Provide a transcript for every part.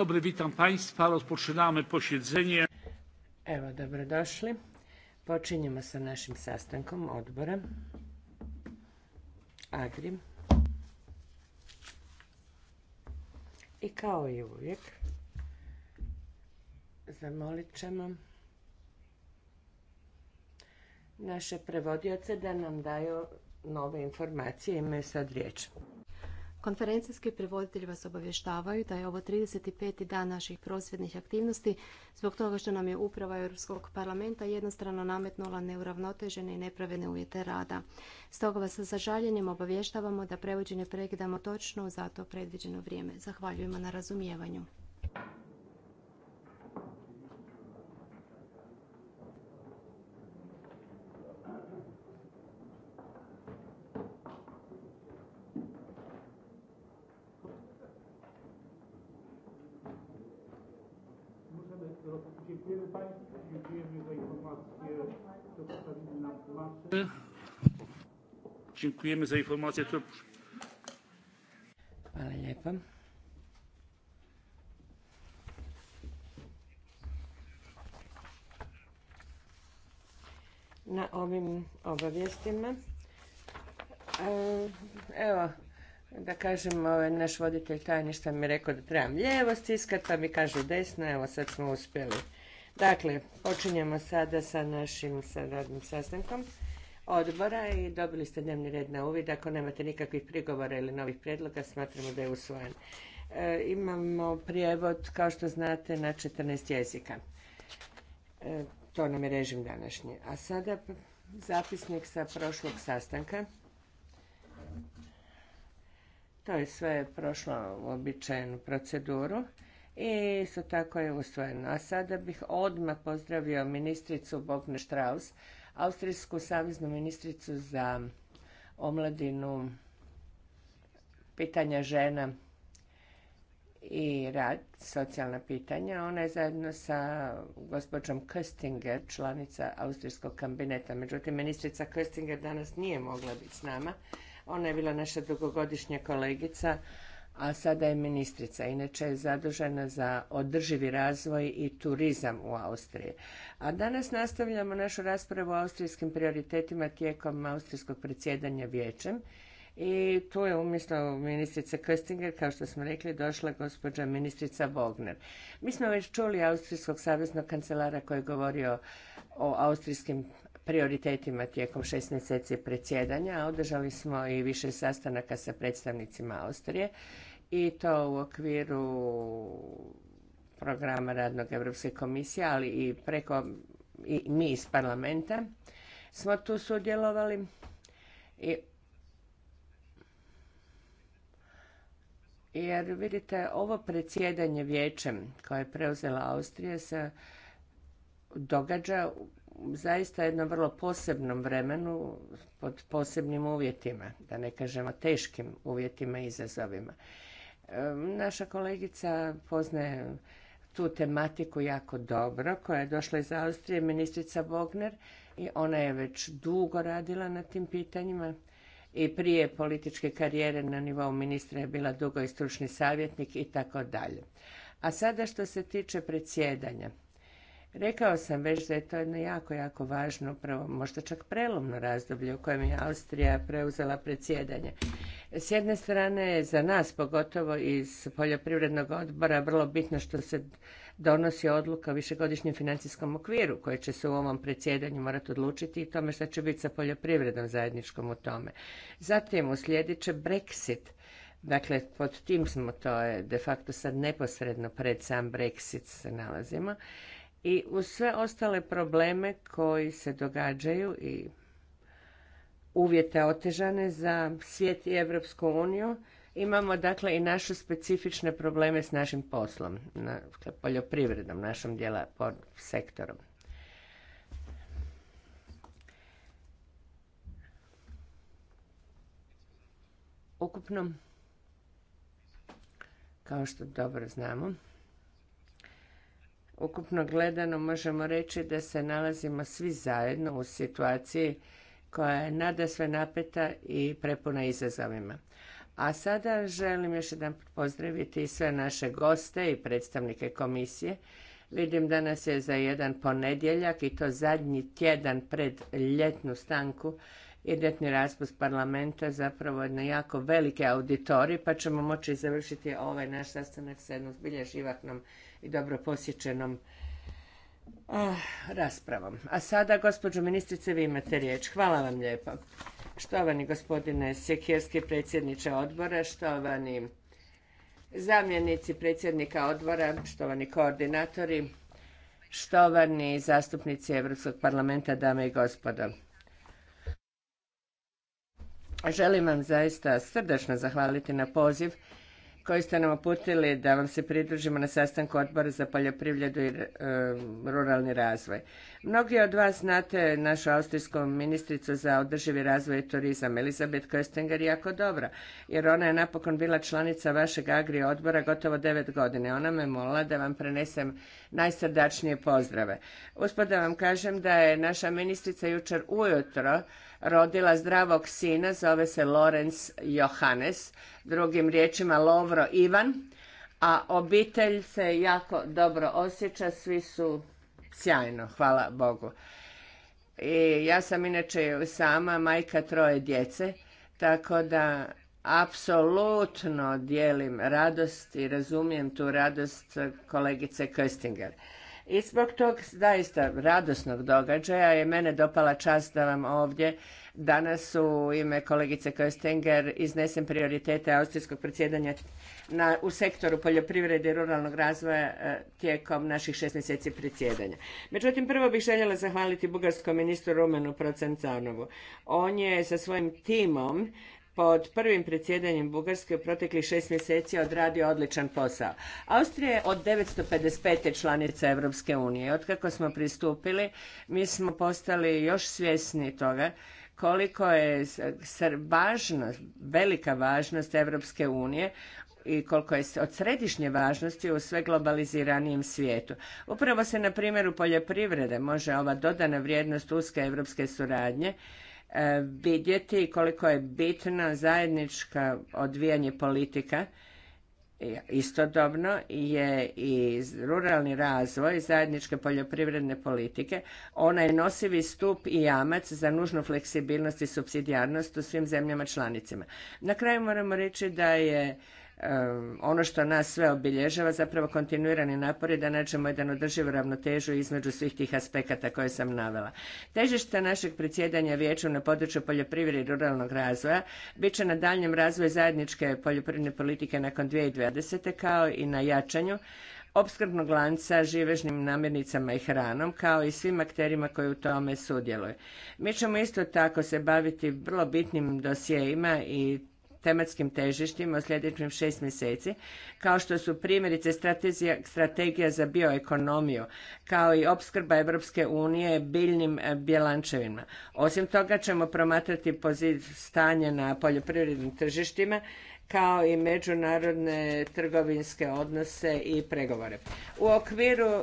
Dobry, witam Państwa. Rozpoczynamy Evo, dobrodošli. Počinjemo sa našim sastankom odbora. Agrim I kao i uvijek, zamolit ćemo naše prevodioce da nam daju nove informacije imaju sad riječ. Konferencijski prevoditelji vas obavještavaju da je ovo 35. dan naših prosvjednih aktivnosti zbog toga što nam je uprava Europskog parlamenta jednostrano nametnula neuravnotežene i nepravedne uvjete rada. Stoga vas sa žaljenjem obavještavamo da prevođenje prekidamo točno u zato predviđeno vrijeme. Zahvaljujemo na razumijevanju. Dziękujemy za informację. Hvala lijepa. Na ovim obavijestima. Eh, evo, da kažem, ovaj naš voditelj tajništa mi je rekao da trebam lijevo stiskati, pa mi kaže desno, evo sad smo uspjeli. Dakle, počinjemo sada sa našim radnim sastankom odbora i dobili ste dnevni red na uvid. Ako nemate nikakvih prigovora ili novih prijedloga, smatramo da je usvojen. E, imamo prijevod, kao što znate, na 14 jezika. E, to nam je režim današnji. A sada zapisnik sa prošlog sastanka. To je sve prošlo uobičajenu proceduru i isto tako je usvojeno. A sada bih odmah pozdravio ministricu Bogne Strauss, austrijsku saveznu ministricu za omladinu, pitanja žena i rad, socijalna pitanja. Ona je zajedno sa gospođom Köstinger, članica Austrijskog kabineta. Međutim, ministrica Köstinger danas nije mogla biti s nama. Ona je bila naša dugogodišnja kolegica, a sada je ministrica. Inače je zadužena za održivi razvoj i turizam u Austriji. A danas nastavljamo našu raspravu o austrijskim prioritetima tijekom austrijskog predsjedanja vijećem. I tu je umjesto ministrice Köstinger, kao što smo rekli, došla gospođa ministrica Bogner. Mi smo već čuli austrijskog saveznog kancelara koji je govorio o austrijskim prioritetima tijekom šest mjeseci predsjedanja, a održali smo i više sastanaka sa predstavnicima Austrije i to u okviru programa radnog Europske komisije, ali i preko i mi iz parlamenta smo tu sudjelovali. I jer vidite ovo predsjedanje vijećem koje je preuzela Austrija se događa zaista jednom vrlo posebnom vremenu pod posebnim uvjetima, da ne kažemo teškim uvjetima i izazovima. Naša kolegica poznaje tu tematiku jako dobro, koja je došla iz Austrije, ministrica Bogner, i ona je već dugo radila na tim pitanjima. I prije političke karijere na nivou ministra je bila dugo i stručni savjetnik i tako dalje. A sada što se tiče predsjedanja. Rekao sam već da je to jedno jako, jako važno, upravo možda čak prelomno razdoblje u kojem je Austrija preuzela predsjedanje. S jedne strane je za nas, pogotovo iz poljoprivrednog odbora, vrlo bitno što se donosi odluka o višegodišnjem financijskom okviru koje će se u ovom predsjedanju morati odlučiti i tome što će biti sa poljoprivredom zajedničkom u tome. Zatim uslijedit će Brexit. Dakle, pod tim smo to je de facto sad neposredno pred sam Brexit se nalazimo i uz sve ostale probleme koji se događaju i uvjete otežane za svijet i Evropsku uniju, imamo dakle i naše specifične probleme s našim poslom, dakle, poljoprivredom, našom djela pod sektorom. Ukupno, kao što dobro znamo, ukupno gledano možemo reći da se nalazimo svi zajedno u situaciji koja je nada sve napeta i prepuna izazovima. A sada želim još jedan pozdraviti sve naše goste i predstavnike komisije. Vidim da nas je za jedan ponedjeljak i to zadnji tjedan pred ljetnu stanku jednetni raspust parlamenta zapravo na jako velike auditori pa ćemo moći završiti ovaj naš sastanak sa jednom zbilja živahnom i dobro posjećenom raspravom. A sada, gospođo ministrice, vi imate riječ. Hvala vam lijepo. Štovani gospodine Sekirski, predsjedniče odbora, štovani zamjenici predsjednika odbora, štovani koordinatori, štovani zastupnici Europskog parlamenta, dame i gospodo. Želim vam zaista srdačno zahvaliti na poziv koji ste nam uputili da vam se pridružimo na sastanku odbora za poljoprivredu i e, ruralni razvoj. Mnogi od vas znate našu austrijsku ministricu za održivi razvoj i turizam, Elizabeth Köstinger, jako dobro, jer ona je napokon bila članica vašeg Agri odbora gotovo devet godine. Ona me molila da vam prenesem najsrdačnije pozdrave. Uspod da vam kažem da je naša ministrica jučer ujutro rodila zdravog sina, zove se Lorenz Johannes, drugim riječima Lovro Ivan, a obitelj se jako dobro osjeća, svi su sjajno, hvala Bogu. I ja sam inače sama majka troje djece, tako da apsolutno dijelim radost i razumijem tu radost kolegice Köstinger. I zbog tog zaista radosnog događaja je mene dopala čast da vam ovdje danas u ime kolegice Köstinger iznesem prioritete austrijskog predsjedanja na, u sektoru poljoprivrede i ruralnog razvoja e, tijekom naših šest mjeseci predsjedanja. Međutim, prvo bih željela zahvaliti bugarskom ministru Rumenu Procencanovu. On je sa svojim timom pod prvim predsjedanjem Bugarske u proteklih šest mjeseci odradio odličan posao. Austrija je od 955. članica Europske unije. Otkako smo pristupili, mi smo postali još svjesni toga koliko je važnost, velika važnost Europske unije i koliko je od središnje važnosti u sve globaliziranijem svijetu. Upravo se na primjeru poljoprivrede može ova dodana vrijednost uske europske suradnje E, vidjeti koliko je bitna zajednička odvijanje politika e, Istodobno je i ruralni razvoj zajedničke poljoprivredne politike onaj nosivi stup i jamac za nužnu fleksibilnost i supsidijarnost u svim zemljama članicama. Na kraju moramo reći da je ono što nas sve obilježava zapravo kontinuirani napori da nađemo jedan održivu ravnotežu između svih tih aspekata koje sam navela. Težište našeg predsjedanja vijeću na području poljoprivrede i ruralnog razvoja bit će na daljnjem razvoju zajedničke poljoprivredne politike nakon 2020. kao i na jačanju opskrbnog lanca živežnim namirnicama i hranom, kao i svim akterima koji u tome sudjeluju. Mi ćemo isto tako se baviti vrlo bitnim dosjejima i tematskim težištima u sljedećim šest mjeseci, kao što su primjerice strategija za bioekonomiju, kao i opskrba Europske unije biljnim e, bjelančevima. Osim toga ćemo promatrati stanje na poljoprivrednim tržištima kao i međunarodne trgovinske odnose i pregovore. U okviru e,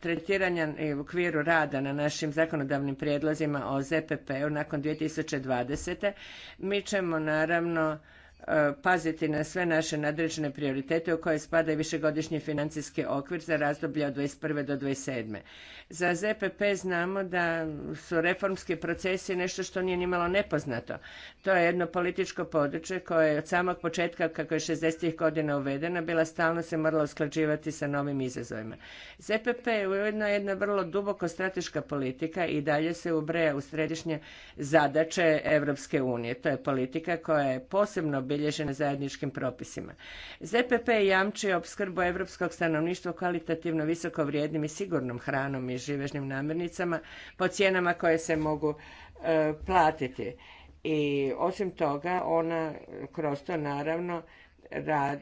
tretiranja i e, u okviru rada na našim zakonodavnim prijedlozima o ZPP-u nakon 2020. mi ćemo naravno e, paziti na sve naše nadređene prioritete u koje spada i višegodišnji financijski okvir za razdoblje od 2021. do 2027. Za ZPP znamo da su reformski procesi nešto što nije nimalo nepoznato. To je jedno političko područje koje je od samog početka, kako je 60. godina uvedena, bila stalno se morala usklađivati sa novim izazovima. ZPP je ujedno jedna vrlo duboko strateška politika i dalje se ubreja u središnje zadaće Europske unije. To je politika koja je posebno obilježena zajedničkim propisima. ZPP jamči opskrbu europskog stanovništva kvalitativno visoko vrijednim i sigurnom hranom i živežnim namirnicama po cijenama koje se mogu e, platiti. I osim toga, ona kroz to naravno rad,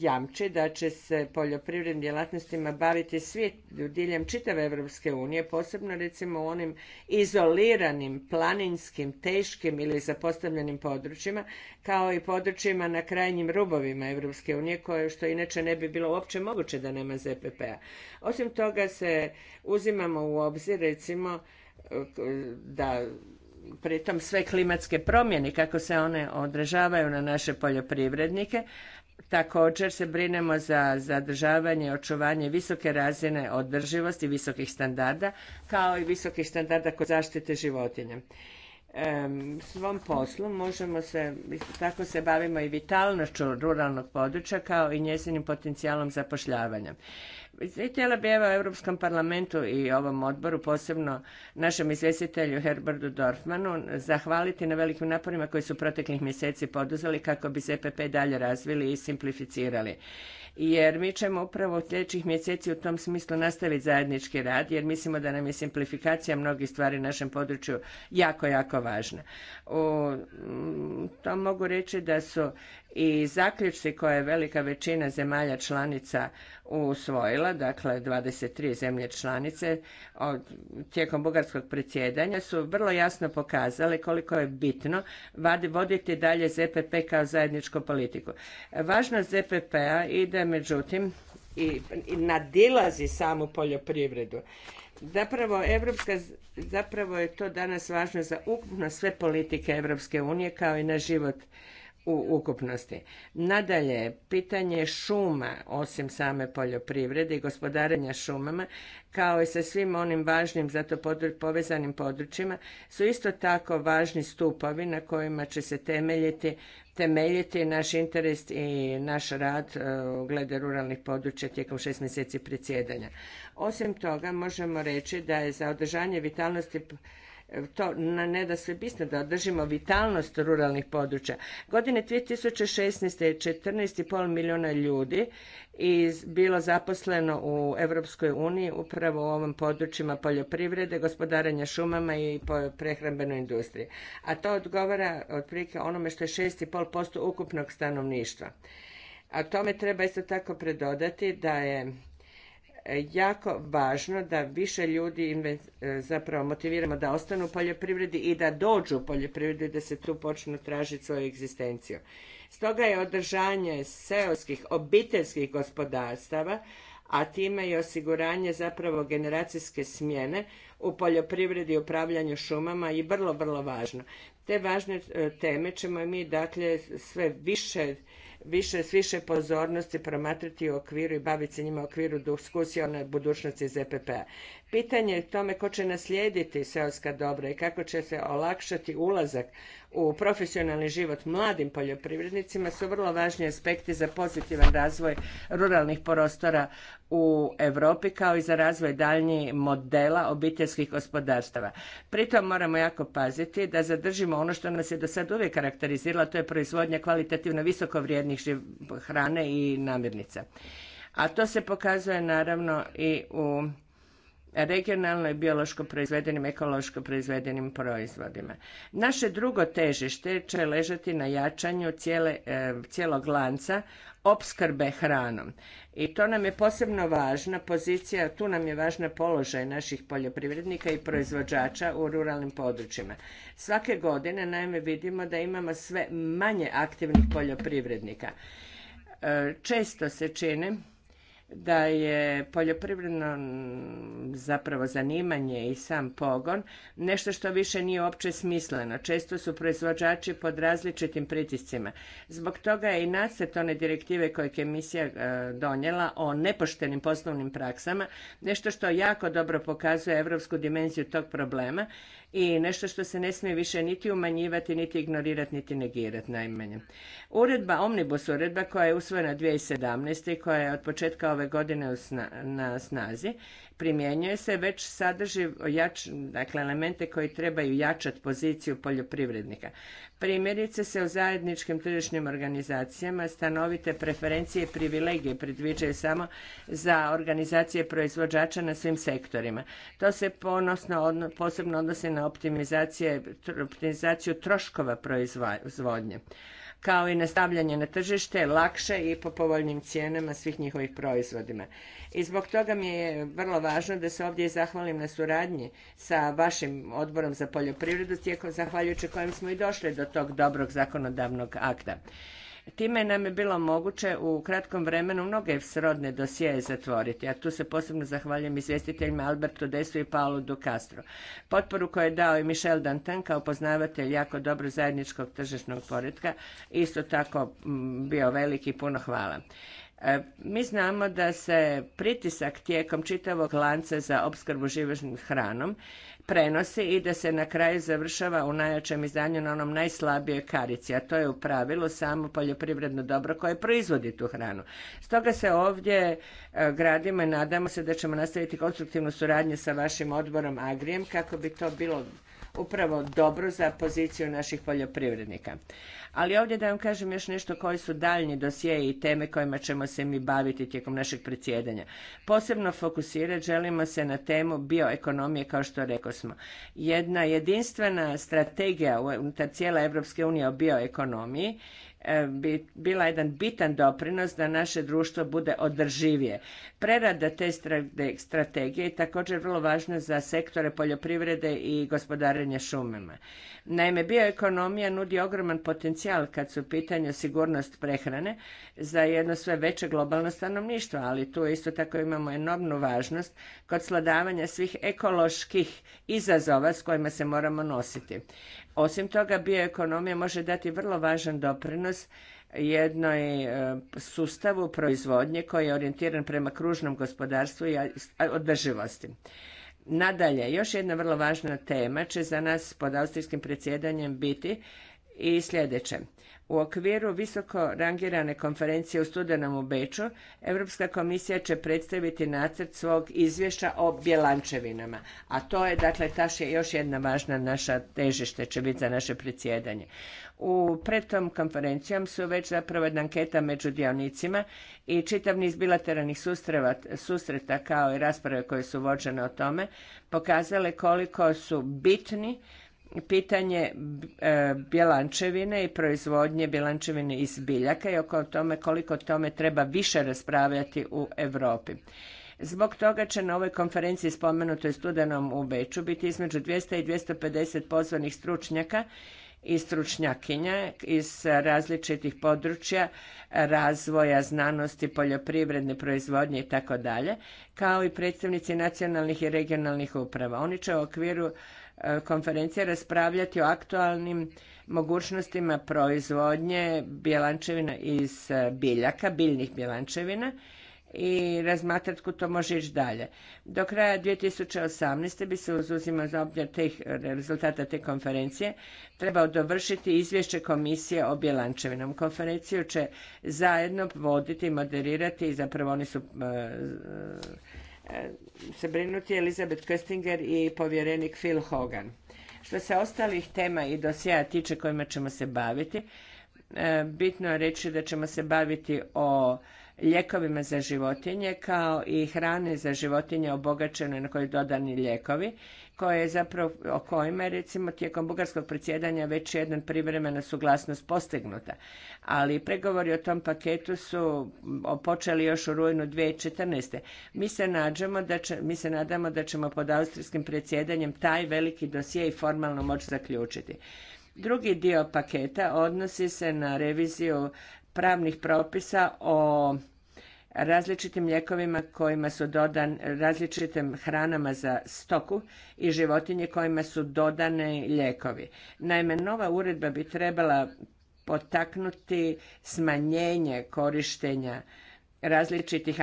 jamči da će se poljoprivrednim djelatnostima baviti svi diljem čitave Europske unije, posebno recimo u onim izoliranim, planinskim, teškim ili zapostavljenim područjima, kao i područjima na krajnjim rubovima Europske unije, koje što inače ne bi bilo uopće moguće da nema ZPP-a. Osim toga se uzimamo u obzir recimo da pritom sve klimatske promjene, kako se one odražavaju na naše poljoprivrednike, Također se brinemo za zadržavanje i očuvanje visoke razine održivosti visokih standarda, kao i visokih standarda kod zaštite životinja. svom poslu možemo se, tako se bavimo i vitalnošću ruralnog područja kao i njezinim potencijalom zapošljavanja. Htjela bi evo Europskom parlamentu i ovom odboru, posebno našem izvjestitelju Herbertu Dorfmanu, zahvaliti na velikim naporima koji su proteklih mjeseci poduzeli kako bi ZPP dalje razvili i simplificirali jer mi ćemo upravo u sljedećih mjeseci u tom smislu nastaviti zajednički rad, jer mislimo da nam je simplifikacija mnogih stvari u našem području jako, jako važna. U, to mogu reći da su i zaključci koje je velika većina zemalja članica usvojila, dakle 23 zemlje članice od, tijekom bugarskog predsjedanja su vrlo jasno pokazale koliko je bitno voditi dalje ZPP kao zajedničku politiku. Važnost ZPP-a ide međutim i, nadilazi samu poljoprivredu. Zapravo, Evropska, zapravo je to danas važno za ukupno sve politike Evropske unije kao i na život u ukupnosti. Nadalje, pitanje šuma, osim same poljoprivrede i gospodarenja šumama, kao i sa svim onim važnim, zato povezanim područjima, su isto tako važni stupovi na kojima će se temeljiti, temeljiti naš interes i naš rad e, u glede ruralnih područja tijekom šest mjeseci predsjedanja. Osim toga, možemo reći da je za održanje vitalnosti to na se bitno da održimo vitalnost ruralnih područja. Godine 2016. je 14,5 milijuna ljudi iz bilo zaposleno u Europskoj uniji upravo u ovom područjima poljoprivrede, gospodaranja šumama i prehrambenoj industriji. A to odgovara otprilike onome što je 6,5% ukupnog stanovništva. A tome treba isto tako predodati da je jako važno da više ljudi e, zapravo motiviramo da ostanu u poljoprivredi i da dođu u poljoprivredu i da se tu počnu tražiti svoju egzistenciju. Stoga je održanje seoskih obiteljskih gospodarstava, a time i osiguranje zapravo generacijske smjene u poljoprivredi i upravljanju šumama i vrlo, vrlo važno. Te važne e, teme ćemo mi dakle sve više više, s više pozornosti promatrati u okviru i baviti se njima u okviru diskusije o budućnosti ZPP-a. Pitanje je tome ko će naslijediti seoska dobra i kako će se olakšati ulazak u profesionalni život mladim poljoprivrednicima su vrlo važni aspekti za pozitivan razvoj ruralnih prostora u Europi kao i za razvoj daljnjih modela obiteljskih gospodarstava. Pritom moramo jako paziti da zadržimo ono što nas je do sad uvijek karakteriziralo, to je proizvodnja kvalitativno visoko hrane i namirnica. A to se pokazuje naravno i u regionalno i biološko proizvedenim, ekološko proizvedenim proizvodima. Naše drugo težište će ležati na jačanju cijele, e, cijelog lanca opskrbe hranom. I to nam je posebno važna pozicija, tu nam je važna položaj naših poljoprivrednika i proizvođača u ruralnim područjima. Svake godine, naime, vidimo da imamo sve manje aktivnih poljoprivrednika. E, često se čini da je poljoprivredno zapravo zanimanje i sam pogon nešto što više nije uopće smisleno. Često su proizvođači pod različitim pritiscima. Zbog toga je i nacrt one direktive koje je komisija e, donijela o nepoštenim poslovnim praksama nešto što jako dobro pokazuje europsku dimenziju tog problema i nešto što se ne smije više niti umanjivati, niti ignorirati, niti negirati najmanje. Uredba, omnibus uredba koja je usvojena 2017. i koja je od početka ove godine na snazi, primjenjuje se, već sadrži jač, dakle, elemente koji trebaju jačati poziciju poljoprivrednika. Primjerice se u zajedničkim tržišnim organizacijama stanovite preferencije i privilegije predviđaju samo za organizacije proizvođača na svim sektorima. To se ponosno posebno odnosi na optimizaciju troškova proizvodnje kao i nastavljanje na tržište lakše i po povoljnim cijenama svih njihovih proizvodima. I zbog toga mi je vrlo važno da se ovdje zahvalim na suradnji sa vašim odborom za poljoprivredu, tijekom zahvaljujući kojem smo i došli do tog dobrog zakonodavnog akta. Time nam je bilo moguće u kratkom vremenu mnoge srodne dosjeje zatvoriti, a tu se posebno zahvaljujem izvjestiteljima Albertu Desu i Paulu Du Castro. Potporu koju je dao i Michel Dantan kao poznavatelj jako dobro zajedničkog tržišnog poretka, isto tako bio veliki i puno hvala. E, mi znamo da se pritisak tijekom čitavog lanca za opskrbu živežnim hranom prenosi i da se na kraju završava u najjačem izdanju na onom najslabijoj karici, a to je u pravilu samo poljoprivredno dobro koje proizvodi tu hranu. Stoga se ovdje e, gradimo i nadamo se da ćemo nastaviti konstruktivnu suradnju sa vašim odborom Agrijem kako bi to bilo upravo dobro za poziciju naših poljoprivrednika. Ali ovdje da vam kažem još nešto koji su daljnji dosije i teme kojima ćemo se mi baviti tijekom našeg predsjedanja. Posebno fokusirati želimo se na temu bioekonomije kao što rekao smo. Jedna jedinstvena strategija unutar cijela Europske unije o bioekonomiji E, bila jedan bitan doprinos da naše društvo bude održivije. Prerada te strategije je također vrlo važna za sektore poljoprivrede i gospodarenje šumama. Naime, bioekonomija nudi ogroman potencijal kad su u pitanju sigurnost prehrane za jedno sve veće globalno stanovništvo, ali tu isto tako imamo enormnu važnost kod sladavanja svih ekoloških izazova s kojima se moramo nositi. Osim toga, bioekonomija može dati vrlo važan doprinos jednoj e, sustavu proizvodnje koji je orijentiran prema kružnom gospodarstvu i održivosti. Nadalje, još jedna vrlo važna tema će za nas pod austrijskim predsjedanjem biti i sljedeće. U okviru visoko rangirane konferencije u studenom u Beču, Europska komisija će predstaviti nacrt svog izvješća o bjelančevinama. A to je, dakle, taš je još jedna važna naša težište će biti za naše predsjedanje. U pred tom konferencijom su već zapravo jedna anketa među dionicima i čitav niz bilateralnih sustreva, susreta kao i rasprave koje su vođene o tome pokazale koliko su bitni pitanje e, bjelančevine i proizvodnje bjelančevine iz biljaka i oko tome koliko tome treba više raspravljati u Europi. Zbog toga će na ovoj konferenciji spomenutoj studenom u Beču biti između 200 i 250 pozvanih stručnjaka i stručnjakinja iz različitih područja razvoja, znanosti, poljoprivredne proizvodnje i tako dalje, kao i predstavnici nacionalnih i regionalnih uprava. Oni će u okviru konferencije raspravljati o aktualnim mogućnostima proizvodnje bjelančevina iz biljaka, biljnih bjelančevina i razmatrati to može ići dalje. Do kraja 2018. bi se uz za obzir rezultata te konferencije trebao dovršiti izvješće komisije o bjelančevinom. Konferenciju će zajedno voditi, moderirati i zapravo oni su e, E, se brinuti Elizabeth Köstinger i povjerenik Phil Hogan. Što se ostalih tema i dosjea tiče kojima ćemo se baviti, e, bitno je reći da ćemo se baviti o ljekovima za životinje kao i hrane za životinje obogaćene na koje dodani ljekovi koje zapravo, o kojima je recimo tijekom bugarskog predsjedanja već jedna privremena suglasnost postignuta. Ali pregovori o tom paketu su počeli još u rujnu 2014. Mi se, da mi se nadamo da ćemo pod austrijskim predsjedanjem taj veliki dosje i formalno moći zaključiti. Drugi dio paketa odnosi se na reviziju pravnih propisa o različitim lijekovima kojima su dodan, različitim hranama za stoku i životinje kojima su dodane lijekovi. Naime, nova uredba bi trebala potaknuti smanjenje korištenja različitih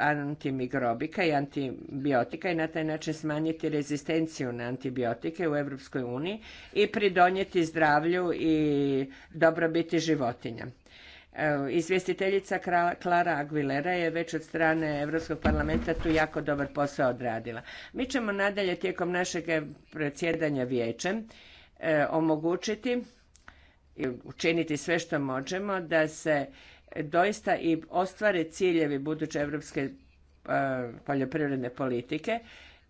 antimigrobika i antibiotika i na taj način smanjiti rezistenciju na antibiotike u Europskoj uniji i pridonijeti zdravlju i dobrobiti životinja. Izvjestiteljica Klara Aguilera je već od strane Europskog parlamenta tu jako dobar posao odradila. Mi ćemo nadalje tijekom našeg predsjedanja vijećem e, omogućiti i učiniti sve što možemo da se doista i ostvare ciljevi buduće europske e, poljoprivredne politike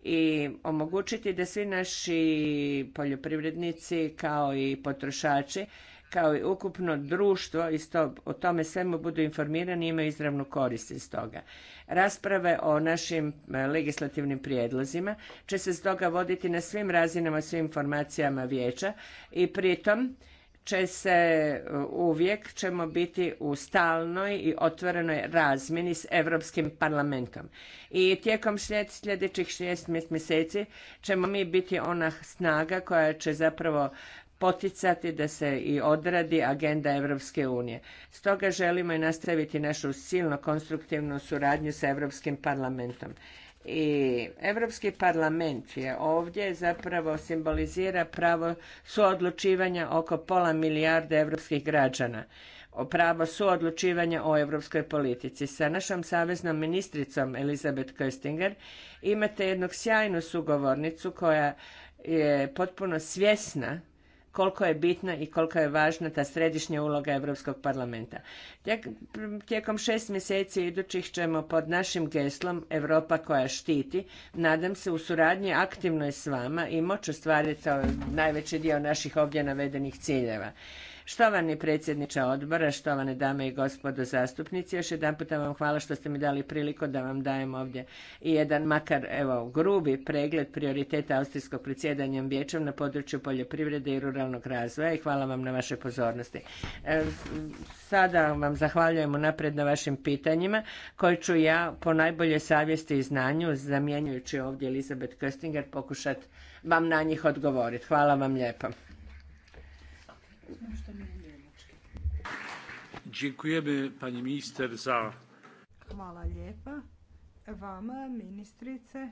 i omogućiti da svi naši poljoprivrednici kao i potrošači kao i ukupno društvo i o tome svemu budu informirani i imaju izravnu korist iz toga. Rasprave o našim e, legislativnim prijedlozima će se stoga voditi na svim razinama, svim informacijama vijeća i pritom će se e, uvijek ćemo biti u stalnoj i otvorenoj razmini s Europskim parlamentom. I tijekom sljedećih šest mjeseci ćemo mi biti ona snaga koja će zapravo poticati da se i odradi agenda Europske unije. Stoga želimo i nastaviti našu silno konstruktivnu suradnju sa Europskim parlamentom. I Europski parlament je ovdje zapravo simbolizira pravo suodlučivanja oko pola milijarde europskih građana o pravo suodlučivanja o europskoj politici. Sa našom saveznom ministricom Elizabeth Köstinger imate jednog sjajnu sugovornicu koja je potpuno svjesna koliko je bitna i koliko je važna ta središnja uloga Europskog parlamenta. Tijekom šest mjeseci idućih ćemo pod našim geslom Europa koja štiti, nadam se u suradnji aktivno je s vama i moći ostvariti ovaj najveći dio naših ovdje navedenih ciljeva. Štovani predsjedniče odbora, štovane dame i gospodo zastupnici, još jedan puta vam hvala što ste mi dali priliku da vam dajem ovdje i jedan makar evo grubi pregled prioriteta austrijskog predsjedanja vijećem na području poljoprivrede i ruralnog razvoja i hvala vam na vašoj pozornosti. E, sada vam zahvaljujem unaprijed na vašim pitanjima koje ću ja po najbolje savjesti i znanju zamjenjujući ovdje Elizabeth Köstinger pokušati vam na njih odgovoriti. Hvala vam lijepo za... Hvala lijepa vama ministrice.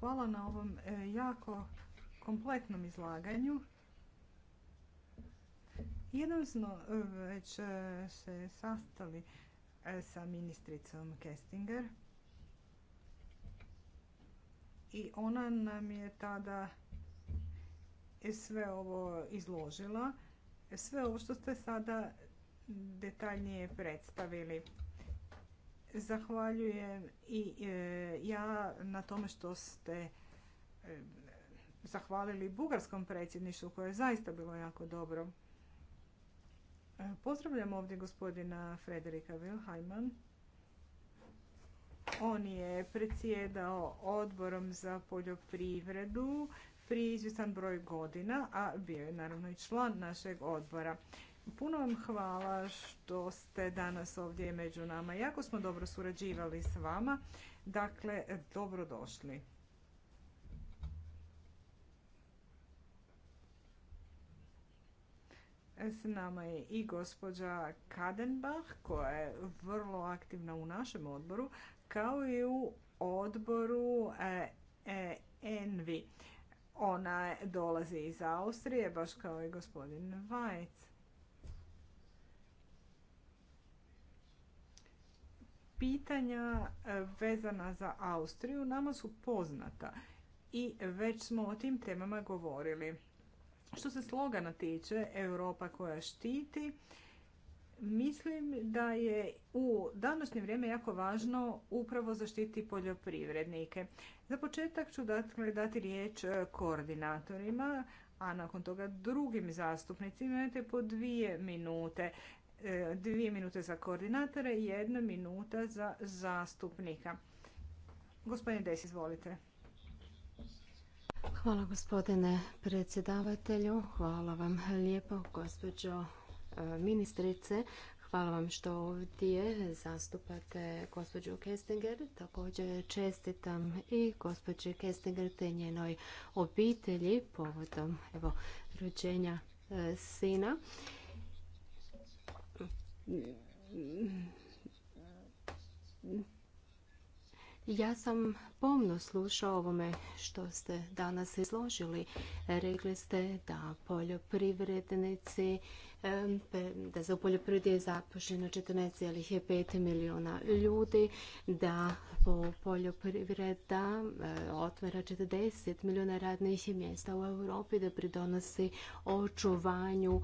Hvala na ovom e, jako kompletnom izlaganju. Jednom smo e, već e, se sastali sa ministricom Kestinger i ona nam je tada sve ovo izložila, sve ovo što ste sada detaljnije predstavili. Zahvaljujem i e, ja na tome što ste e, zahvalili bugarskom predsjedništvu koje je zaista bilo jako dobro. E, pozdravljam ovdje gospodina Frederika Wilhelman. On je predsjedao odborom za poljoprivredu prije izvjestan broj godina, a bio je naravno i član našeg odbora. Puno vam hvala što ste danas ovdje među nama. Jako smo dobro surađivali s vama. Dakle, dobrodošli. S nama je i gospođa Kadenbach koja je vrlo aktivna u našem odboru kao i u odboru e, e, Envi. Ona dolazi iz Austrije, baš kao i gospodin Vajc. Pitanja e, vezana za Austriju nama su poznata i već smo o tim temama govorili. Što se slogana tiče, Europa koja štiti, Mislim da je u današnje vrijeme jako važno upravo zaštiti poljoprivrednike. Za početak ću dakle dati riječ e, koordinatorima, a nakon toga drugim zastupnicima imate po dvije minute. E, dvije minute za koordinatore i jedna minuta za zastupnika. Gospodine Des, izvolite. Hvala gospodine predsjedavatelju, hvala vam lijepo gospođo ministrice. Hvala vam što ovdje zastupate gospođu Kestinger. Također čestitam i gospođi Kestinger te njenoj obitelji povodom evo, rođenja e, sina. Ja sam pomno slušao ovome što ste danas izložili. Rekli ste da poljoprivrednici da za u poljoprivredi je zapošljeno 14,5 milijuna ljudi, da po poljoprivreda e, otvara 40 milijuna radnih mjesta u Europi, da pridonosi očuvanju e,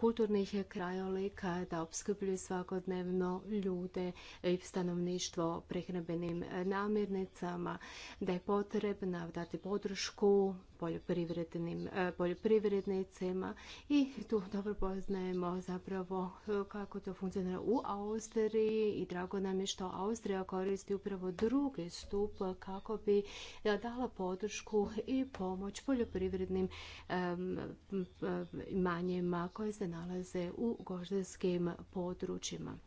kulturnih krajolika, da opskrbljuje svakodnevno ljude i stanovništvo prehrambenim namirnicama, da je potrebna dati podršku poljoprivrednim, e, poljoprivrednicima i tu dobro poznajemo zapravo e, kako to funkcionira u Austriji i drago nam je što Austrija koristi upravo drugi stup kako bi e, dala podršku i pomoć poljoprivrednim manjima koje se nalaze u goždarskim područjima.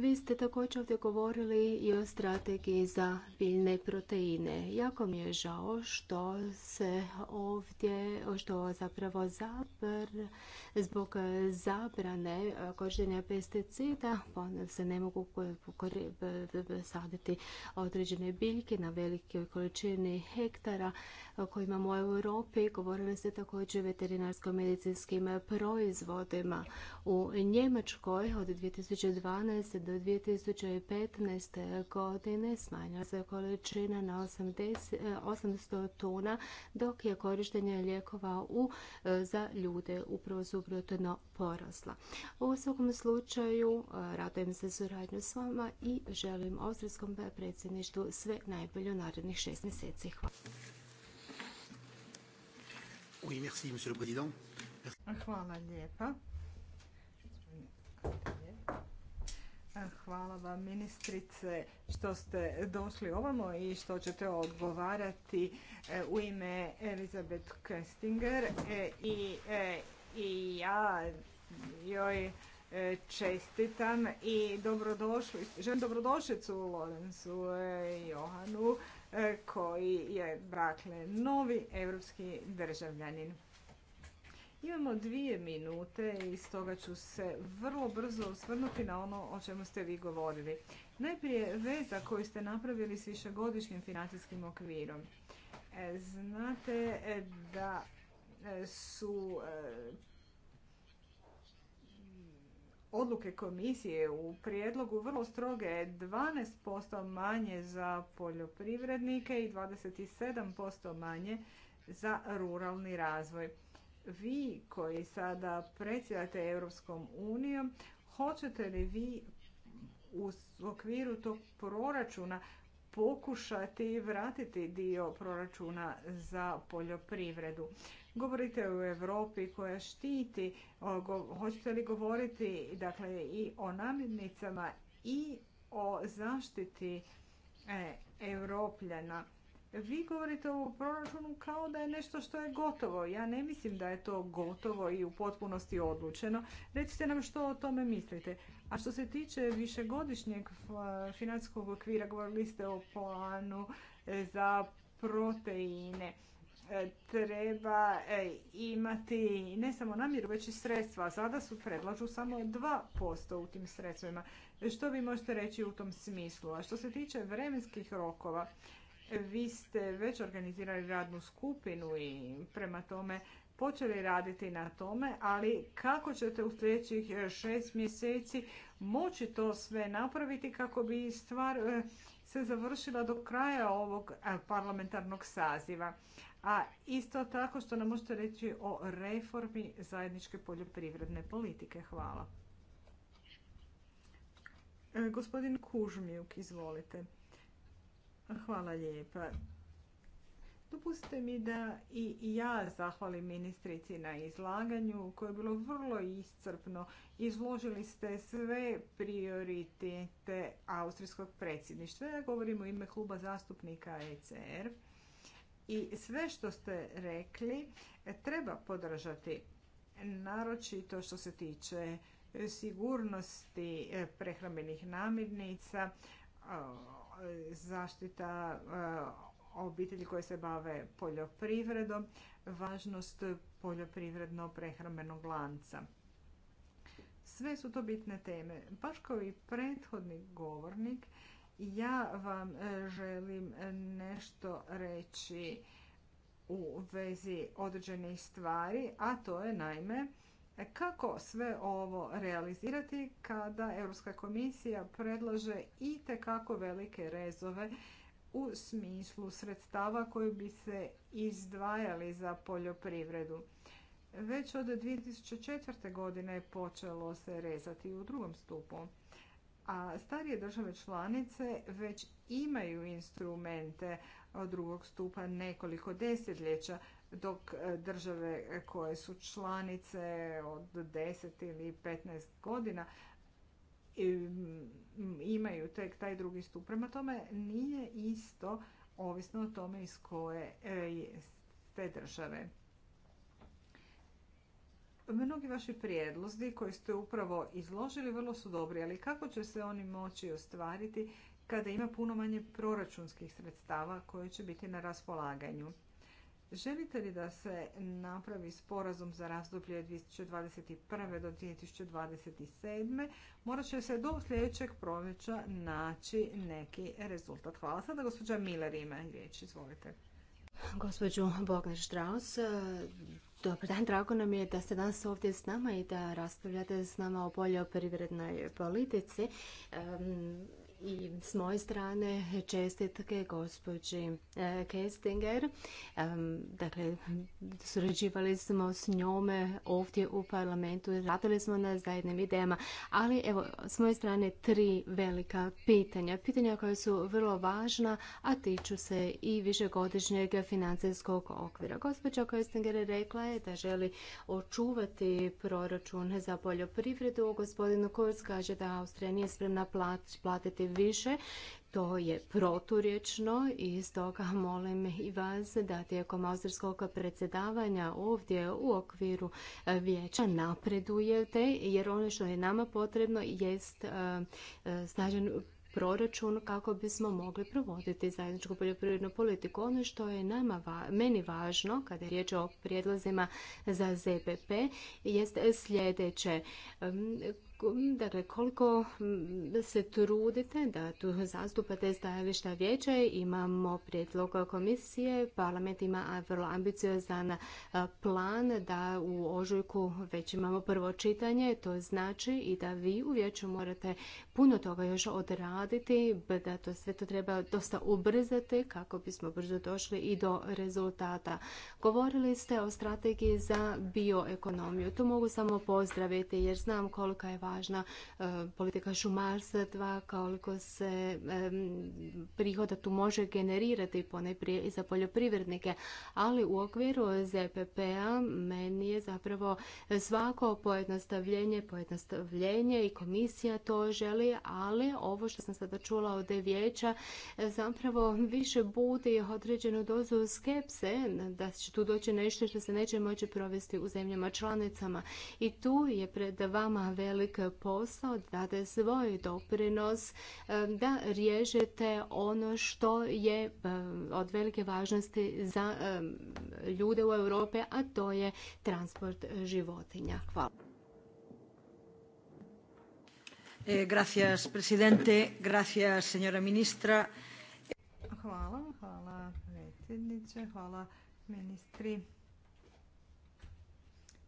Vi ste također ovdje govorili i o strategiji za biljne proteine. Jako mi je žao što se ovdje, što zapravo zabr, zbog zabrane korištenja pesticida, onda pa se ne mogu saditi određene biljke na velike količini hektara koje imamo u Europi. Govorili ste također o veterinarsko-medicinskim proizvodima. U Njemačkoj od 2012 do 2015. godine smanjila se količina na 80, 800 tona, dok je korištenje lijekova u, e, za ljude upravo suprotno porasla. U svakom slučaju e, radujem se suradnju s vama i želim Austrijskom predsjedništvu sve najbolje u narednih šest mjeseci. Hvala. Hvala vam ministrice što ste došli ovamo i što ćete odgovarati e, u ime Elizabeth Köstinger e, e, i, ja joj čestitam i dobrodošli, želim dobrodošlicu Lorenzu Johanu koji je brakle novi europski državljanin. Imamo dvije minute i stoga ću se vrlo brzo osvrnuti na ono o čemu ste vi govorili. Najprije veza koju ste napravili s višegodišnjim financijskim okvirom. E, znate e, da e, su odluke komisije u prijedlogu vrlo stroge 12% manje za poljoprivrednike i 27% manje za ruralni razvoj vi koji sada predsjedate Europskom unijom, hoćete li vi u okviru tog proračuna pokušati vratiti dio proračuna za poljoprivredu. Govorite o Europi koja štiti, hoćete li govoriti dakle, i o namirnicama i o zaštiti e, vi govorite o proračunu kao da je nešto što je gotovo. Ja ne mislim da je to gotovo i u potpunosti odlučeno. Recite nam što o tome mislite. A što se tiče višegodišnjeg financijskog okvira, govorili ste o planu e, za proteine. E, treba e, imati ne samo namjeru, već i sredstva. Sada su predlažu samo 2% u tim sredstvima. Što vi možete reći u tom smislu? A što se tiče vremenskih rokova, vi ste već organizirali radnu skupinu i prema tome počeli raditi na tome, ali kako ćete u sljedećih e, šest mjeseci moći to sve napraviti kako bi stvar e, se završila do kraja ovog e, parlamentarnog saziva. A isto tako što nam možete reći o reformi zajedničke poljoprivredne politike. Hvala. Gospodin Kužmijuk, izvolite. Hvala lijepa. Dopustite mi da i ja zahvalim ministrici na izlaganju koje je bilo vrlo iscrpno. Izložili ste sve prioritete austrijskog predsjedništva. Ja govorim u ime kluba zastupnika ECR. I sve što ste rekli e, treba podržati, naročito što se tiče e, sigurnosti e, prehrambenih namirnica, zaštita eh, obitelji koje se bave poljoprivredom, važnost poljoprivredno-prehrambenog lanca. Sve su to bitne teme. Baš kao i prethodni govornik, ja vam eh, želim nešto reći u vezi određenih stvari, a to je naime E, kako sve ovo realizirati kada Europska komisija predlaže i tekako velike rezove u smislu sredstava koji bi se izdvajali za poljoprivredu? Već od 2004. godine počelo se rezati u drugom stupu, a starije države članice već imaju instrumente od drugog stupa nekoliko desetljeća, dok e, države e, koje su članice od 10 ili 15 godina imaju tek taj drugi stup. Prema tome nije isto ovisno o tome iz koje e, te države. Mnogi vaši prijedlozi koji ste upravo izložili vrlo su dobri, ali kako će se oni moći ostvariti kada ima puno manje proračunskih sredstava koje će biti na raspolaganju? Želite li da se napravi sporazum za razdoblje 2021. do 2027. morat će se do sljedećeg proljeća naći neki rezultat. Hvala sada, gospođa Miller ima riječ, izvolite. Gospođu Bogner strauss Dobar dan, drago nam je da ste danas ovdje s nama i da raspravljate s nama o poljoprivrednoj politici i s moje strane čestitke gospođi e, Kestinger. Dakle, surađivali smo s njome ovdje u parlamentu, radili smo na zajednim idejama, ali evo, s moje strane tri velika pitanja. Pitanja koja su vrlo važna, a tiču se i višegodišnjeg financijskog okvira. Gospođa Kestinger rekla je da želi očuvati proračun za poljoprivredu. Gospodin Kurz kaže da Austrija nije spremna platiti više. To je proturječno i stoga molim i vas da tijekom austrijskog predsjedavanja ovdje u okviru e, vijeća napredujete jer ono što je nama potrebno jest e, e, snažan proračun kako bismo mogli provoditi zajedničku poljoprivrednu politiku. Ono što je nama, meni važno kada je riječ o prijedlozima za ZPP jest sljedeće dakle koliko mm, se trudite da tu zastupate stajališta vijeća, imamo prijedlog komisije, parlament ima vrlo ambiciozan plan da u ožujku već imamo prvo čitanje, to znači i da vi u vijeću morate puno toga još odraditi, da to sve to treba dosta ubrzati kako bismo brzo došli i do rezultata. Govorili ste o strategiji za bioekonomiju, to mogu samo pozdraviti jer znam kolika je vaša važna e, politika šumarstva, koliko se e, prihoda tu može generirati i za poljoprivrednike. Ali u okviru ZPP-a meni je zapravo svako pojednostavljenje, pojednostavljenje i komisija to želi, ali ovo što sam sada čula od vijeća e, zapravo više budi određenu dozu skepse da će tu doći nešto što se neće moći provesti u zemljama članicama. I tu je pred vama velik posao, date svoj doprinos e, da riješite ono što je e, od velike važnosti za e, ljude u Europi, a to je transport životinja. Hvala. Gracias, presidente. ministra. Hvala, hvala predsjedniče, hvala ministri.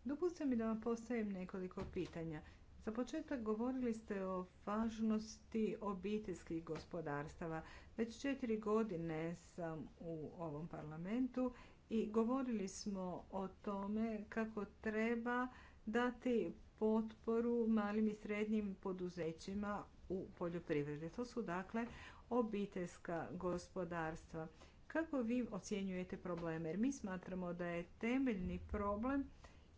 Dopustite mi da vam postavim nekoliko pitanja. Za početak govorili ste o važnosti obiteljskih gospodarstava. Već četiri godine sam u ovom parlamentu i govorili smo o tome kako treba dati potporu malim i srednjim poduzećima u poljoprivredi. To su dakle obiteljska gospodarstva. Kako vi ocjenjujete probleme? Jer mi smatramo da je temeljni problem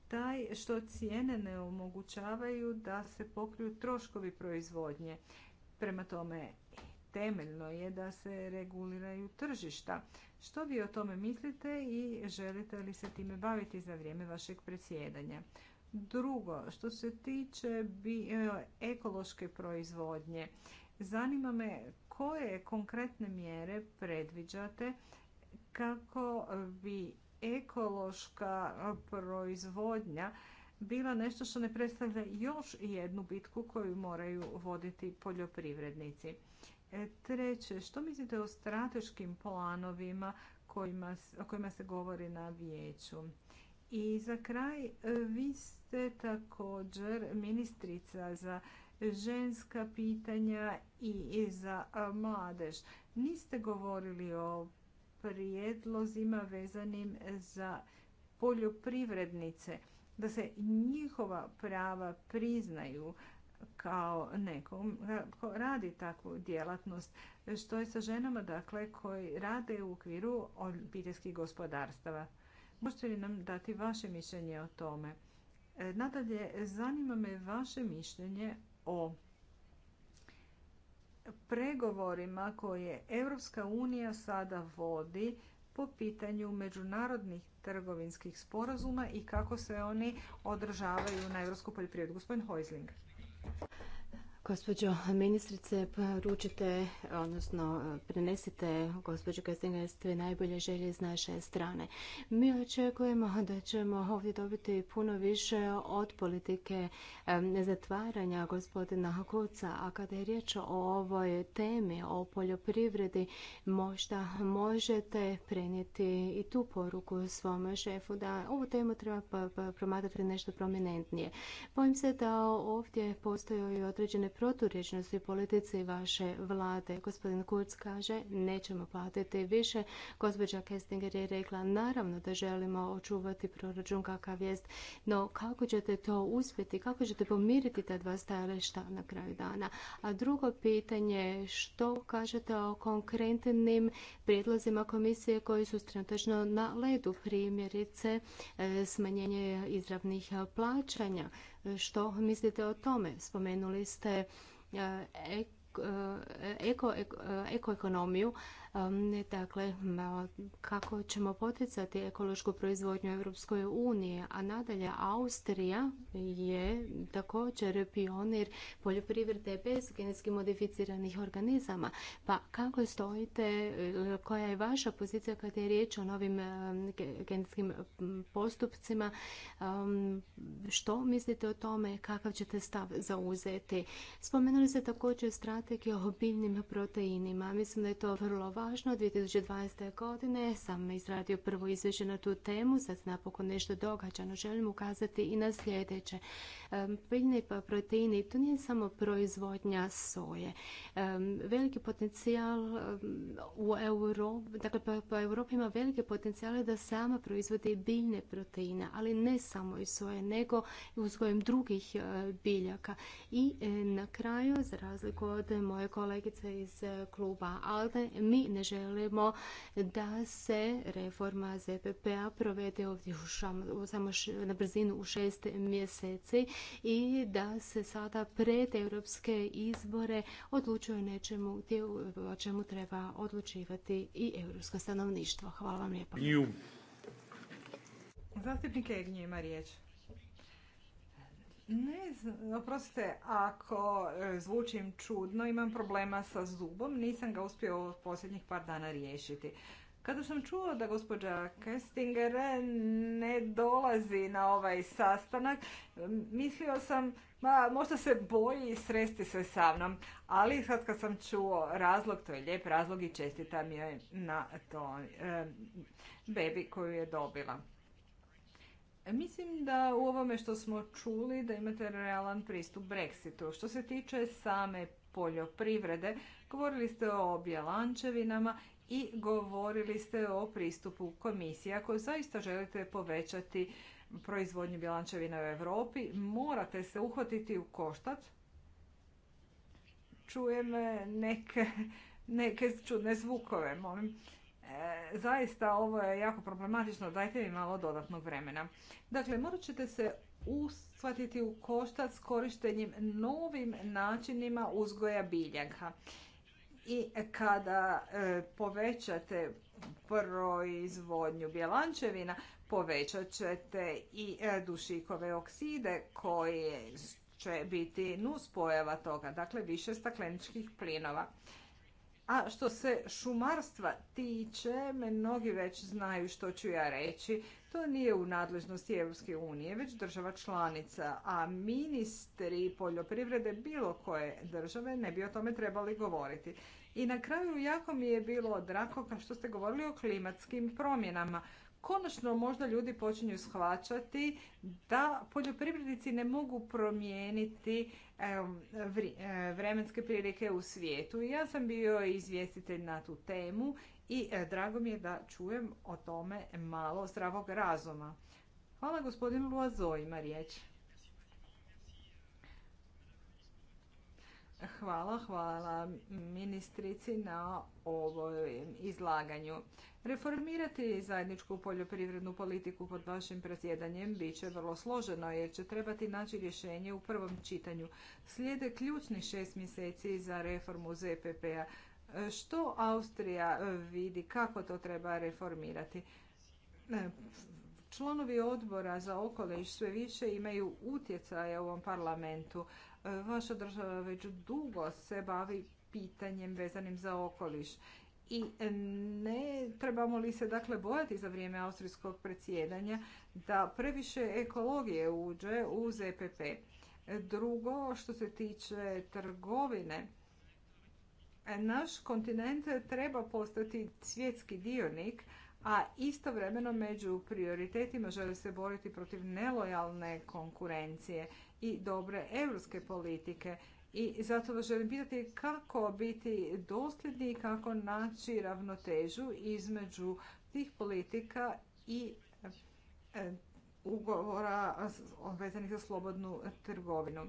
taj što cijene ne omogućavaju da se pokriju troškovi proizvodnje. Prema tome, temeljno je da se reguliraju tržišta. Što vi o tome mislite i želite li se time baviti za vrijeme vašeg predsjedanja? Drugo, što se tiče e, ekološke proizvodnje, zanima me koje konkretne mjere predviđate kako bi ekološka proizvodnja bila nešto što ne predstavlja još jednu bitku koju moraju voditi poljoprivrednici. E, treće, što mislite o strateškim planovima kojima, o kojima se govori na vijeću? I za kraj, e, vi ste također ministrica za ženska pitanja i za mladež. Niste govorili o prijedlozima vezanim za poljoprivrednice, da se njihova prava priznaju kao nekom ko radi takvu djelatnost. Što je sa ženama dakle, koji rade u okviru obiteljskih gospodarstava? Možete li nam dati vaše mišljenje o tome? E, nadalje, zanima me vaše mišljenje o pregovorima koje Europska unija sada vodi po pitanju međunarodnih trgovinskih sporazuma i kako se oni održavaju na europsku poljoprivredu. Gospodin Hojzling. Gospođo ministrice, poručite, odnosno prenesite gospođu Kastinger najbolje želje iz naše strane. Mi očekujemo da ćemo ovdje dobiti puno više od politike zatvaranja gospodina Kuca, a kada je riječ o ovoj temi, o poljoprivredi, možda možete prenijeti i tu poruku svom šefu da ovu temu treba pa, pa promatrati nešto prominentnije. Bojim se da ovdje postoje i određene proturječnosti politici vaše vlade. Gospodin Kurz kaže nećemo platiti više. Gospođa Kestinger je rekla naravno da želimo očuvati proračun kakav jest, no kako ćete to uspjeti, kako ćete pomiriti ta dva stajališta na kraju dana? A drugo pitanje što kažete o konkretnim prijedlozima komisije koji su trenutačno na ledu primjerice e, smanjenje izravnih plaćanja što mislite o tome? Spomenuli ste ekoekonomiju. Eko, e, eko, Dakle, kako ćemo poticati ekološku proizvodnju Europskoj uniji, a nadalje Austrija je također pionir poljoprivrede bez genetski modificiranih organizama. Pa kako stojite, koja je vaša pozicija kad je riječ o novim genetskim postupcima? Što mislite o tome? Kakav ćete stav zauzeti? Spomenuli ste također strategiju o biljnim proteinima. Mislim da je to vrlo važno važno, 2020. godine sam izradio prvo izvješće na tu temu, sad napokon nešto događa, želim ukazati i na sljedeće biljni pa proteini, to nije samo proizvodnja soje. Veliki potencijal u Europi, dakle po pa, pa Europi ima velike potencijale da sama proizvodi biljne proteine, ali ne samo iz soje, nego i uzgojem drugih e, biljaka. I e, na kraju, za razliku od moje kolegice iz e, kluba ALDE, mi ne želimo da se reforma ZPP-a provede ovdje u samo na brzinu u šest mjeseci i da se sada pred europske izbore odlučuje o nečemu o čemu treba odlučivati i europsko stanovništvo. Hvala vam lijepa. Zastupnik Egnje ima riječ. Ne znam, oprostite, ako e, zvučim čudno, imam problema sa zubom, nisam ga uspio posljednjih par dana riješiti. Kada sam čuo da gospođa Kestinger ne dolazi na ovaj sastanak, mislio sam ma, možda se boji sresti se sa mnom, ali sad kad sam čuo razlog, to je lijep razlog i čestitam je na to bebi koju je dobila. Mislim da u ovome što smo čuli da imate realan pristup Brexitu. Što se tiče same poljoprivrede, govorili ste o bjelančevinama i govorili ste o pristupu komisije. Ako zaista želite povećati proizvodnju bilančevina u Europi, morate se uhvatiti u koštac. Čujem neke, čudne zvukove, molim. E, zaista ovo je jako problematično, dajte mi malo dodatnog vremena. Dakle, morat ćete se uhvatiti u koštac s korištenjem novim načinima uzgoja biljaka i kada e, povećate proizvodnju bjelančevina, povećat ćete i e, dušikove okside koje će biti nuspojava toga, dakle više stakleničkih plinova. A što se šumarstva tiče, mnogi već znaju što ću ja reći. To nije u nadležnosti Europske unije, već država članica, a ministri poljoprivrede bilo koje države ne bi o tome trebali govoriti. I na kraju jako mi je bilo drako kao što ste govorili o klimatskim promjenama konačno možda ljudi počinju shvaćati da poljoprivrednici ne mogu promijeniti e, vremenske prilike u svijetu. Ja sam bio izvjestitelj na tu temu i e, drago mi je da čujem o tome malo zdravog razuma. Hvala gospodinu Luazo, ima riječ. Hvala, hvala ministrici na ovom izlaganju. Reformirati zajedničku poljoprivrednu politiku pod vašim predsjedanjem bit će vrlo složeno jer će trebati naći rješenje u prvom čitanju. Slijede ključni šest mjeseci za reformu ZPP-a. Što Austrija vidi kako to treba reformirati? E, članovi odbora za okoliš sve više imaju utjecaje u ovom parlamentu, Vaša država već dugo se bavi pitanjem vezanim za okoliš. I ne trebamo li se dakle bojati za vrijeme austrijskog predsjedanja da previše ekologije uđe u ZPP. Drugo, što se tiče trgovine, naš kontinent treba postati svjetski dionik, a istovremeno među prioritetima žele se boriti protiv nelojalne konkurencije i dobre europske politike. I zato vas želim pitati kako biti dosljedni i kako naći ravnotežu između tih politika i e, ugovora vezanih za slobodnu trgovinu.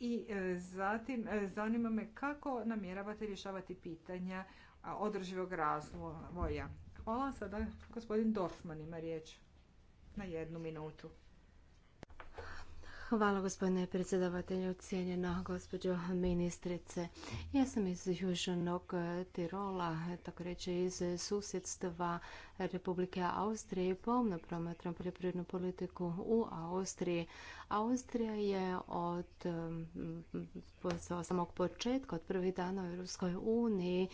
I e, zatim e, zanima me kako namjeravate rješavati pitanja održivog razvoja. Hvala. Sada gospodin Dorfman ima riječ na jednu minutu. Hvala gospodine predsjedavatelju, cijenjena gospođo ministrice. Ja sam iz Južnog Tirola, tako reći iz susjedstva Republike Austrije i pomno promatram poljoprivrednu politiku u Austriji. Austrija je od samog početka, od prvih dana u Europskoj uniji,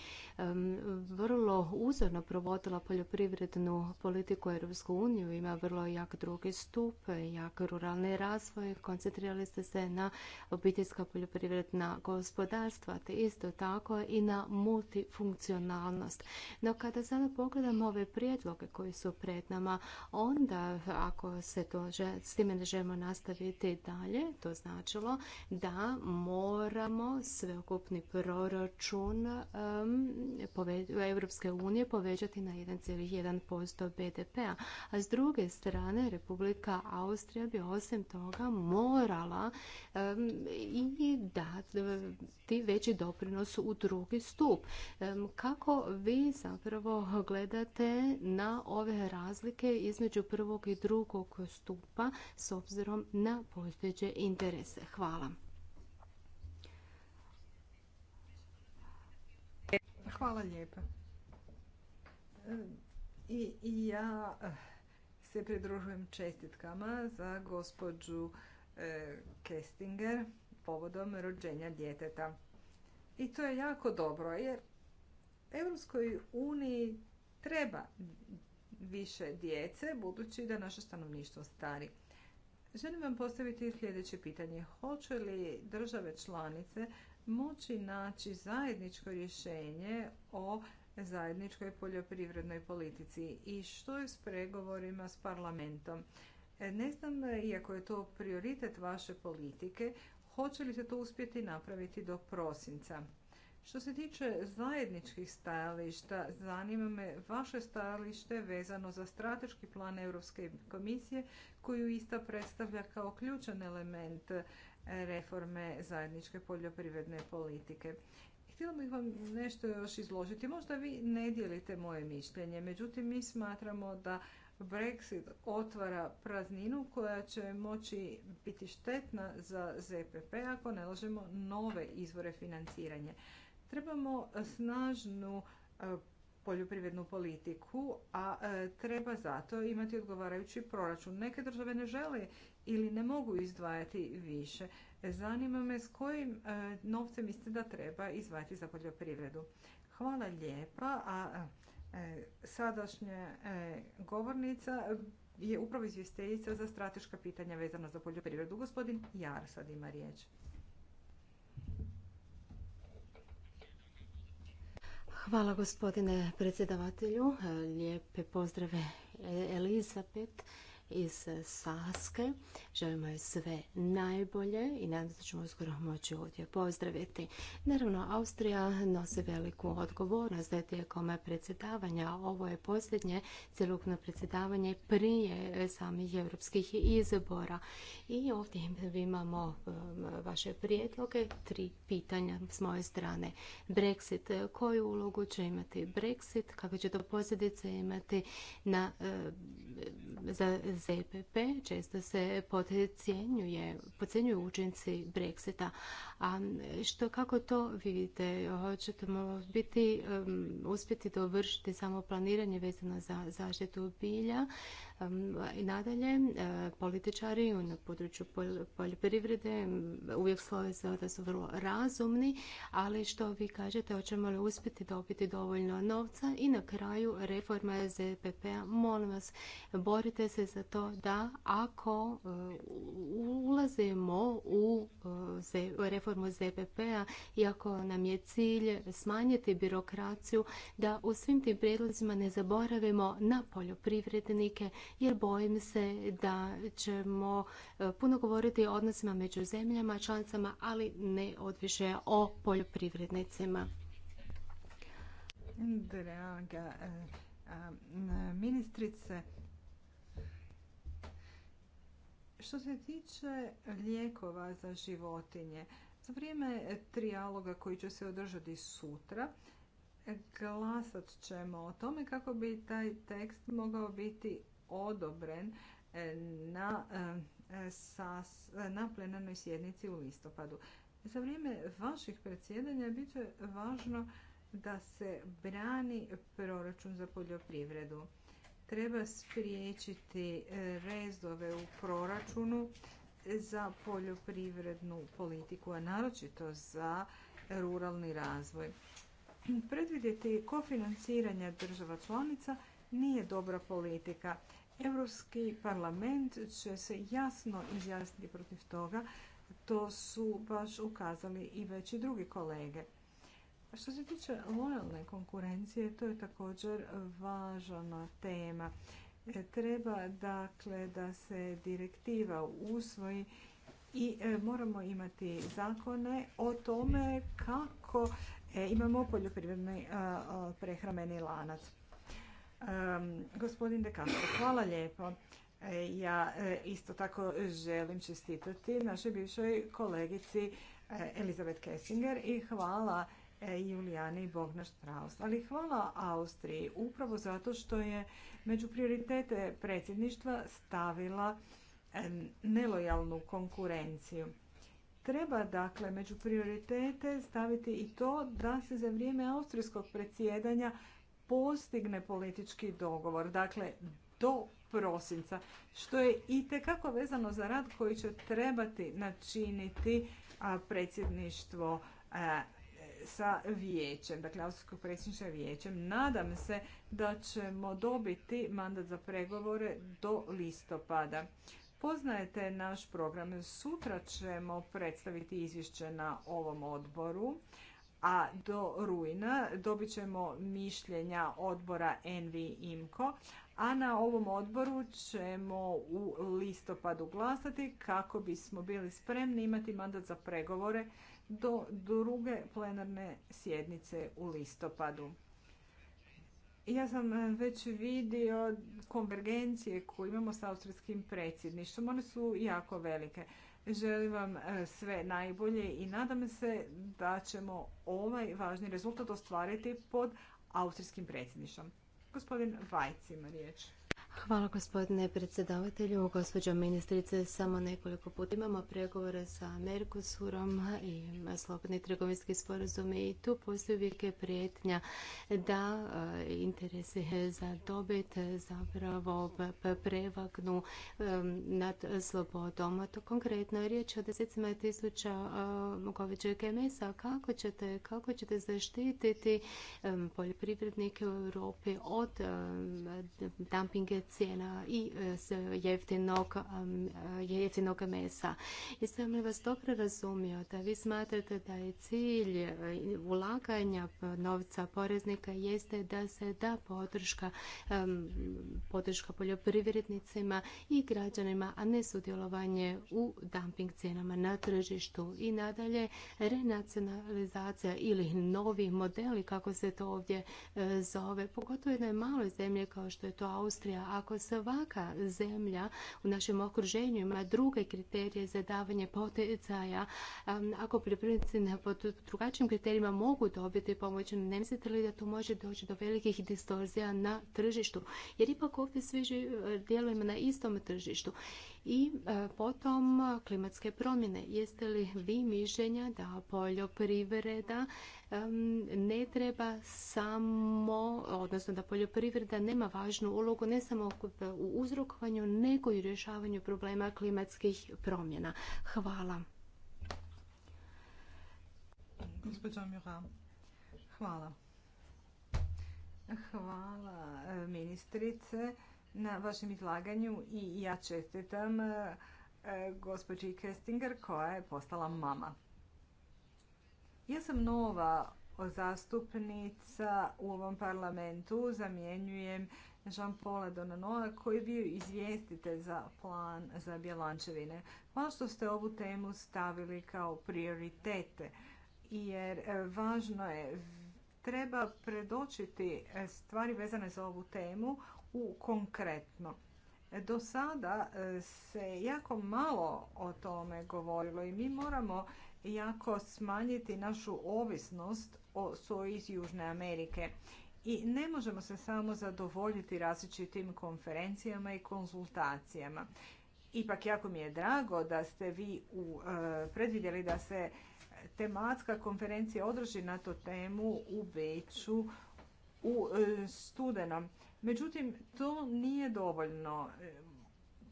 vrlo uzorno provodila poljoprivrednu politiku Europsku uniju. Ima vrlo jak drugi stup, jak ruralni razvoj. Koncentrirali ste se na obiteljska poljoprivredna gospodarstva, te isto tako i na multifunkcionalnost. No kada sada pogledamo ove prijedloge koji su pred nama, onda ako se to, s time ne želimo nastaviti, te dalje. To značilo da moramo sveukupni proračun Europske unije povećati na 1,1% BDP-a. A s druge strane, Republika Austrija bi osim toga morala i dati veći doprinos u drugi stup. Kako vi zapravo gledate na ove razlike između prvog i drugog stupa s obzirom na postojeće interese. Hvala. Hvala lijepa. I, ja eh, se pridružujem čestitkama za gospođu eh, Kestinger povodom rođenja djeteta. I to je jako dobro jer Europskoj uniji treba više djece budući da naše stanovništvo stari. Želim vam postaviti sljedeće pitanje. Hoće li države članice moći naći zajedničko rješenje o zajedničkoj poljoprivrednoj politici i što je s pregovorima s parlamentom? E, ne znam, iako je to prioritet vaše politike, hoće li se to uspjeti napraviti do prosinca? Što se tiče zajedničkih stajališta, zanima me vaše stajalište vezano za strateški plan Europske komisije koju ista predstavlja kao ključan element reforme zajedničke poljoprivredne politike. Htjela bih vam nešto još izložiti. Možda vi ne dijelite moje mišljenje, međutim mi smatramo da Brexit otvara prazninu koja će moći biti štetna za ZPP ako ne nove izvore financiranja. Trebamo e, snažnu e, poljoprivrednu politiku, a e, treba zato imati odgovarajući proračun. Neke države ne žele ili ne mogu izdvajati više. Zanima me s kojim novcem mislite da treba izdvajati za poljoprivredu. Hvala lijepa. A sadašnja govornica je upravo izvjestiteljica za strateška pitanja vezana za poljoprivredu. Gospodin Jar sad ima riječ. Hvala gospodine predsjedavatelju. Lijepe pozdrave Elizabet iz Saske. Želimo joj sve najbolje i nadam se da ćemo uskoro moći ovdje pozdraviti. Naravno, Austrija nosi veliku odgovornost da je tijekom predsjedavanja. Ovo je posljednje cjelokupno predsjedavanje prije samih europskih izbora. I ovdje imamo um, vaše prijedloge, tri pitanja s moje strane. Brexit, koju ulogu će imati Brexit, kakve će to posljedice imati na, um, za ZPP često se podcjenjuju učinci Brexita. A što, kako to vidite? Hoćete biti, uspjeti uspjeti dovršiti samo planiranje vezano za zaštitu bilja i nadalje, političari na području poljoprivrede uvijek svoje da su vrlo razumni, ali što vi kažete, hoćemo li uspjeti dobiti dovoljno novca i na kraju reforma ZPP-a. Molim vas, borite se za to da ako ulazimo u e, reformu ZPP-a i ako nam je cilj smanjiti birokraciju, da u svim tim prijedlozima ne zaboravimo na poljoprivrednike, jer bojim se da ćemo e, puno govoriti o odnosima među zemljama, članicama, ali ne odviše o poljoprivrednicima. Draga e, ministrice, što se tiče lijekova za životinje, za vrijeme trijaloga koji će se održati sutra, glasat ćemo o tome kako bi taj tekst mogao biti odobren e, na, e, e, na plenarnoj sjednici u listopadu. Za vrijeme vaših predsjedanja bit će važno da se brani proračun za poljoprivredu. Treba spriječiti rezdove u proračunu za poljoprivrednu politiku, a naročito za ruralni razvoj. Predvidjeti kofinanciranje država članica nije dobra politika Europski parlament će se jasno izjasniti protiv toga. To su baš ukazali i već i drugi kolege. Što se tiče lojalne konkurencije, to je također važna tema. E, treba dakle da se direktiva usvoji i e, moramo imati zakone o tome kako e, imamo poljoprivredni prehrameni lanac. Gospodin Castro, hvala lijepo. E, ja e, isto tako želim čestitati našoj bivšoj kolegici e, Elizabeth Kessinger i hvala Julijani Bogna Strauss. Ali hvala Austriji upravo zato što je među prioritete predsjedništva stavila nelojalnu konkurenciju. Treba dakle među prioritete staviti i to da se za vrijeme austrijskog predsjedanja postigne politički dogovor, dakle do prosinca, što je i tekako vezano za rad koji će trebati načiniti predsjedništvo sa vijećem, dakle Austrijskog predsjedničkim vijećem. Nadam se da ćemo dobiti mandat za pregovore do listopada. Poznajete naš program. Sutra ćemo predstaviti izvješće na ovom odboru a do rujna dobit ćemo mišljenja odbora Envi Imko, a na ovom odboru ćemo u listopadu glasati kako bismo bili spremni imati mandat za pregovore do druge plenarne sjednice u listopadu. Ja sam već vidio konvergencije koje imamo sa austrijskim predsjedništvom. One su jako velike. Želim vam e, sve najbolje i nadam se da ćemo ovaj važni rezultat ostvariti pod austrijskim predsjedništvom. Gospodin Vajc ima riječ. Hvala gospodine predsjedavatelju, gospođo ministrice. Samo nekoliko puta imamo pregovore sa Mercosurom i slobodni trgovinski sporazum i tu postoji uvijek prijetnja da e, interesi za dobit zapravo prevagnu e, nad slobodom. To konkretno je riječ o desecima tisuća mogovićeg e, mesa. Kako ćete, kako ćete zaštititi poljoprivrednike u Europi od dumpinga cijena i e, jeftinog, e, jeftinog mesa. Jesam li vas dobro razumio da vi smatrate da je cilj e, ulaganja novca poreznika jeste da se da podrška, podrška poljoprivrednicima i građanima, a ne sudjelovanje u dumping cijenama na tržištu. I nadalje, renacionalizacija ili novi modeli, kako se to ovdje zove, pogotovo jednoj maloj zemlji kao što je to Austrija, ako svaka zemlja u našem okruženju ima druge kriterije za davanje poticaja, ako poljoprivrednici pod drugačijim kriterijima mogu dobiti pomoć, ne mislite li da tu može doći do velikih distorzija na tržištu? Jer ipak ovdje svi djelujemo na istom tržištu. I e, potom klimatske promjene. Jeste li vi mišljenja da poljoprivreda ne treba samo, odnosno da poljoprivreda nema važnu ulogu ne samo u uzrokovanju, nego i u rješavanju problema klimatskih promjena. Hvala. hvala. Hvala e, ministrice na vašem izlaganju i ja čestitam e, gospođi Kestinger koja je postala mama. Ja sam nova zastupnica u ovom parlamentu, zamjenjujem jean paul Donanoa koji je bio izvjestitelj za plan za bjelančevine. Hvala ono što ste ovu temu stavili kao prioritete jer e, važno je treba predočiti e, stvari vezane za ovu temu u konkretno. Do sada e, se jako malo o tome govorilo i mi moramo jako smanjiti našu ovisnost o soji iz Južne Amerike. I ne možemo se samo zadovoljiti različitim konferencijama i konzultacijama. Ipak jako mi je drago da ste vi e, predvidjeli da se tematska konferencija održi na to temu u Beću u e, studenom. Međutim, to nije dovoljno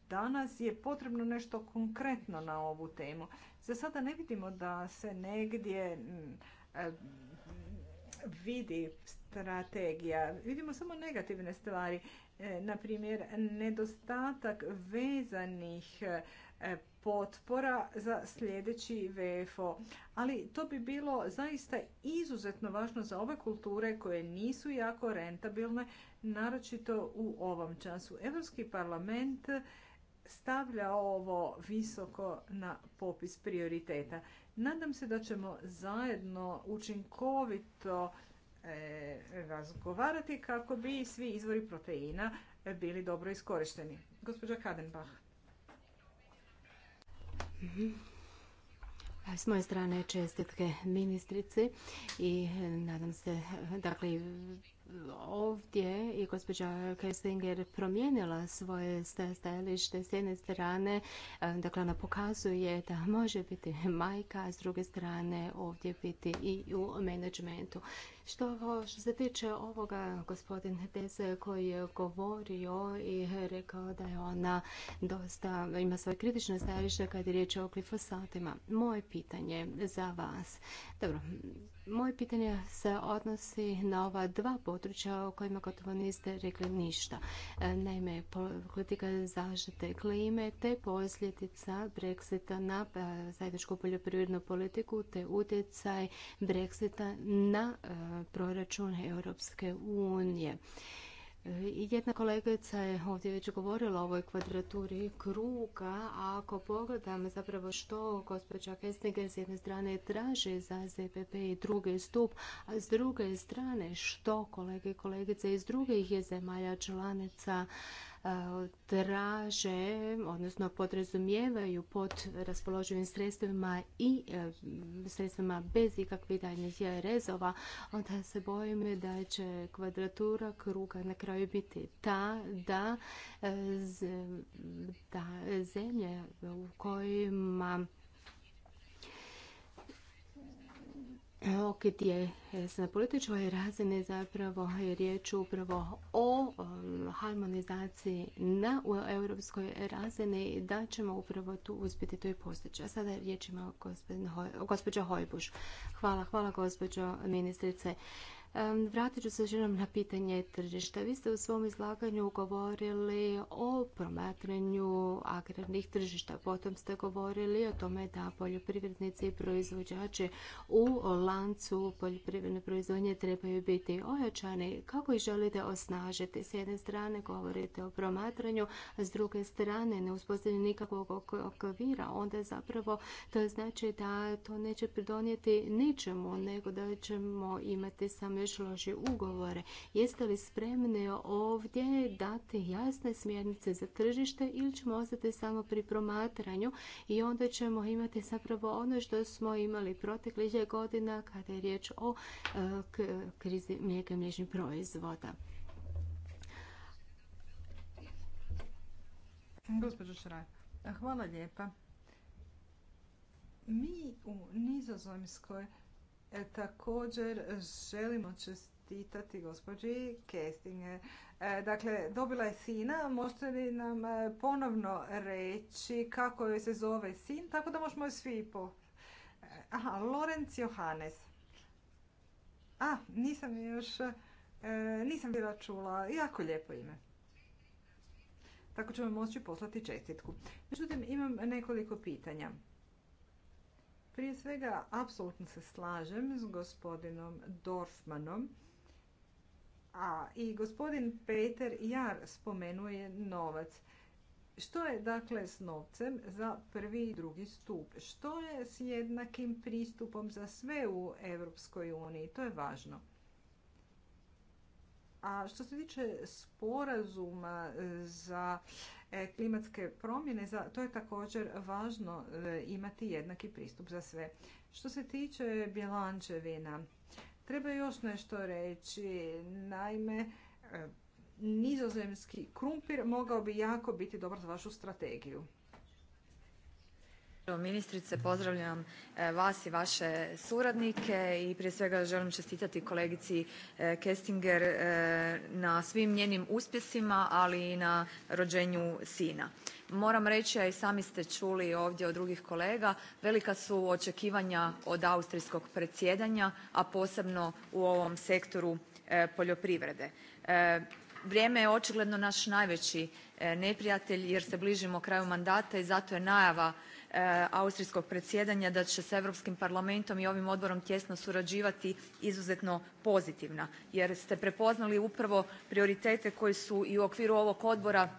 danas je potrebno nešto konkretno na ovu temu. Za sada ne vidimo da se negdje mm, e, vidi strategija. Vidimo samo negativne stvari. E, na primjer, nedostatak vezanih e, potpora za sljedeći VFO. Ali to bi bilo zaista izuzetno važno za ove kulture koje nisu jako rentabilne, naročito u ovom času. Europski parlament stavlja ovo visoko na popis prioriteta. Nadam se da ćemo zajedno učinkovito e, razgovarati kako bi svi izvori proteina e, bili dobro iskorišteni. Gospođa Kadenbach. S moje strane čestitke ministrici i e, nadam se, dakle, ovdje i gospođa Kessinger promijenila svoje stajalište s jedne strane, e, dakle ona pokazuje da može biti majka, a s druge strane ovdje biti i u menadžmentu. Što, što se tiče ovoga, gospodin Deze koji je govorio i rekao da je ona dosta, ima svoje kritično stajalište kad je riječ o glifosatima. Moje pitanje za vas. Dobro, moje pitanje se odnosi na ova dva područja o kojima gotovo niste rekli ništa. E, naime, politika zaštite klime te posljedica Brexita na e, zajedničku poljoprivrednu politiku te utjecaj Brexita na e, proračun Europske unije. Jedna kolegica je ovdje već govorila o ovoj kvadraturi kruga, a ako pogledam zapravo što gospođa Kestinger s jedne strane traži za ZPP i drugi stup, a s druge strane što kolege i kolegice iz drugih je zemalja članica traže, odnosno podrazumijevaju pod raspoloživim sredstvima i e, sredstvima bez ikakvih daljnjih rezova, onda se bojim da će kvadratura kruga na kraju biti ta da, e, da zemlje u kojima je e, na političkoj razine zapravo je riječ upravo o um, harmonizaciji na europskoj razini da ćemo upravo tu uspjeti to i postići. A sada riječ ima gospođa Hojbuš. Hvala, hvala gospođo ministrice. Vratit ću se ženom na pitanje tržišta. Vi ste u svom izlaganju govorili o promatranju agrarnih tržišta. Potom ste govorili o tome da poljoprivrednici i proizvođači u lancu poljoprivredne proizvodnje trebaju biti ojačani. Kako ih želite osnažiti? S jedne strane govorite o promatranju, a s druge strane ne uspostavljaju nikakvog okvira. Onda zapravo to znači da to neće pridonijeti ničemu, nego da ćemo imati samo već ugovore. Jeste li spremni ovdje dati jasne smjernice za tržište ili ćemo ostati samo pri promatranju i onda ćemo imati zapravo ono što smo imali proteklih godina kada je riječ o e, krizi mlijeka i mliječnih proizvoda. Gospođo Šraj, hvala lijepa. Mi u Nizozemskoj E, također želimo čestitati gospođi Kestinge. E, dakle, dobila je sina, možete li nam e, ponovno reći kako joj se zove sin, tako da možemo svi po... Aha, Lorenz Johannes. A, nisam još, nisam bila čula, jako lijepo ime. Tako ćemo moći poslati čestitku. Međutim, imam nekoliko pitanja. Prije svega, apsolutno se slažem s gospodinom Dorfmanom, a i gospodin Peter Jar spomenuje novac. Što je dakle s novcem za prvi i drugi stup? Što je s jednakim pristupom za sve u Europskoj uniji? To je važno. A što se tiče sporazuma za E, klimatske promjene, to je također važno e, imati jednaki pristup za sve. Što se tiče bjelančevina, treba još nešto reći. Naime, e, nizozemski krumpir mogao bi jako biti dobar za vašu strategiju. Ministrice, pozdravljam e, vas i vaše suradnike i prije svega želim čestitati kolegici e, Kestinger e, na svim njenim uspjesima, ali i na rođenju sina. Moram reći, a i sami ste čuli ovdje od drugih kolega, velika su očekivanja od austrijskog predsjedanja, a posebno u ovom sektoru poljoprivrede. Vrijeme je očigledno naš najveći neprijatelj jer se bližimo kraju mandata i zato je najava Eh, austrijskog predsjedanja da će s europskim parlamentom i ovim odborom tijesno surađivati izuzetno pozitivna jer ste prepoznali upravo prioritete koji su i u okviru ovog odbora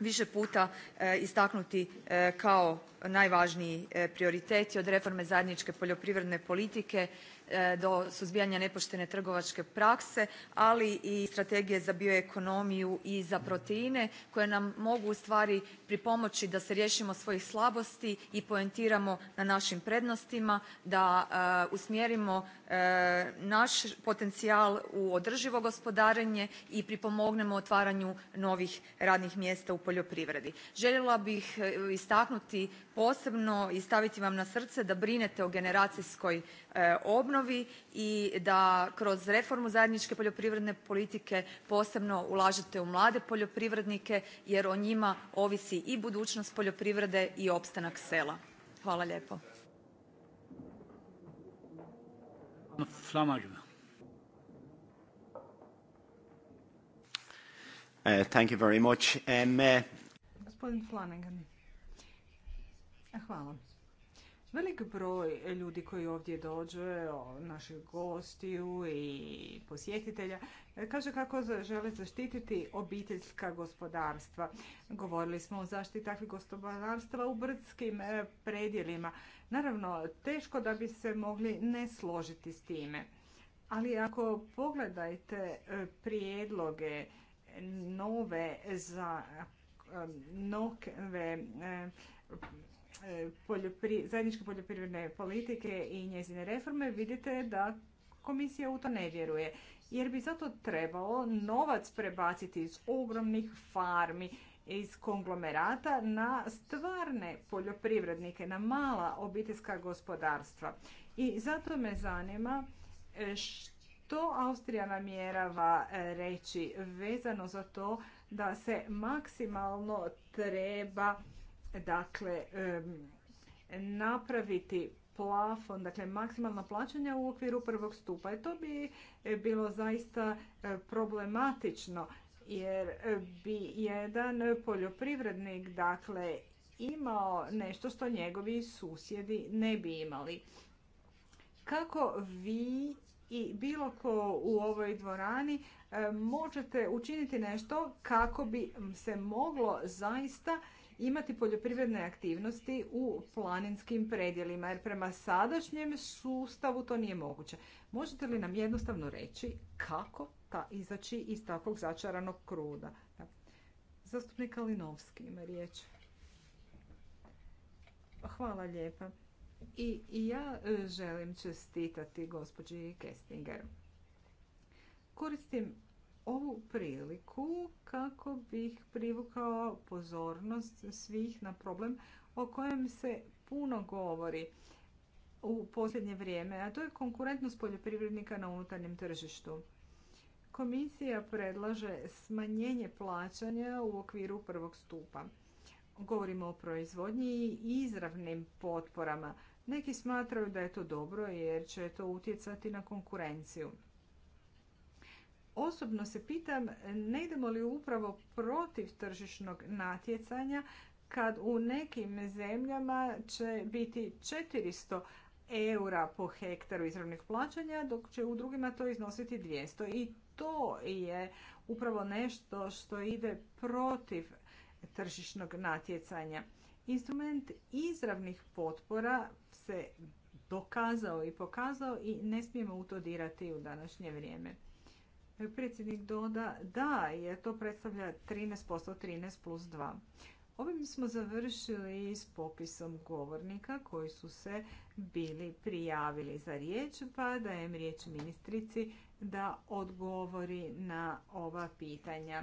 više puta eh, istaknuti eh, kao najvažniji prioriteti od reforme zajedničke poljoprivredne politike E, do suzbijanja nepoštene trgovačke prakse, ali i strategije za bioekonomiju i za proteine koje nam mogu ustvari pripomoći da se riješimo svojih slabosti i poentiramo na našim prednostima, da e, usmjerimo E, naš potencijal u održivo gospodarenje i pripomognemo otvaranju novih radnih mjesta u poljoprivredi. Željela bih e, istaknuti posebno i staviti vam na srce da brinete o generacijskoj e, obnovi i da kroz reformu zajedničke poljoprivredne politike posebno ulažete u mlade poljoprivrednike jer o njima ovisi i budućnost poljoprivrede i opstanak sela. Hvala lijepo. Uh, thank um, uh, Gospodin Flanagan. E, hvala. Veliki broj ljudi koji ovdje dođe, naših gostiju i posjetitelja, e, kaže kako žele zaštititi obiteljska gospodarstva. Govorili smo o zaštiti takvih gospodarstva u brdskim e, predjelima. Naravno, teško da bi se mogli ne složiti s time. Ali ako pogledajte e, prijedloge nove za e, nove e, zajedničke poljoprivredne politike i njezine reforme, vidite da komisija u to ne vjeruje. Jer bi zato trebalo novac prebaciti iz ogromnih farmi iz konglomerata na stvarne poljoprivrednike, na mala obiteljska gospodarstva. I zato me zanima e, što Austrija namjerava e, reći vezano za to da se maksimalno treba dakle napraviti plafon, dakle maksimalna plaćanja u okviru prvog stupa. I e, to bi bilo zaista problematično jer bi jedan poljoprivrednik dakle imao nešto što njegovi susjedi ne bi imali. Kako vi i bilo ko u ovoj dvorani e, možete učiniti nešto kako bi se moglo zaista imati poljoprivredne aktivnosti u planinskim predjelima, jer prema sadašnjem sustavu to nije moguće. Možete li nam jednostavno reći kako ta, izaći iz takvog začaranog kruda. Zastupnik Kalinovski ima riječ. Hvala lijepa. I, i ja e, želim čestitati gospođi Kestinger. Koristim ovu priliku kako bih privukao pozornost svih na problem o kojem se puno govori u posljednje vrijeme, a to je konkurentnost poljoprivrednika na unutarnjem tržištu. Komisija predlaže smanjenje plaćanja u okviru prvog stupa. Govorimo o proizvodnji i izravnim potporama. Neki smatraju da je to dobro jer će to utjecati na konkurenciju. Osobno se pitam ne idemo li upravo protiv tržišnog natjecanja kad u nekim zemljama će biti 400 eura po hektaru izravnih plaćanja, dok će u drugima to iznositi 200. I to je upravo nešto što ide protiv tržišnog natjecanja. Instrument izravnih potpora se dokazao i pokazao i ne smijemo u to dirati u današnje vrijeme. Predsjednik doda da, je to predstavlja 13%, 13 plus 2. Ovim smo završili s popisom govornika koji su se bili prijavili za riječ, pa dajem riječ ministrici da odgovori na ova pitanja.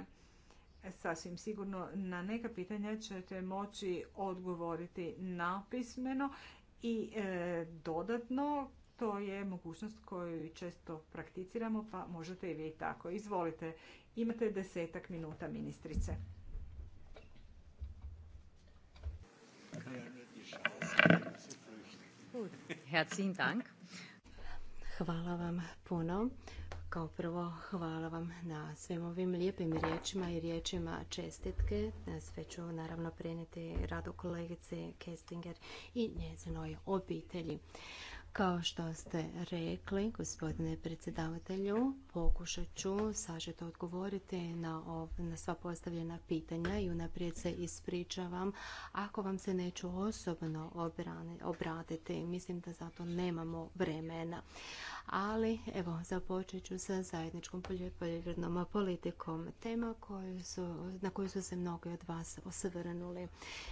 Sasvim sigurno na neka pitanja ćete moći odgovoriti napismeno i e, dodatno to je mogućnost koju često prakticiramo, pa možete i vi tako. Izvolite, imate desetak minuta ministrice. Hvala vam puno. Kao prvo hvala vam na svim ovim lijepim riječima i riječima čestitke. Sve ću naravno prenijeti radu kolegice Kestinger i njezinoj obitelji. Kao što ste rekli, gospodine predsjedavatelju, pokušat ću sažeto odgovoriti na, sva postavljena pitanja i unaprijed se ispričavam ako vam se neću osobno obratiti. Mislim da zato nemamo vremena. Ali, evo, započet ću sa zajedničkom poljoprivrednom politikom. Tema na koju su se mnogi od vas osvrnuli.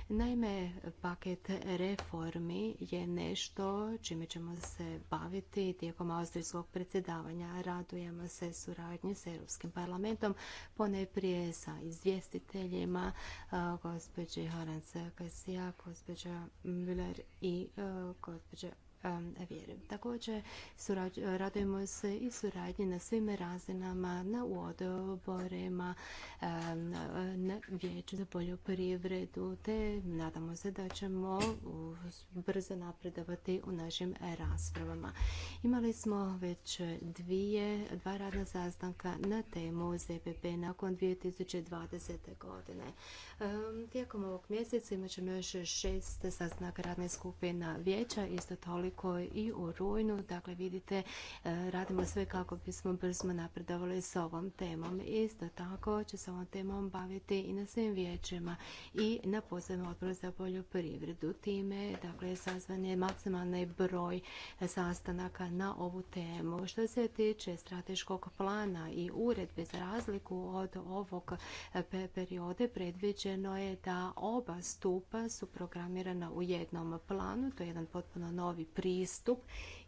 Naime, paket reformi je nešto čime ćemo se baviti tijekom austrijskog predsjedavanja. Radujemo se suradnji s Europskim parlamentom, poneprije sa izvjestiteljima, gospođi Harance Kasija, gospođa Müller i gospođa vjeru. Također radujemo se i suradnje na svim razinama, na odborima, na vijeću za poljoprivredu, te nadamo se da ćemo brzo napredovati u našim raspravama. Imali smo već dvije, dva radna sastanka na temu ZPP nakon 2020. godine. Tijekom ovog mjeseca imat ćemo još šest sastanaka radne skupina vijeća, isto toliko koji i u rujnu. Dakle, vidite, e, radimo sve kako bismo brzo napredovali s ovom temom. Isto tako će se ovom temom baviti i na svim vijećima i na posebnom odboru za poljoprivredu. Time, dakle, sazvan je maksimalni broj sastanaka na ovu temu. Što se tiče strateškog plana i uredbe za razliku od ovog e, periode, predviđeno je da oba stupa su programirana u jednom planu. To je jedan potpuno novi pristup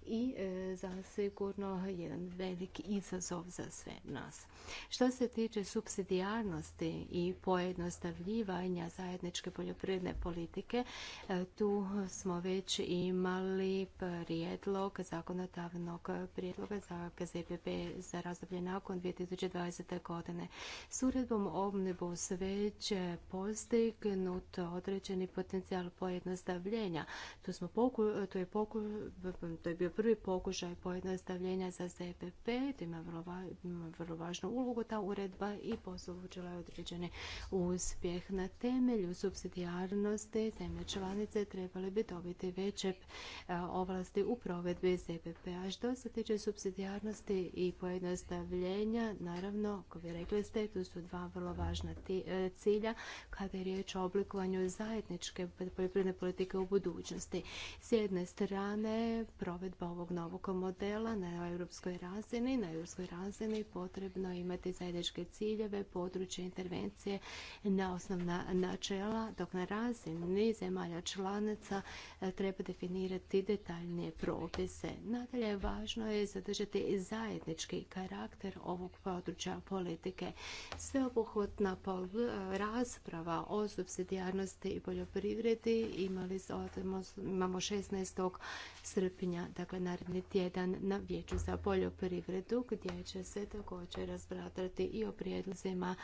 i e, zasigurno jedan velik izazov za sve nas. Što se tiče subsidijarnosti i pojednostavljivanja zajedničke poljoprivredne politike, e, tu smo već imali prijedlog zakonodavnog prijedloga za KZPP za razdoblje nakon 2020. godine. S uredbom Omnibus već postignut određeni potencijal pojednostavljenja. Tu, smo je to je bio prvi pokušaj pojednostavljenja za ZPP, to ima vrlo, važnu ulogu ta uredba i poslučila je određeni uspjeh. Na temelju subsidijarnosti zemlje članice trebale bi dobiti veće e, ovlasti u provedbi ZPP. A p-a. što se tiče subsidijarnosti i pojednostavljenja, naravno, ako vi rekli ste, tu su dva vrlo važna e, cilja kada je riječ o oblikovanju zajedničke poljoprivredne politike u budućnosti. S jedne strane, provedba pa ovog novog modela na europskoj razini. Na europskoj razini potrebno je imati zajedničke ciljeve, područje intervencije na osnovna načela, dok na razini zemalja članica e, treba definirati detaljnije propise. Nadalje, važno je zadržati zajednički karakter ovog područja politike. Sveobuhvatna e, rasprava o subsidijarnosti i poljoprivredi imali imamo 16. srpnja, dakle dakle naredni tjedan na Vijeću za poljoprivredu gdje će se također razbratrati i o prijedlozima,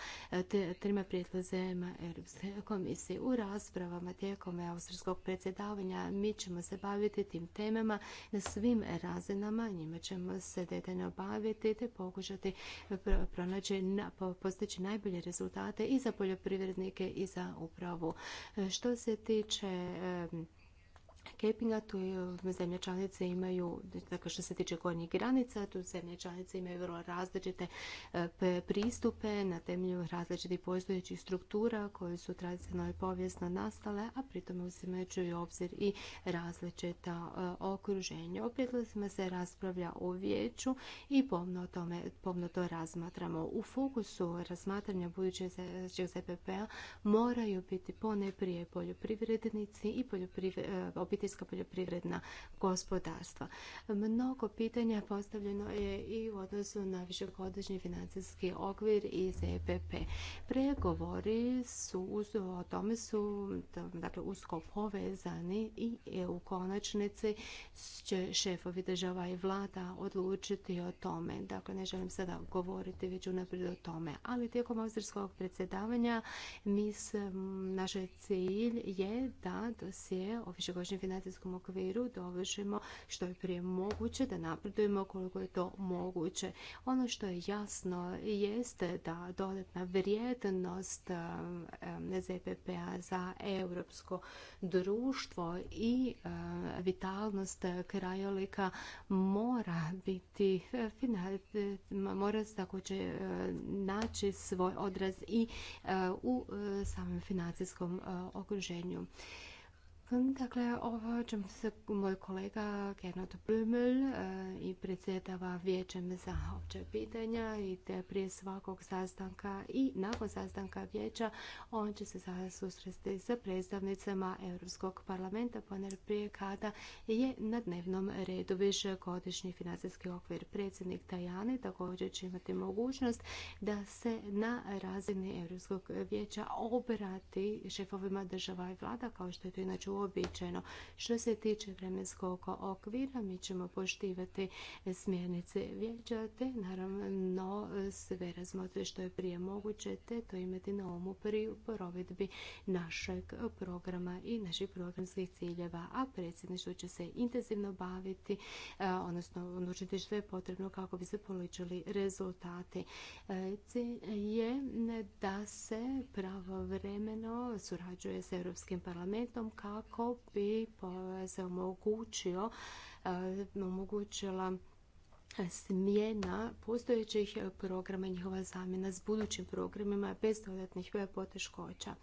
e, trima prijedlozima Europske komisije. U raspravama tijekom austrijskog predsjedavanja mi ćemo se baviti tim temama na svim razinama, njima ćemo se detaljno baviti te pokušati e, pronaći, postići najbolje rezultate i za poljoprivrednike i za upravu. E, što se tiče Kepinga, tu um, zemlje članice imaju, dakle što se tiče gornjih granica, tu zemlje članice imaju vrlo različite uh, pristupe na temelju različitih postojećih struktura koje su tradicionalno i povijesno nastale, a pritom uzimajući u obzir i različita uh, okruženja. O prijedlozima se raspravlja u vijeću i pomno, tome, to razmatramo. U fokusu razmatranja budućeg ZPP-a moraju biti pone prije poljoprivrednici i poljoprivred, uh, obiteljska poljoprivredna gospodarstva. Mnogo pitanja postavljeno je i u odnosu na višegodišnji financijski okvir i ZPP. E Pregovori su o tome su dakle, usko povezani i u konačnici će šefovi država i vlada odlučiti o tome. Dakle, ne želim sada govoriti već unaprijed o tome, ali tijekom austrijskog predsjedavanja mi naš cilj je da dosije o višegodišnjem financijskom okviru dovršimo što je prije moguće, da napredujemo koliko je to moguće. Ono što je jasno jeste da dodatna vrijednost ZPP-a za europsko društvo i vitalnost krajolika mora biti mora također naći svoj odraz i u samom financijskom okruženju. Dakle, ovo se moj kolega Gernot Blümel e, i predsjedava vijećem za opće pitanja i te prije svakog sastanka i nakon sastanka vijeća on će se sada susresti sa predstavnicama Europskog parlamenta pa prije kada je na dnevnom redu više godišnji financijski okvir predsjednik Tajani također će imati mogućnost da se na razini Europskog vijeća obrati šefovima država i vlada kao što je to inače u uobičajeno. Što se tiče vremenskog okvira, mi ćemo poštivati smjernice vijeća, te naravno sve razmotri što je prije moguće, te to imati na umu pri provedbi našeg programa i naših programskih ciljeva, a predsjedništvo će se intenzivno baviti, e, odnosno odlučiti što je potrebno kako bi se polučili rezultati. E, cilj je da se pravovremeno surađuje s Europskim parlamentom kao kako bi se omogućio, eh, omogućila smjena postojećih programa njihova zamjena s budućim programima bez dodatnih poteškoća.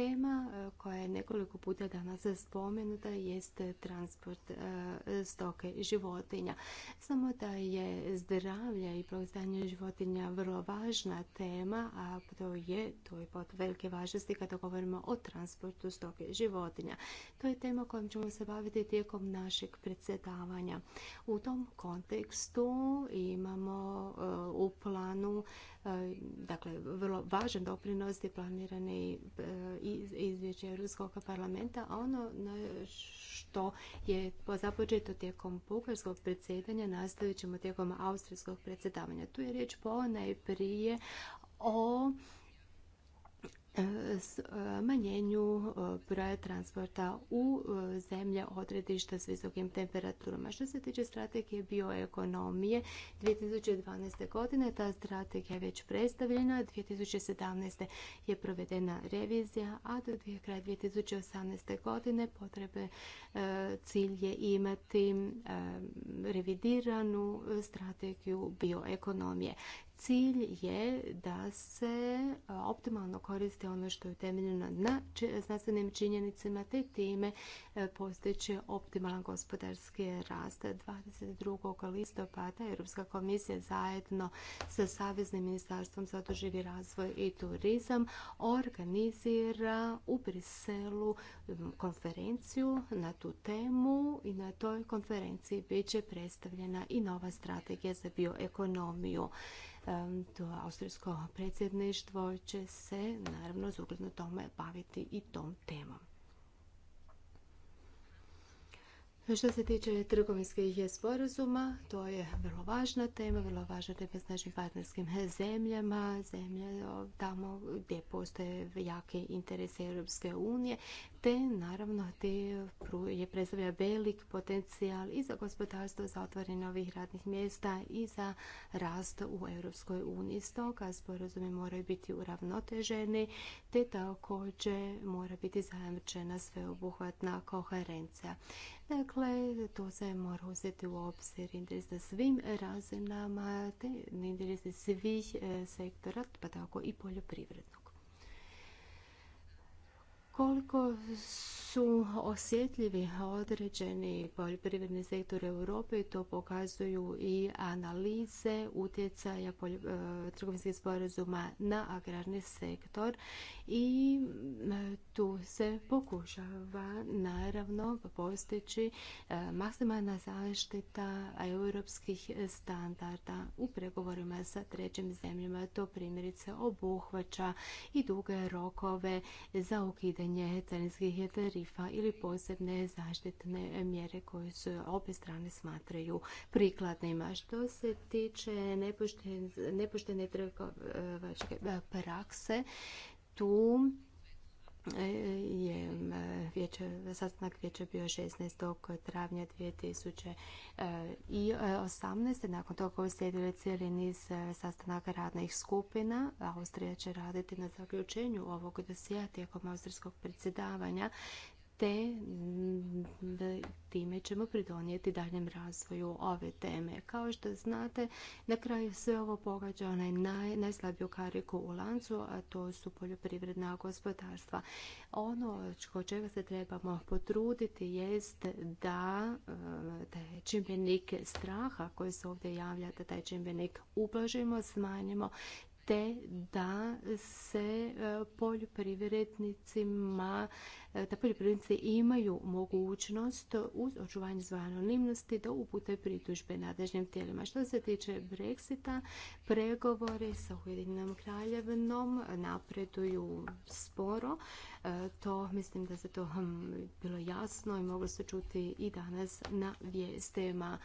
Tema e, koja je nekoliko puta danas spomenuta jest transport e, stoke životinja. Samo da je zdravlje i proizdanje životinja vrlo važna tema, a to je, to je pod velike važnosti kada govorimo o transportu stoke životinja. To je tema kojom ćemo se baviti tijekom našeg predsjedavanja. U tom kontekstu imamo e, u planu E, dakle, vrlo važan doprinos je planirani e, izvješće Europskog parlamenta, a ono što je započeto tijekom bugarskog predsjedanja nastavit ćemo tijekom austrijskog predsjedavanja. Tu je riječ po najprije o E, e, manjenju e, broja transporta u zemlje odredišta s visokim temperaturama. Što se tiče strategije bioekonomije 2012. godine, ta strategija je već predstavljena, 2017. je provedena revizija, a do kraja 2018. godine potrebe cilj je imati revidiranu strategiju bioekonomije. Cilj je da se optimalno koriste ono što je utemeljeno na znanstvenim činjenicama te time e, postići optimalan gospodarski rast. 22. listopada Europska komisija zajedno sa Saveznim ministarstvom za održivi razvoj i turizam organizira u Briselu konferenciju na tu temu i na toj konferenciji bit će predstavljena i nova strategija za bioekonomiju. E, to austrijsko predsjedništvo će se naravno zugledno tome baviti i tom temom. Što se tiče trgovinskih sporazuma, to je vrlo važna tema, vrlo važna tema s našim partnerskim zemljama, zemlje tamo gdje postoje jake interese Europske unije, te naravno te je predstavlja velik potencijal i za gospodarstvo, za otvaranje novih radnih mjesta i za rast u Europskoj uniji. Stoga sporazumi moraju biti uravnoteženi, te također mora biti zajamčena sveobuhvatna koherencija. Dakle, to se mora uzeti u obzir interes na svim razinama, te interes svih e, sektora, pa tako i poljoprivrednog koliko su osjetljivi određeni poljoprivredni sektor Europe i to pokazuju i analize utjecaja e, trgovinskih sporazuma na agrarni sektor i tu se pokušava naravno postići e, maksimalna zaštita europskih standarda u pregovorima sa trećim zemljama. To primjerice obuhvaća i duge rokove za ukidanje ukidanje carinskih tarifa ili posebne zaštitne mjere koje su obje strane smatraju prikladnima. Što se tiče nepoštene trgovačke e, prakse, tu E, je vječe, sastanak vijeća bio 16. travnja 2018. E, e, nakon toga uslijedio je cijeli niz sastanaka radnih skupina. Austrija će raditi na zaključenju ovog dosija tijekom austrijskog predsjedavanja te time ćemo pridonijeti daljem razvoju ove teme. Kao što znate, na kraju sve ovo pogađa onaj najslabiju kariku u lancu, a to su poljoprivredna gospodarstva. Ono od čega se trebamo potruditi jest da e, taj čimbenik straha koji se ovdje javlja, da taj čimbenik ublažimo, smanjimo te da se e, poljoprivrednicima, e, da poljoprivrednici imaju mogućnost uz očuvanje svoje anonimnosti da upute pritužbe nadležnim tijelima. Što se tiče Brexita, pregovori sa Ujedinjenom kraljevnom napreduju sporo. E, to mislim da se to hm, bilo jasno i moglo se čuti i danas na vijestima.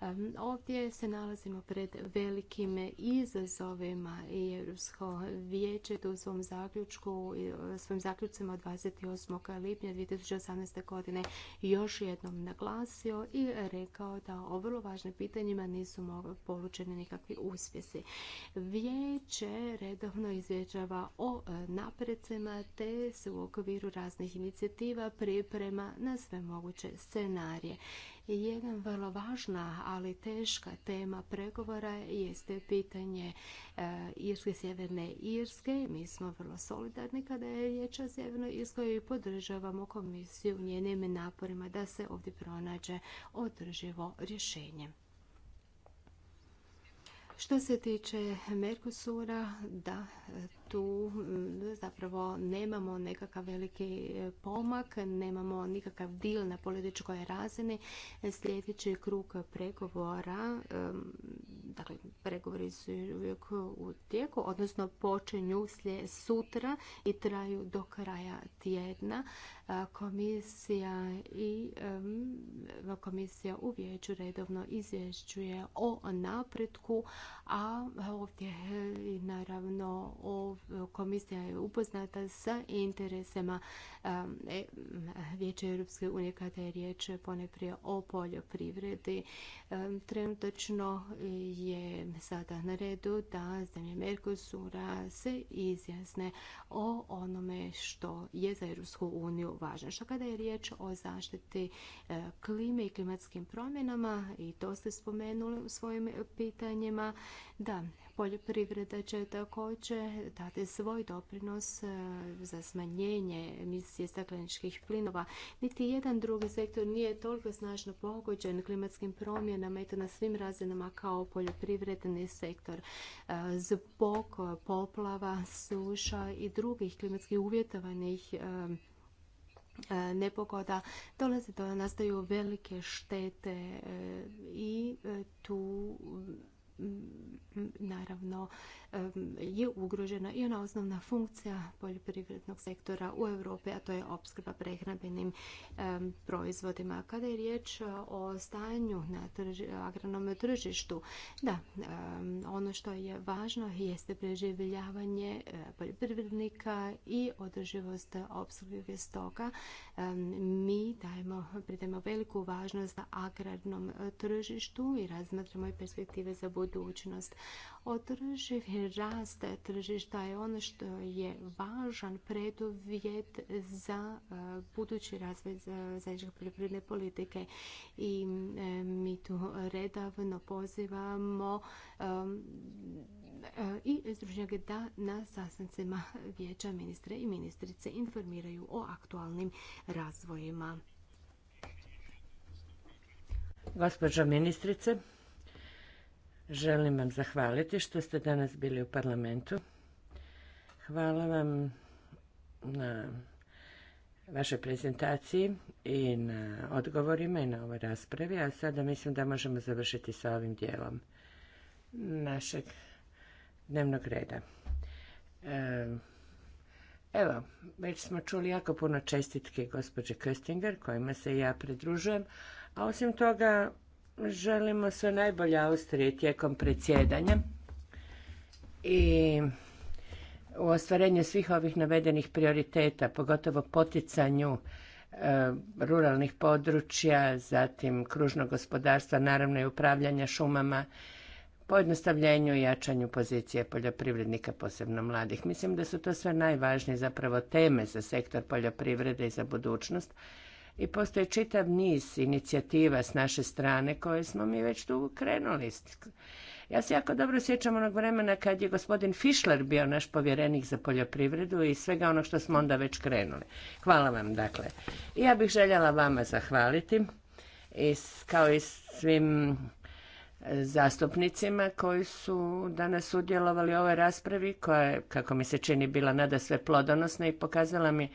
E, ovdje se nalazimo pred velikim izazovima i Europsko vijeće u svom zaključku, e, svojim zaključcima od 28. lipnja 2018. godine još jednom naglasio i rekao da o vrlo važnim pitanjima nisu polučeni nikakvi uspjesi. Vijeće redovno izvječava o napredcima te se u u okviru raznih inicijativa priprema na sve moguće scenarije. Jedan vrlo važna, ali teška tema pregovora jeste pitanje e, Irske, Sjeverne Irske. Mi smo vrlo solidarni kada je riječ o Sjevernoj Irskoj i podržavamo komisiju u njenim naporima da se ovdje pronađe održivo rješenje. Što se tiče Merkusura, da, tu mm, zapravo nemamo nekakav veliki e, pomak, nemamo nikakav dil na političkoj razini. Sljedeći krug pregovora, dakle pregovori su uvijek u tijeku, odnosno počinju sutra i traju do kraja tjedna. Komisija i komisija u vijeću redovno izvješćuje o napretku, a ovdje e, naravno o komisija je upoznata sa interesima um, e, Vijeća Europske unije kada je riječ poneprije o poljoprivredi. Um, trenutačno je sada na redu da zemlje Merkosura se izjasne o onome što je za Europsku uniju važno. Što kada je riječ o zaštiti e, klime i klimatskim promjenama i to ste spomenuli u svojim pitanjima, da Poljoprivreda će također dati svoj doprinos e, za smanjenje emisije stakleničkih plinova. Niti jedan drugi sektor nije toliko snažno pogođen klimatskim promjenama i to na svim razinama kao poljoprivredni sektor. E, zbog poplava, suša i drugih klimatskih uvjetovanih e, nepogoda dolazi do nastaju velike štete i tu naravno je ugrožena i ona osnovna funkcija poljoprivrednog sektora u Europi, a to je opskrba prehrambenim proizvodima. Kada je riječ o stanju na agronom tržištu, da, ono što je važno jeste preživljavanje e, poljoprivrednika i održivost opskrbe stoka. Mi dajemo, pritemo veliku važnost na agrarnom e, tržištu i razmatramo i perspektive za budućnost. Održiv rast tržišta je ono što je važan preduvjet za e, budući razvoj zajedničke poljoprivredne politike i e, mi tu redavno pozivamo e, i stručnjake da na sastancima vijeća ministre i ministrice informiraju o aktualnim razvojima. Gospođo ministrice, Želim vam zahvaliti što ste danas bili u parlamentu. Hvala vam na vašoj prezentaciji i na odgovorima i na ovoj raspravi. A sada mislim da možemo završiti sa ovim dijelom našeg dnevnog reda. E, evo, već smo čuli jako puno čestitke gospođe Köstinger, kojima se ja pridružujem. A osim toga, Želimo sve najbolje Austriji tijekom predsjedanja i u ostvarenju svih ovih navedenih prioriteta, pogotovo poticanju e, ruralnih područja, zatim kružnog gospodarstva, naravno i upravljanja šumama, pojednostavljenju i jačanju pozicije poljoprivrednika, posebno mladih. Mislim da su to sve najvažnije zapravo teme za sektor poljoprivrede i za budućnost i postoji čitav niz inicijativa s naše strane koje smo mi već tu krenuli. Ja se jako dobro sjećam onog vremena kad je gospodin Fischler bio naš povjerenik za poljoprivredu i svega ono što smo onda već krenuli. Hvala vam dakle. Ja bih željela vama zahvaliti i kao i svim e, zastupnicima koji su danas sudjelovali u ovoj raspravi koja je, kako mi se čini, bila nada sve plodonosna i pokazala mi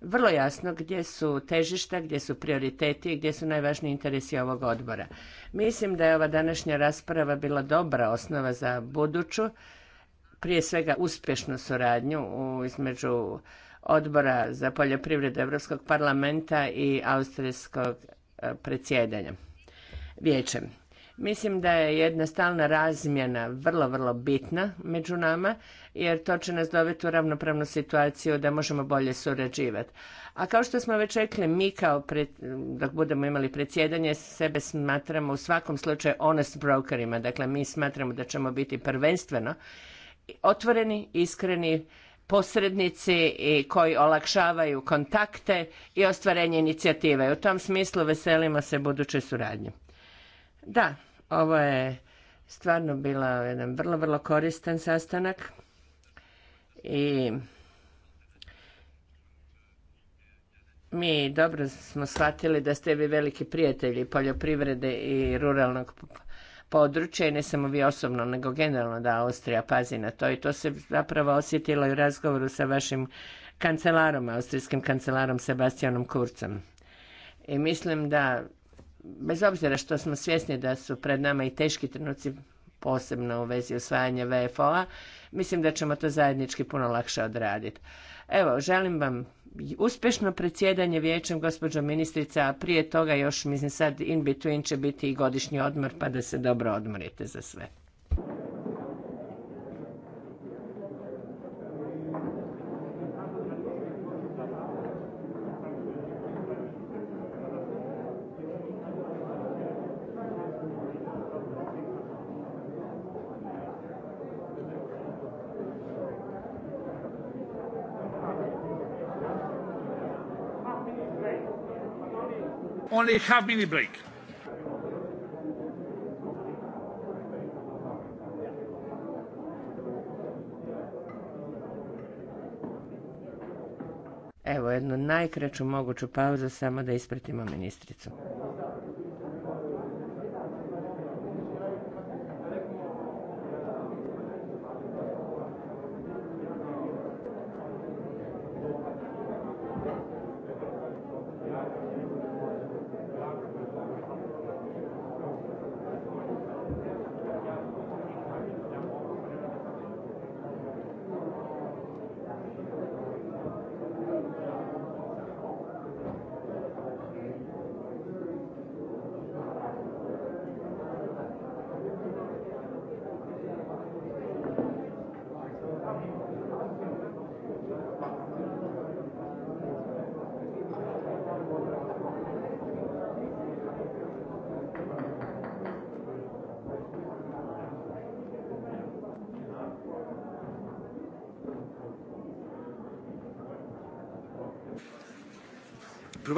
vrlo jasno gdje su težišta, gdje su prioriteti i gdje su najvažniji interesi ovog odbora. Mislim da je ova današnja rasprava bila dobra osnova za buduću, prije svega uspješnu suradnju između odbora za poljoprivredu Europskog parlamenta i austrijskog eh, predsjedanja vijećem. Mislim da je jedna stalna razmjena vrlo, vrlo bitna među nama, jer to će nas dovesti u ravnopravnu situaciju da možemo bolje surađivati. A kao što smo već rekli, mi kao dok budemo imali predsjedanje, sebe smatramo u svakom slučaju honest brokerima. Dakle, mi smatramo da ćemo biti prvenstveno otvoreni, iskreni, posrednici i koji olakšavaju kontakte i ostvarenje inicijative. U tom smislu veselimo se budućoj suradnji. Da, ovo je stvarno bila jedan vrlo, vrlo koristan sastanak i mi dobro smo shvatili da ste vi veliki prijatelji poljoprivrede i ruralnog područja i ne samo vi osobno, nego generalno da Austrija pazi na to i to se zapravo osjetilo i u razgovoru sa vašim kancelarom, austrijskim kancelarom Sebastianom Kurcem. I mislim da bez obzira što smo svjesni da su pred nama i teški trenuci posebno u vezi osvajanja VFO-a, mislim da ćemo to zajednički puno lakše odraditi. Evo, želim vam uspješno predsjedanje vijećem, gospođo ministrica, a prije toga još, mislim sad, in between će biti i godišnji odmor, pa da se dobro odmorite za sve. only half minute Evo jednu najkraću moguću pauzu samo da ispratimo ministricu.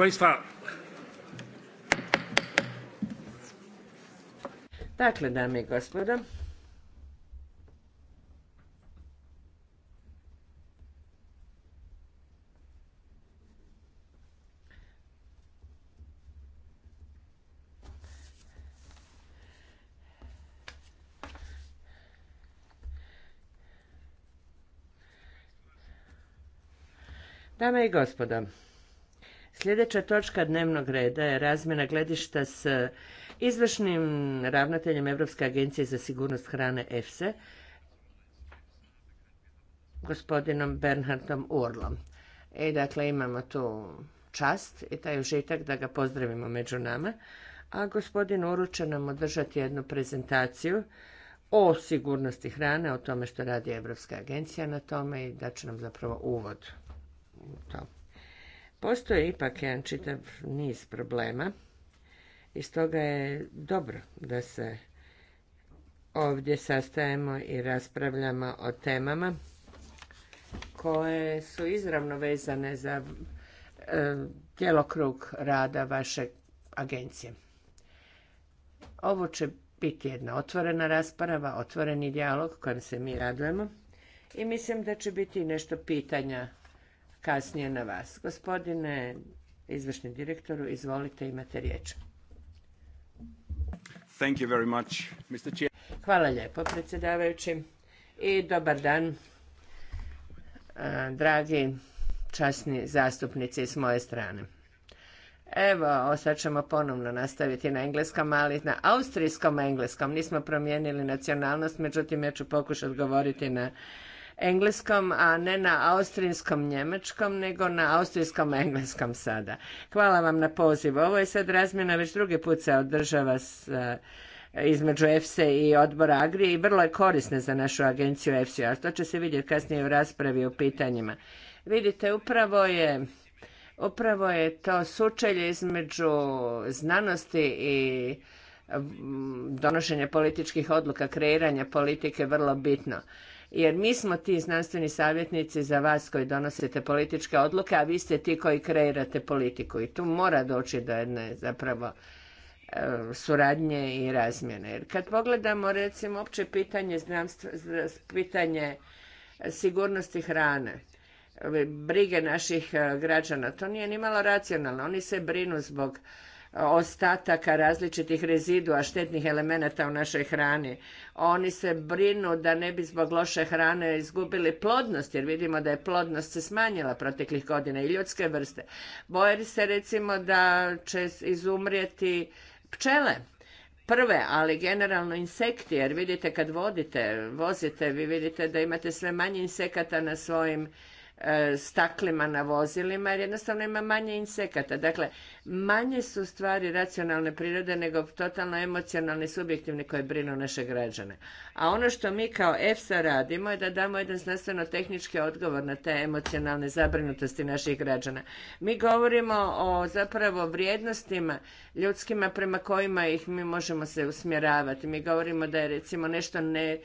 Państwa... Dakle, dame i gospodo, Dame i gospodo, Sljedeća točka dnevnog reda je razmjena gledišta s izvršnim ravnateljem Europske agencije za sigurnost hrane EFSE, gospodinom Bernhardom Urlom. e dakle imamo tu čast i taj užitak da ga pozdravimo među nama. A gospodin Uru će nam održati jednu prezentaciju o sigurnosti hrane, o tome što radi Evropska agencija na tome i da će nam zapravo uvod u to. Postoje ipak jedan čitav niz problema i stoga je dobro da se ovdje sastajemo i raspravljamo o temama koje su izravno vezane za e, djelokrug rada vaše agencije. Ovo će biti jedna otvorena rasprava, otvoreni dijalog kojem se mi radujemo i mislim da će biti nešto pitanja kasnije na vas. Gospodine izvršni direktoru, izvolite, imate riječ. Thank you very much, Mr. Hvala lijepo, predsjedavajući. I dobar dan, dragi časni zastupnici s moje strane. Evo, sad ćemo ponovno nastaviti na engleskom, ali na austrijskom engleskom. Nismo promijenili nacionalnost, međutim ja ću pokušati govoriti na engleskom, a ne na austrijskom njemačkom, nego na austrijskom engleskom sada. Hvala vam na pozivu. Ovo je sad razmjena već drugi put se održava s, eh, između EFSE i odbora Agri i vrlo je korisna za našu agenciju EFSE, a to će se vidjeti kasnije u raspravi o pitanjima. Vidite, upravo je Upravo je to sučelje između znanosti i mm, donošenja političkih odluka, kreiranja politike vrlo bitno jer mi smo ti znanstveni savjetnici za vas koji donosite političke odluke, a vi ste ti koji kreirate politiku i tu mora doći do jedne zapravo e, suradnje i razmjene. Jer kad pogledamo recimo opće pitanje, pitanje sigurnosti hrane, brige naših e, građana, to nije nimalo racionalno. Oni se brinu zbog ostataka različitih rezidua štetnih elemenata u našoj hrani. Oni se brinu da ne bi zbog loše hrane izgubili plodnost, jer vidimo da je plodnost se smanjila proteklih godina i ljudske vrste. Boje se recimo da će izumrijeti pčele prve, ali generalno insekti, jer vidite kad vodite, vozite, vi vidite da imate sve manje insekata na svojim E, staklima na vozilima jer jednostavno ima manje insekata. Dakle, manje su stvari racionalne prirode nego totalno emocionalni subjektivni koji brinu naše građane. A ono što mi kao EFSA radimo je da damo jedan znanstveno-tehnički odgovor na te emocionalne zabrinutosti naših građana. Mi govorimo o zapravo vrijednostima ljudskima prema kojima ih mi možemo se usmjeravati. Mi govorimo da je recimo nešto ne,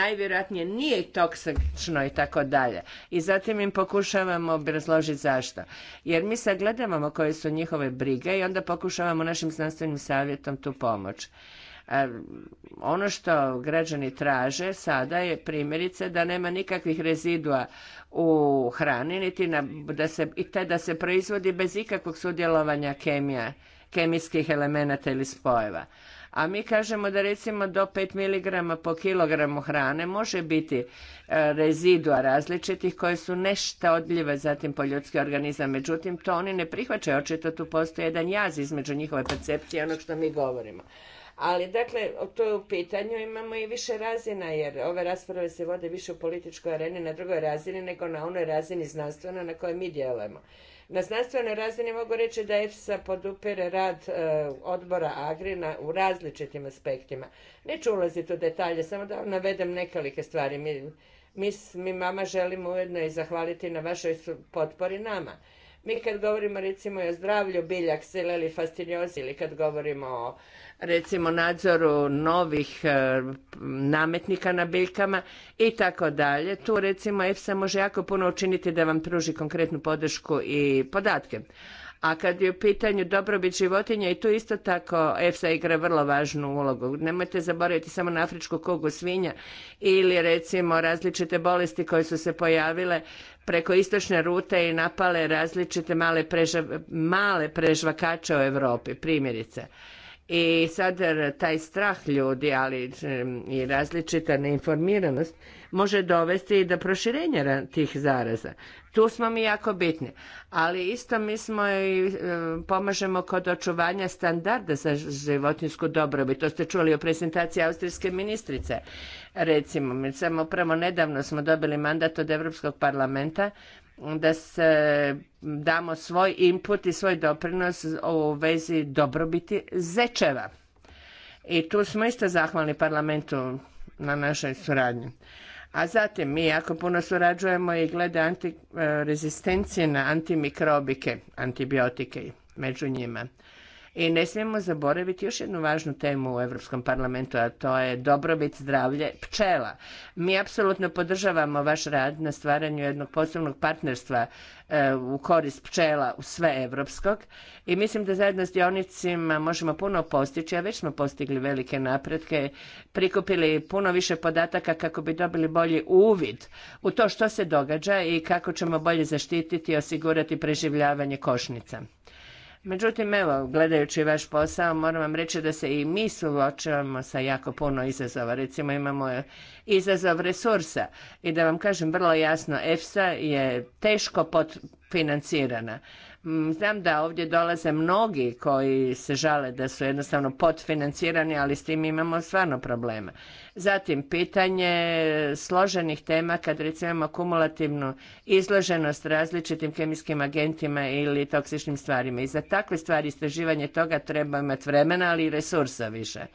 najvjerojatnije nije toksično i tako dalje. I zatim im pokušavamo obrazložiti zašto. Jer mi sagledavamo koje su njihove brige i onda pokušavamo našim znanstvenim savjetom tu pomoć. Ono što građani traže sada je primjerice da nema nikakvih rezidua u hrani, niti na, da se, i te da se proizvodi bez ikakvog sudjelovanja kemija kemijskih elemenata ili spojeva. A mi kažemo da recimo do 5 mg po kilogramu hrane može biti e, rezidua različitih koje su nešto odljive zatim po ljudski organizam. Međutim, to oni ne prihvaćaju. Očito tu postoji jedan jaz između njihove percepcije i onog što mi govorimo. Ali, dakle, to je u pitanju, imamo i više razina, jer ove rasprave se vode više u političkoj areni na drugoj razini nego na onoj razini znanstvena na kojoj mi djelujemo. Na znanstvenoj razini mogu reći da EFSA podupire rad e, odbora Agrina u različitim aspektima. Neću ulaziti u detalje, samo da vam navedem nekolike stvari. Mi, mi, mama želimo ujedno i zahvaliti na vašoj potpori nama. Mi kad govorimo recimo o zdravlju biljak, sile ili ili kad govorimo o recimo nadzoru novih e, nametnika na biljkama i tako dalje. Tu recimo EFSA može jako puno učiniti da vam pruži konkretnu podršku i podatke. A kad je u pitanju dobrobit životinja i tu isto tako EFSA igra vrlo važnu ulogu. Nemojte zaboraviti samo na afričku kugu svinja ili recimo različite bolesti koje su se pojavile preko istočne rute i napale različite male, male prežvakače u Europi, primjerice i sad taj strah ljudi, ali i različita neinformiranost može dovesti i do proširenja tih zaraza. Tu smo mi jako bitni, ali isto mi smo i pomažemo kod očuvanja standarda za životinsku dobrobit. To ste čuli u prezentaciji austrijske ministrice. Recimo, mi samo upravo nedavno smo dobili mandat od Europskog parlamenta da se damo svoj input i svoj doprinos u vezi dobrobiti zečeva. I tu smo isto zahvalni parlamentu na našoj suradnji. A zatim mi jako puno surađujemo i glede rezistencije na antimikrobike, antibiotike među njima. I ne smijemo zaboraviti još jednu važnu temu u Europskom parlamentu, a to je dobrobit zdravlje pčela. Mi apsolutno podržavamo vaš rad na stvaranju jednog poslovnog partnerstva e, u korist pčela u sve evropskog i mislim da zajedno s dionicima možemo puno postići, a već smo postigli velike napretke, prikupili puno više podataka kako bi dobili bolji uvid u to što se događa i kako ćemo bolje zaštititi i osigurati preživljavanje košnica. Međutim, evo, gledajući vaš posao, moram vam reći da se i mi suočavamo sa jako puno izazova. Recimo, imamo izazov resursa. I da vam kažem vrlo jasno, EFSA je teško podfinancirana. Mm, znam da ovdje dolaze mnogi koji se žale da su jednostavno potfinancirani, ali s tim imamo stvarno problema. Zatim, pitanje složenih tema kad recimo kumulativnu izloženost različitim kemijskim agentima ili toksičnim stvarima. I za takve stvari istraživanje toga treba imati vremena, ali i resursa više.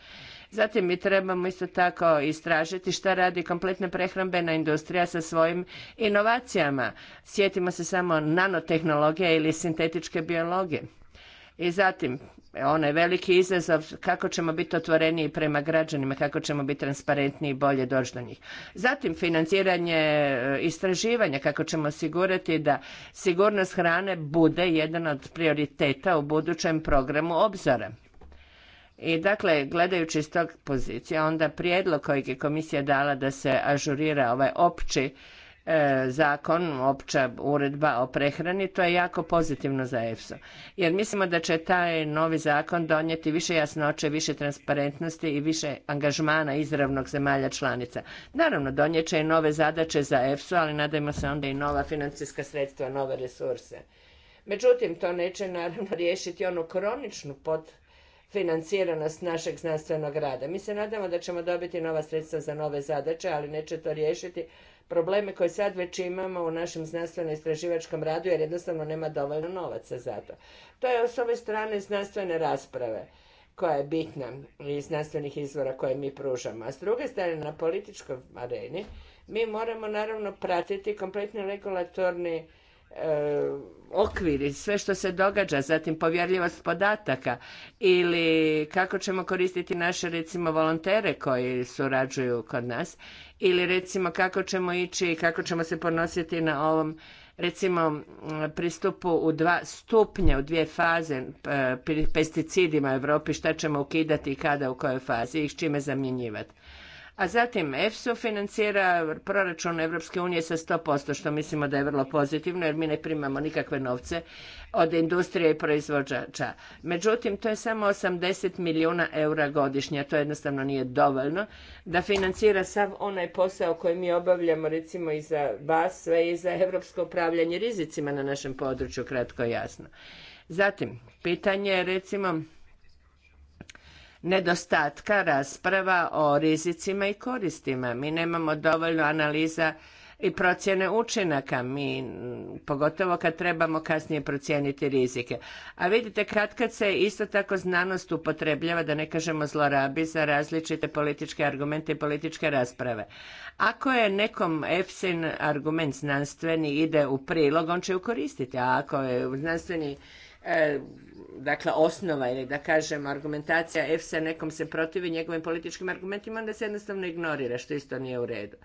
Zatim mi trebamo isto tako istražiti šta radi kompletna prehrambena industrija sa svojim inovacijama. Sjetimo se samo nanotehnologije ili sintetičke biologije. I zatim, onaj veliki izazov kako ćemo biti otvoreniji prema građanima, kako ćemo biti transparentniji i bolje doći do njih. Zatim, financiranje e, istraživanja, kako ćemo osigurati da sigurnost hrane bude jedan od prioriteta u budućem programu obzora. I dakle, gledajući iz tog pozicija, onda prijedlog kojeg je komisija dala da se ažurira ovaj opći e, zakon, opća uredba o prehrani, to je jako pozitivno za EFSO. Jer mislimo da će taj novi zakon donijeti više jasnoće, više transparentnosti i više angažmana izravnog zemalja članica. Naravno, donijet će i nove zadaće za EFSO, ali nadajmo se onda i nova financijska sredstva, nove resurse. Međutim, to neće naravno riješiti onu kroničnu pod financiranost našeg znanstvenog rada. Mi se nadamo da ćemo dobiti nova sredstva za nove zadaće, ali neće to riješiti probleme koje sad već imamo u našem znanstveno-istraživačkom radu, jer jednostavno nema dovoljno novaca za to. To je s ove strane znanstvene rasprave koja je bitna i znanstvenih izvora koje mi pružamo. A s druge strane, na političkoj areni mi moramo naravno pratiti kompletni regulatorni E, okviri, sve što se događa, zatim povjerljivost podataka ili kako ćemo koristiti naše recimo volontere koji surađuju kod nas ili recimo kako ćemo ići i kako ćemo se ponositi na ovom recimo pristupu u dva stupnja, u dvije faze e, pesticidima u Europi, šta ćemo ukidati i kada u kojoj fazi i s čime zamjenjivati a zatim EFSU financira proračun Evropske unije sa 100%, što mislimo da je vrlo pozitivno jer mi ne primamo nikakve novce od industrije i proizvođača. Međutim, to je samo 80 milijuna eura godišnje, to jednostavno nije dovoljno da financira sav onaj posao koji mi obavljamo recimo i za vas, sve i za europsko upravljanje rizicima na našem području, kratko i jasno. Zatim, pitanje je recimo nedostatka rasprava o rizicima i koristima. Mi nemamo dovoljno analiza i procjene učinaka, mi, pogotovo kad trebamo kasnije procijeniti rizike. A vidite, kad se isto tako znanost upotrebljava, da ne kažemo zlorabi, za različite političke argumente i političke rasprave. Ako je nekom EFSIN argument znanstveni ide u prilog, on će ju koristiti, a ako je znanstveni e, dakle osnova ili da kažem argumentacija EFSA nekom se protivi njegovim političkim argumentima, onda se jednostavno ignorira što isto nije u redu.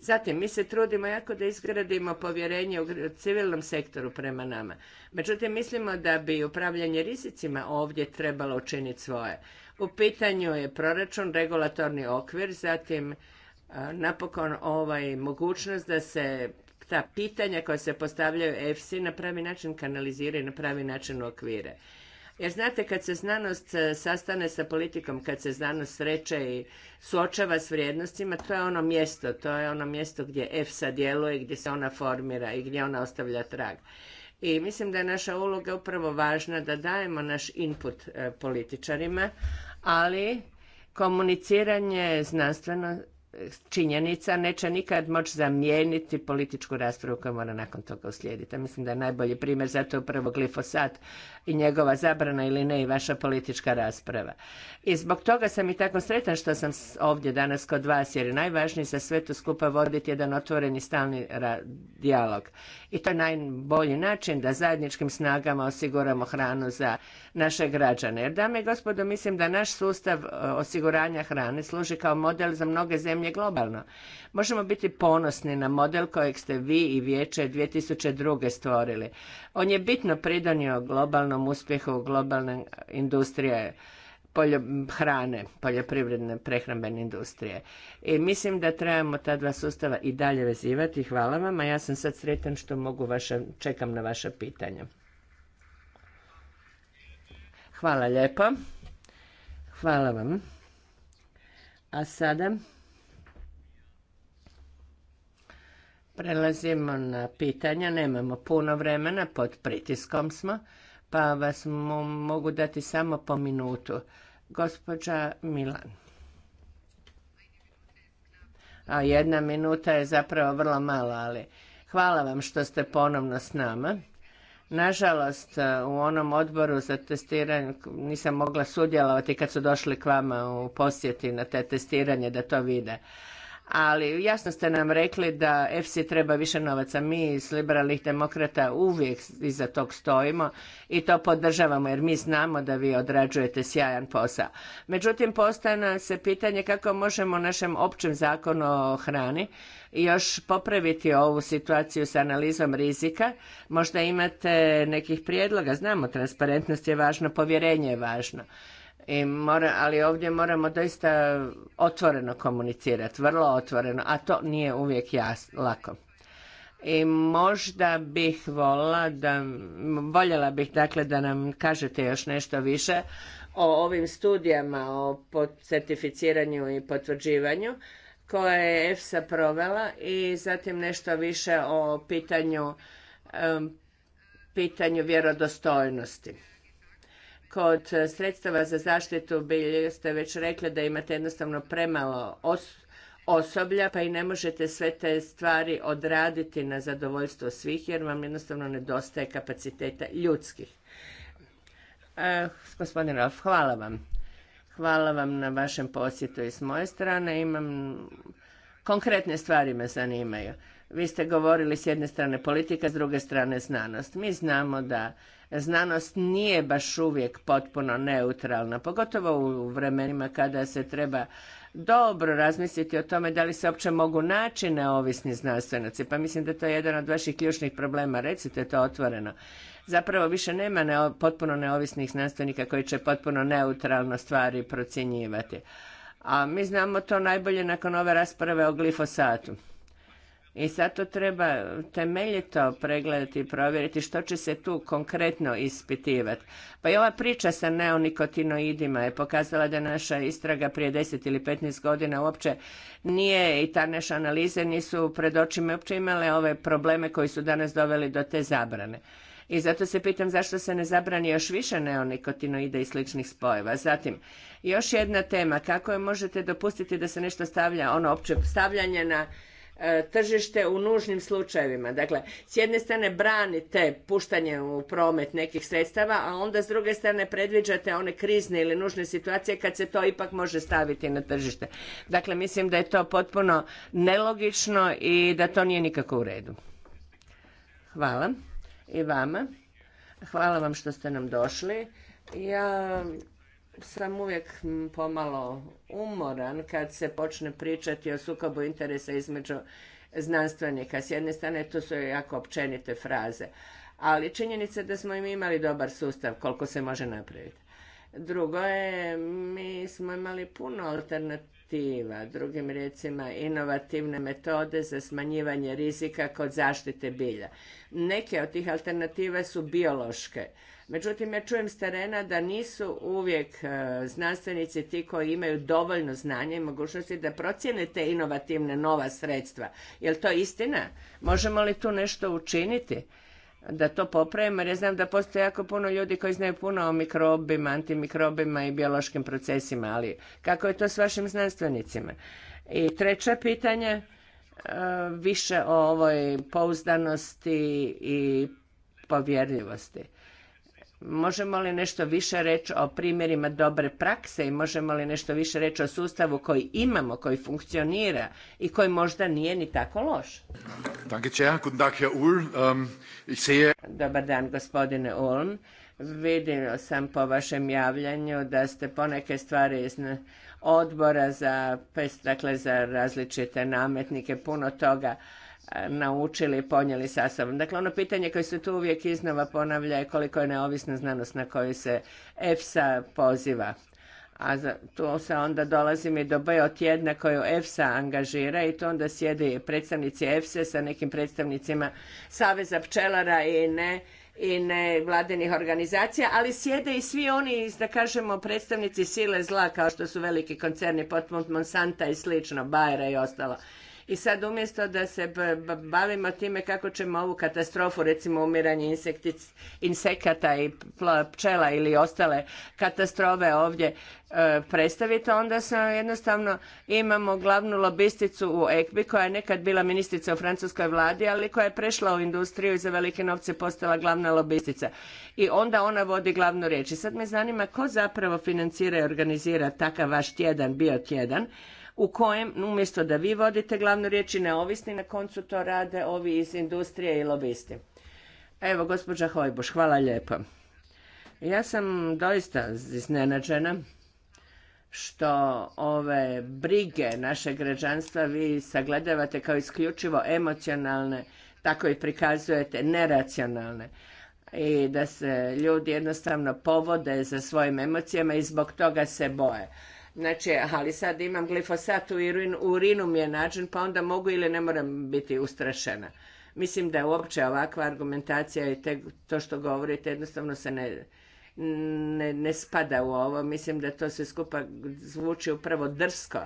Zatim, mi se trudimo jako da izgradimo povjerenje u civilnom sektoru prema nama. Međutim, mislimo da bi upravljanje rizicima ovdje trebalo učiniti svoje. U pitanju je proračun, regulatorni okvir, zatim napokon ovaj mogućnost da se ta pitanja koja se postavljaju EFSI na pravi način kanalizira i na pravi način u okvire. Jer znate, kad se znanost e, sastane sa politikom, kad se znanost sreće i suočava s vrijednostima, to je ono mjesto, to je ono mjesto gdje EFSA djeluje, gdje se ona formira i gdje ona ostavlja trag. I mislim da je naša uloga upravo važna da dajemo naš input e, političarima, ali komuniciranje znanstveno činjenica neće nikad moći zamijeniti političku raspravu koja mora nakon toga uslijediti. mislim da je najbolji primjer zato je upravo glifosat i njegova zabrana ili ne i vaša politička rasprava. I zbog toga sam i tako sretan što sam ovdje danas kod vas jer je najvažnije za sve to skupa voditi jedan otvoreni stalni dijalog. I to je najbolji način da zajedničkim snagama osiguramo hranu za naše građane. Jer dame i gospodo, mislim da naš sustav e, osiguranja hrane služi kao model za mnoge zemlje globalno. Možemo biti ponosni na model kojeg ste vi i vijeće 2002. stvorili. On je bitno pridonio globalnom uspjehu globalne industrije hrane, poljoprivredne prehrambene industrije. I mislim da trebamo ta dva sustava i dalje vezivati. Hvala vam, a ja sam sad sretan što mogu vaša, čekam na vaša pitanja. Hvala lijepo. Hvala vam. A sada Prelazimo na pitanja, nemamo puno vremena, pod pritiskom smo, pa vas mogu dati samo po minutu. Gospođa Milan. A jedna minuta je zapravo vrlo malo, ali hvala vam što ste ponovno s nama. Nažalost, e, u onom odboru za testiranje nisam mogla sudjelovati kad su došli k vama u posjeti na te testiranje da to vide ali jasno ste nam rekli da EFSI treba više novaca. Mi iz liberalnih demokrata uvijek iza tog stojimo i to podržavamo jer mi znamo da vi odrađujete sjajan posao. Međutim, postaje se pitanje kako možemo našem općem zakonu o hrani još popraviti ovu situaciju s analizom rizika. Možda imate nekih prijedloga, znamo transparentnost je važno, povjerenje je važno. I ali ovdje moramo doista otvoreno komunicirati, vrlo otvoreno, a to nije uvijek jas, lako. I možda bih voljela da, voljela bih dakle da nam kažete još nešto više o ovim studijama o certificiranju i potvrđivanju koje je EFSA provela i zatim nešto više o pitanju, pitanju vjerodostojnosti. Kod e, sredstava za zaštitu bilje ste već rekli da imate jednostavno premalo osoblja pa i ne možete sve te stvari odraditi na zadovoljstvo svih jer vam jednostavno nedostaje kapaciteta ljudskih. E, gospodin Rolf, hvala vam. Hvala vam na vašem posjetu i s moje strane. Imam konkretne stvari me zanimaju. Vi ste govorili s jedne strane politika, s druge strane znanost. Mi znamo da znanost nije baš uvijek potpuno neutralna, pogotovo u vremenima kada se treba dobro razmisliti o tome da li se uopće mogu naći neovisni znanstvenici. Pa mislim da to je jedan od vaših ključnih problema. Recite to otvoreno. Zapravo više nema potpuno neovisnih znanstvenika koji će potpuno neutralno stvari procjenjivati. A mi znamo to najbolje nakon ove rasprave o glifosatu. I zato treba temeljito pregledati i provjeriti što će se tu konkretno ispitivati. Pa i ova priča sa neonikotinoidima je pokazala da naša istraga prije 10 ili 15 godina uopće nije i ta naša analiza nisu pred očima uopće imale ove probleme koji su danas doveli do te zabrane. I zato se pitam zašto se ne zabrani još više neonikotinoida i sličnih spojeva. Zatim, još jedna tema, kako je možete dopustiti da se nešto stavlja, ono opće stavljanje na E, tržište u nužnim slučajevima. Dakle, s jedne strane branite puštanje u promet nekih sredstava, a onda s druge strane predviđate one krizne ili nužne situacije kad se to ipak može staviti na tržište. Dakle, mislim da je to potpuno nelogično i da to nije nikako u redu. Hvala i vama. Hvala vam što ste nam došli. Ja sam uvijek pomalo umoran kad se počne pričati o sukobu interesa između znanstvenika. S jedne strane to su jako općenite fraze, ali činjenica je da smo im imali dobar sustav koliko se može napraviti. Drugo je, mi smo imali puno alternativa, drugim recima inovativne metode za smanjivanje rizika kod zaštite bilja. Neke od tih alternativa su biološke Međutim, ja čujem s terena da nisu uvijek e, znanstvenici ti koji imaju dovoljno znanja i mogućnosti da procjenite te inovativne nova sredstva. li to istina? Možemo li tu nešto učiniti? da to popravimo, jer ja znam da postoje jako puno ljudi koji znaju puno o mikrobima, antimikrobima i biološkim procesima, ali kako je to s vašim znanstvenicima? I treće pitanje, e, više o ovoj pouzdanosti i povjerljivosti. Možemo li nešto više reći o primjerima dobre prakse i možemo li nešto više reći o sustavu koji imamo, koji funkcionira i koji možda nije ni tako loš? Ähm, Dobar dan, gospodine Ulm. Vidio sam po vašem javljanju da ste poneke stvari iz odbora za, dakle, za različite nametnike puno toga naučili i ponijeli sa sobom. Dakle, ono pitanje koje se tu uvijek iznova ponavlja je koliko je neovisna znanost na koju se EFSA poziva. A tu se onda dolazim i do B od tjedna koju EFSA angažira i tu onda sjede predstavnici EFSA sa nekim predstavnicima Saveza pčelara i ne i nevladinih organizacija, ali sjede i svi oni, da kažemo, predstavnici sile zla, kao što su veliki koncerni poput Monsanta i slično, Bajera i ostalo. I sad umjesto da se bavimo time kako ćemo ovu katastrofu, recimo umiranje insekata i pčela ili ostale katastrofe ovdje e, predstaviti, onda se jednostavno imamo glavnu lobisticu u EKBI koja je nekad bila ministrica u francuskoj vladi, ali koja je prešla u industriju i za velike novce postala glavna lobistica. I onda ona vodi glavnu riječ. I sad me zanima ko zapravo financira i organizira takav vaš tjedan, bio tjedan, u kojem umjesto da vi vodite glavnu riječ i neovisni na koncu to rade ovi iz industrije i lobisti. Evo, gospođa Hojbuš, hvala lijepo. Ja sam doista iznenađena što ove brige našeg građanstva vi sagledavate kao isključivo emocionalne, tako i prikazujete neracionalne i da se ljudi jednostavno povode za svojim emocijama i zbog toga se boje. Znači, ali sad imam glifosat u urinu, mi je nađen, pa onda mogu ili ne moram biti ustrašena. Mislim da uopće ovakva argumentacija i te, to što govorite jednostavno se ne, ne, ne spada u ovo. Mislim da to sve skupa zvuči upravo drsko.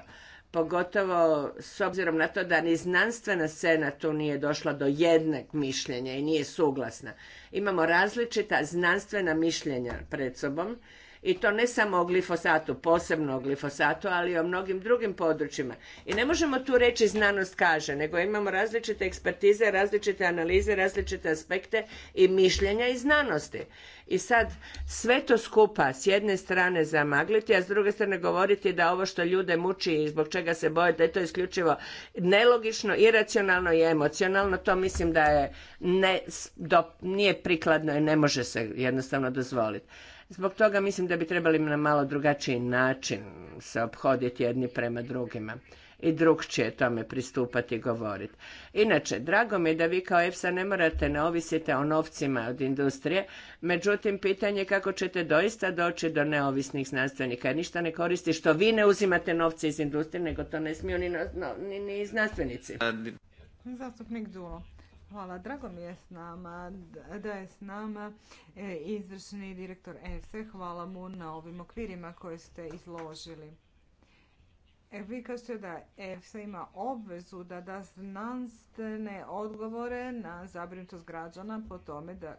Pogotovo s obzirom na to da ni znanstvena scena tu nije došla do jednog mišljenja i nije suglasna. Imamo različita znanstvena mišljenja pred sobom i to ne samo o glifosatu, posebno o glifosatu, ali i o mnogim drugim područjima. I ne možemo tu reći znanost kaže, nego imamo različite ekspertize, različite analize, različite aspekte i mišljenja i znanosti. I sad sve to skupa s jedne strane zamagliti, a s druge strane govoriti da ovo što ljude muči i zbog čega se boje, da je to isključivo nelogično, iracionalno i emocionalno, to mislim da je ne, nije prikladno i ne može se jednostavno dozvoliti. Zbog toga mislim da bi trebali na malo drugačiji način se obhoditi jedni prema drugima i drugčije tome pristupati i govoriti. Inače, drago mi je da vi kao EFSA ne morate ne ovisite o novcima od industrije, međutim, pitanje je kako ćete doista doći do neovisnih znanstvenika, ništa ne koristi što vi ne uzimate novce iz industrije, nego to ne smiju ni, znanstvenici. Zastupnik Hvala, drago mi je s nama, da je s nama e, izvršni direktor EFSE. Hvala mu na ovim okvirima koje ste izložili. E, vi kažete da EFSA ima obvezu da da znanstvene odgovore na zabrinutost građana po tome da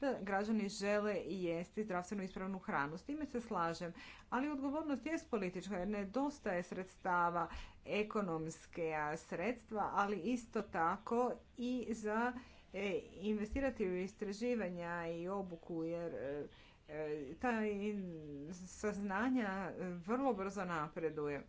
da građani žele jesti zdravstveno ispravnu hranu. S time se slažem, ali odgovornost je politička jer nedostaje sredstava, ekonomske sredstva, ali isto tako i za e, investirati u istraživanja i obuku jer e, e, ta saznanja vrlo brzo napreduje.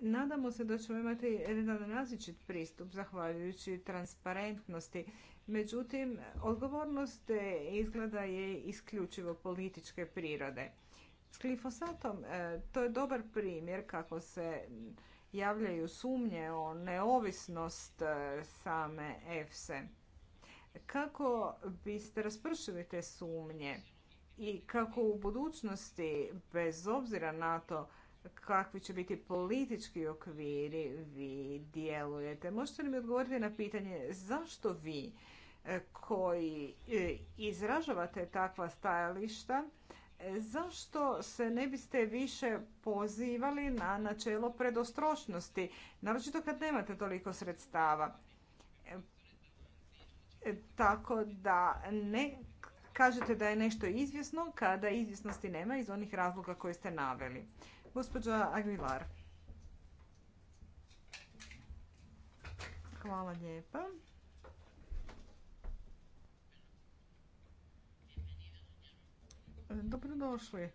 Nadamo se da ćemo imati jedan različit pristup zahvaljujući transparentnosti Međutim, odgovornost e, izgleda je isključivo političke prirode. S glifosatom e, to je dobar primjer kako se javljaju sumnje o neovisnost e, same EFSE. Kako biste raspršili te sumnje i kako u budućnosti, bez obzira na to kakvi će biti politički okviri vi djelujete. Možete li mi odgovoriti na pitanje zašto vi e, koji e, izražavate takva stajališta, e, zašto se ne biste više pozivali na načelo predostrošnosti, naročito kad nemate toliko sredstava. Tako da ne kažete da je nešto izvjesno kada izvjesnosti nema iz onih razloga koje ste naveli. Gospođa Aguilar. Hvala lijepa. Dobrodošli.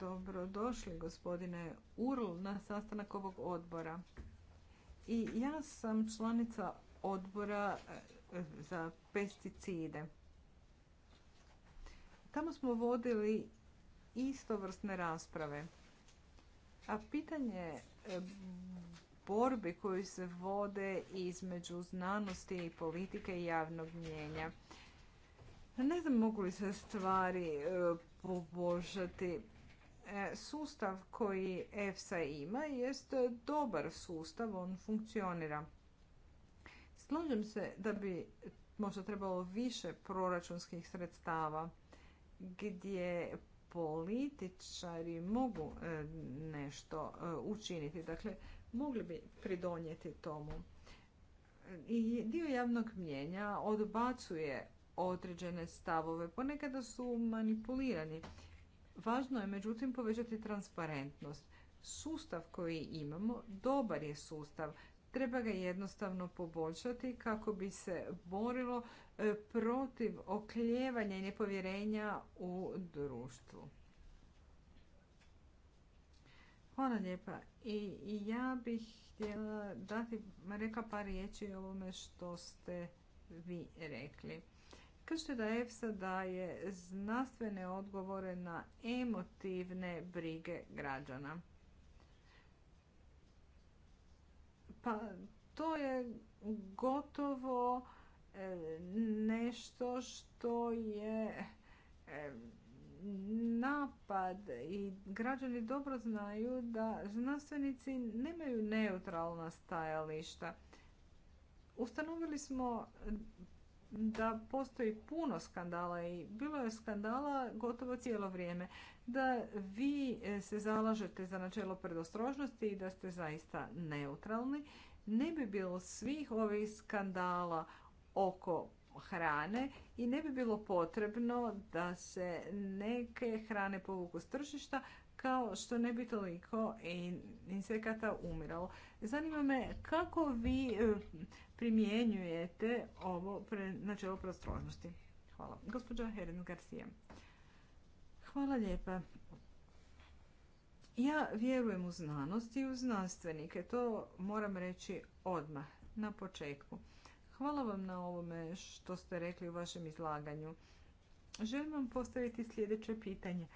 Dobrodošli gospodine Url na sastanak ovog odbora. I ja sam članica odbora e, za pesticide. Tamo smo vodili istovrsne rasprave. A pitanje e, borbi koji se vode između znanosti i politike i javnog mjenja. Ne znam mogu li se stvari e, poboljšati. E, sustav koji EFSA ima jest dobar sustav, on funkcionira. Slažem se da bi možda trebalo više proračunskih sredstava gdje političari mogu e, nešto e, učiniti. Dakle, mogli bi pridonijeti tomu. I dio javnog mjenja odbacuje određene stavove. Ponekada su manipulirani. Važno je međutim povećati transparentnost. Sustav koji imamo dobar je sustav. Treba ga jednostavno poboljšati kako bi se borilo e, protiv okljevanja i nepovjerenja u društvu. Hvala lijepa. I, ja bih htjela dati, rekla par riječi o ovome što ste vi rekli. Kažete da EFSA daje znanstvene odgovore na emotivne brige građana. Pa to je gotovo e, nešto što je e, napad i građani dobro znaju da znanstvenici nemaju neutralna stajališta. Ustanovili smo da postoji puno skandala i bilo je skandala gotovo cijelo vrijeme. Da vi e, se zalažete za načelo predostrožnosti i da ste zaista neutralni, ne bi bilo svih ovih skandala oko hrane i ne bi bilo potrebno da se neke hrane povuku s tržišta kao što ne bi toliko insekata umiralo. Zanima me kako vi e, primjenjujete ovo načelo prostrožnosti. Hvala. Gospođa Heren Garcia. Hvala lijepa. Ja vjerujem u znanost i u znanstvenike. To moram reći odmah, na početku. Hvala vam na ovome što ste rekli u vašem izlaganju. Želim vam postaviti sljedeće pitanje.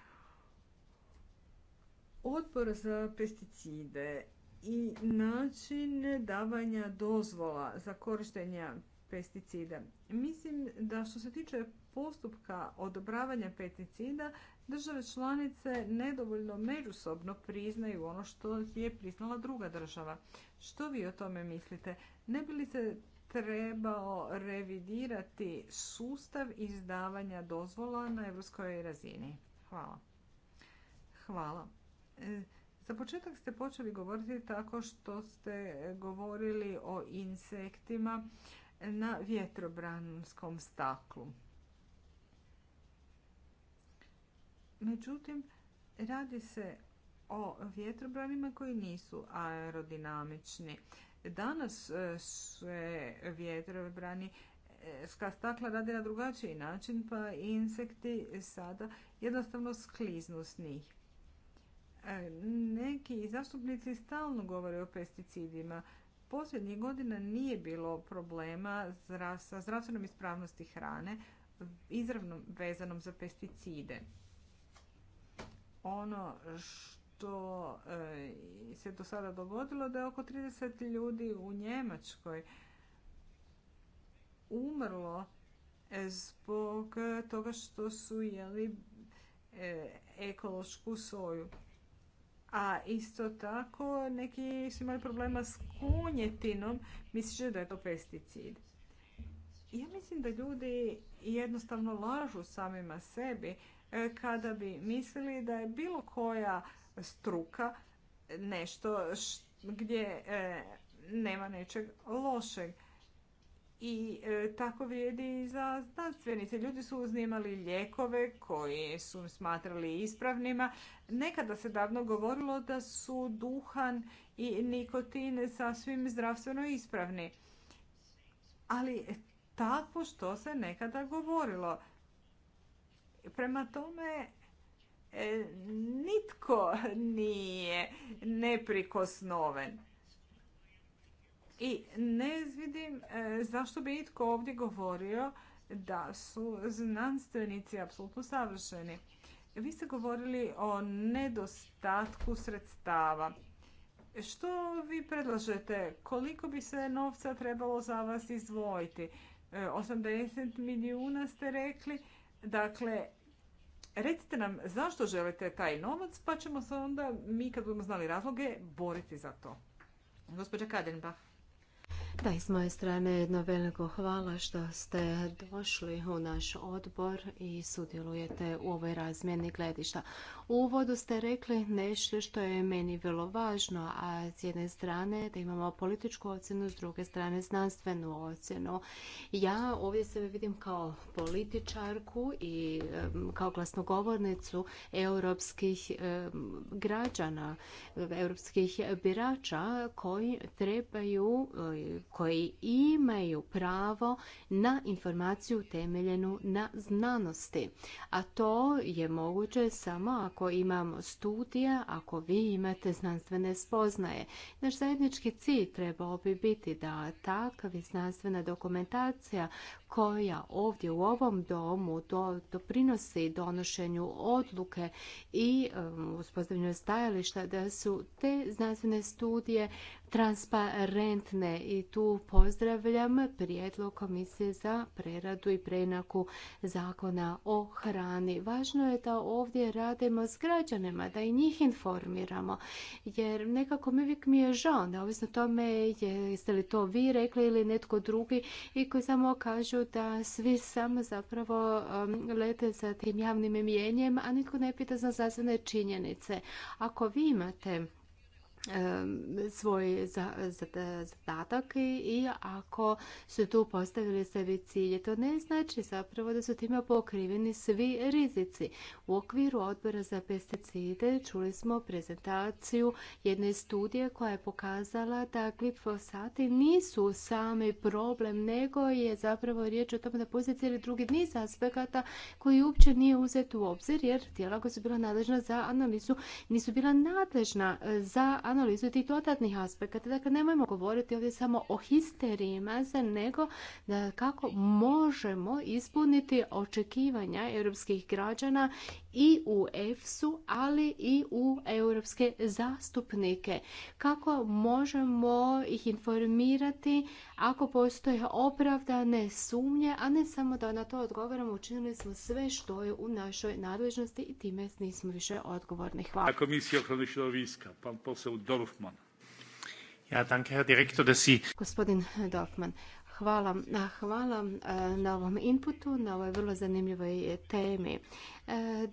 Odbor za pesticide i način davanja dozvola za korištenje pesticida. Mislim da što se tiče postupka odobravanja pesticida, države članice nedovoljno međusobno priznaju ono što je priznala druga država. Što vi o tome mislite? Ne bi li se trebao revidirati sustav izdavanja dozvola na europskoj razini? Hvala. Hvala. E, za početak ste počeli govoriti tako što ste govorili o insektima na vjetrobranskom staklu. Međutim, radi se o vjetrobranima koji nisu aerodinamični. Danas e, se vjetrobrani e, stakla radi na drugačiji način, pa insekti sada jednostavno skliznu s njih. E, neki zastupnici stalno govore o pesticidima. Posljednjih godina nije bilo problema sa zdravstvenom ispravnosti hrane izravno vezanom za pesticide. Ono što e, se do sada dogodilo da je oko 30 ljudi u Njemačkoj umrlo e, zbog toga što su jeli ekološku soju a isto tako neki su imali problema s kunjetinom, mislići da je to pesticid. Ja mislim da ljudi jednostavno lažu samima sebi e, kada bi mislili da je bilo koja struka nešto gdje e, nema nečeg lošeg. I e, tako vrijedi i za znanstvenice. Ljudi su uzimali lijekove koje su smatrali ispravnima. Nekada se davno govorilo da su duhan i nikotin sasvim zdravstveno ispravni. Ali tako što se nekada govorilo. Prema tome, e, nitko nije neprikosnoven. I ne vidim e, zašto bi itko ovdje govorio da su znanstvenici apsolutno savršeni. Vi ste govorili o nedostatku sredstava. Što vi predlažete? Koliko bi se novca trebalo za vas izdvojiti? 80 e, milijuna ste rekli. Dakle, recite nam zašto želite taj novac, pa ćemo se onda mi kad budemo znali razloge boriti za to. Gospođa Kadenbach. Da, iz moje strane jedno veliko hvala što ste došli u naš odbor i sudjelujete u ovoj razmjeni gledišta. U uvodu ste rekli nešto što je meni vrlo važno, a s jedne strane da imamo političku ocjenu, s druge strane znanstvenu ocjenu. Ja ovdje se vidim kao političarku i kao glasnogovornicu europskih građana, europskih birača koji trebaju koji imaju pravo na informaciju temeljenu na znanosti. A to je moguće samo ako imamo studije, ako vi imate znanstvene spoznaje. Naš zajednički cilj trebao bi biti da takva znanstvena dokumentacija koja ovdje u ovom domu doprinosi donošenju odluke i um, uspostavljanju stajališta da su te znanstvene studije transparentne i tu pozdravljam prijedlog komisije za preradu i preinaku zakona o hrani. Važno je da ovdje radimo s građanima, da i njih informiramo, jer nekako mi uvijek mi je žao, neovisno tome jeste li to vi rekli ili netko drugi i koji samo kažu da svi samo zapravo um, lete za tim javnim mijenjem, a nitko ne pita za činjenice. Ako vi imate svoj zadatak i ako su tu postavili sebi cilje. To ne znači zapravo da su time pokriveni svi rizici. U okviru odbora za pesticide čuli smo prezentaciju jedne studije koja je pokazala da glifosati nisu sami problem, nego je zapravo riječ o tome da postoji cijeli drugi niz aspekata koji uopće nije uzet u obzir jer tijela koja su bila nadležna za analizu nisu bila nadležna za analizu analizu tih dodatnih aspekata. Dakle, nemojmo govoriti ovdje samo o histeriji nego da kako možemo ispuniti očekivanja europskih građana i u EFSU, ali i u europske zastupnike. Kako možemo ih informirati ako postoje opravdane sumnje, a ne samo da na to odgovaramo, učinili smo sve što je u našoj nadležnosti i time nismo više odgovorni. Hvala. Komisija Pan Gospodin Dorfman, Hvala. Hvala na ovom inputu, na ovoj vrlo zanimljivoj e, temi. E,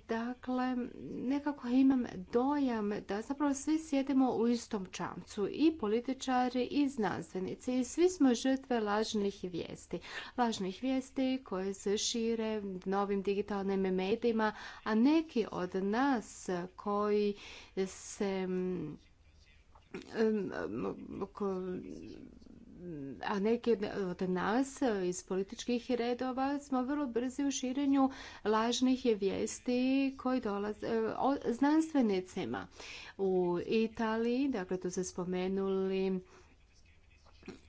dakle, nekako imam dojam da zapravo svi sjedimo u istom čamcu, i političari i znanstvenici, i svi smo žrtve lažnih vijesti. Lažnih vijesti koje se šire novim digitalnim medijima, a neki od nas koji se a neke od nas iz političkih redova smo vrlo brzi u širenju lažnih vijesti koji dolaze o znanstvenicima. U Italiji, dakle tu se spomenuli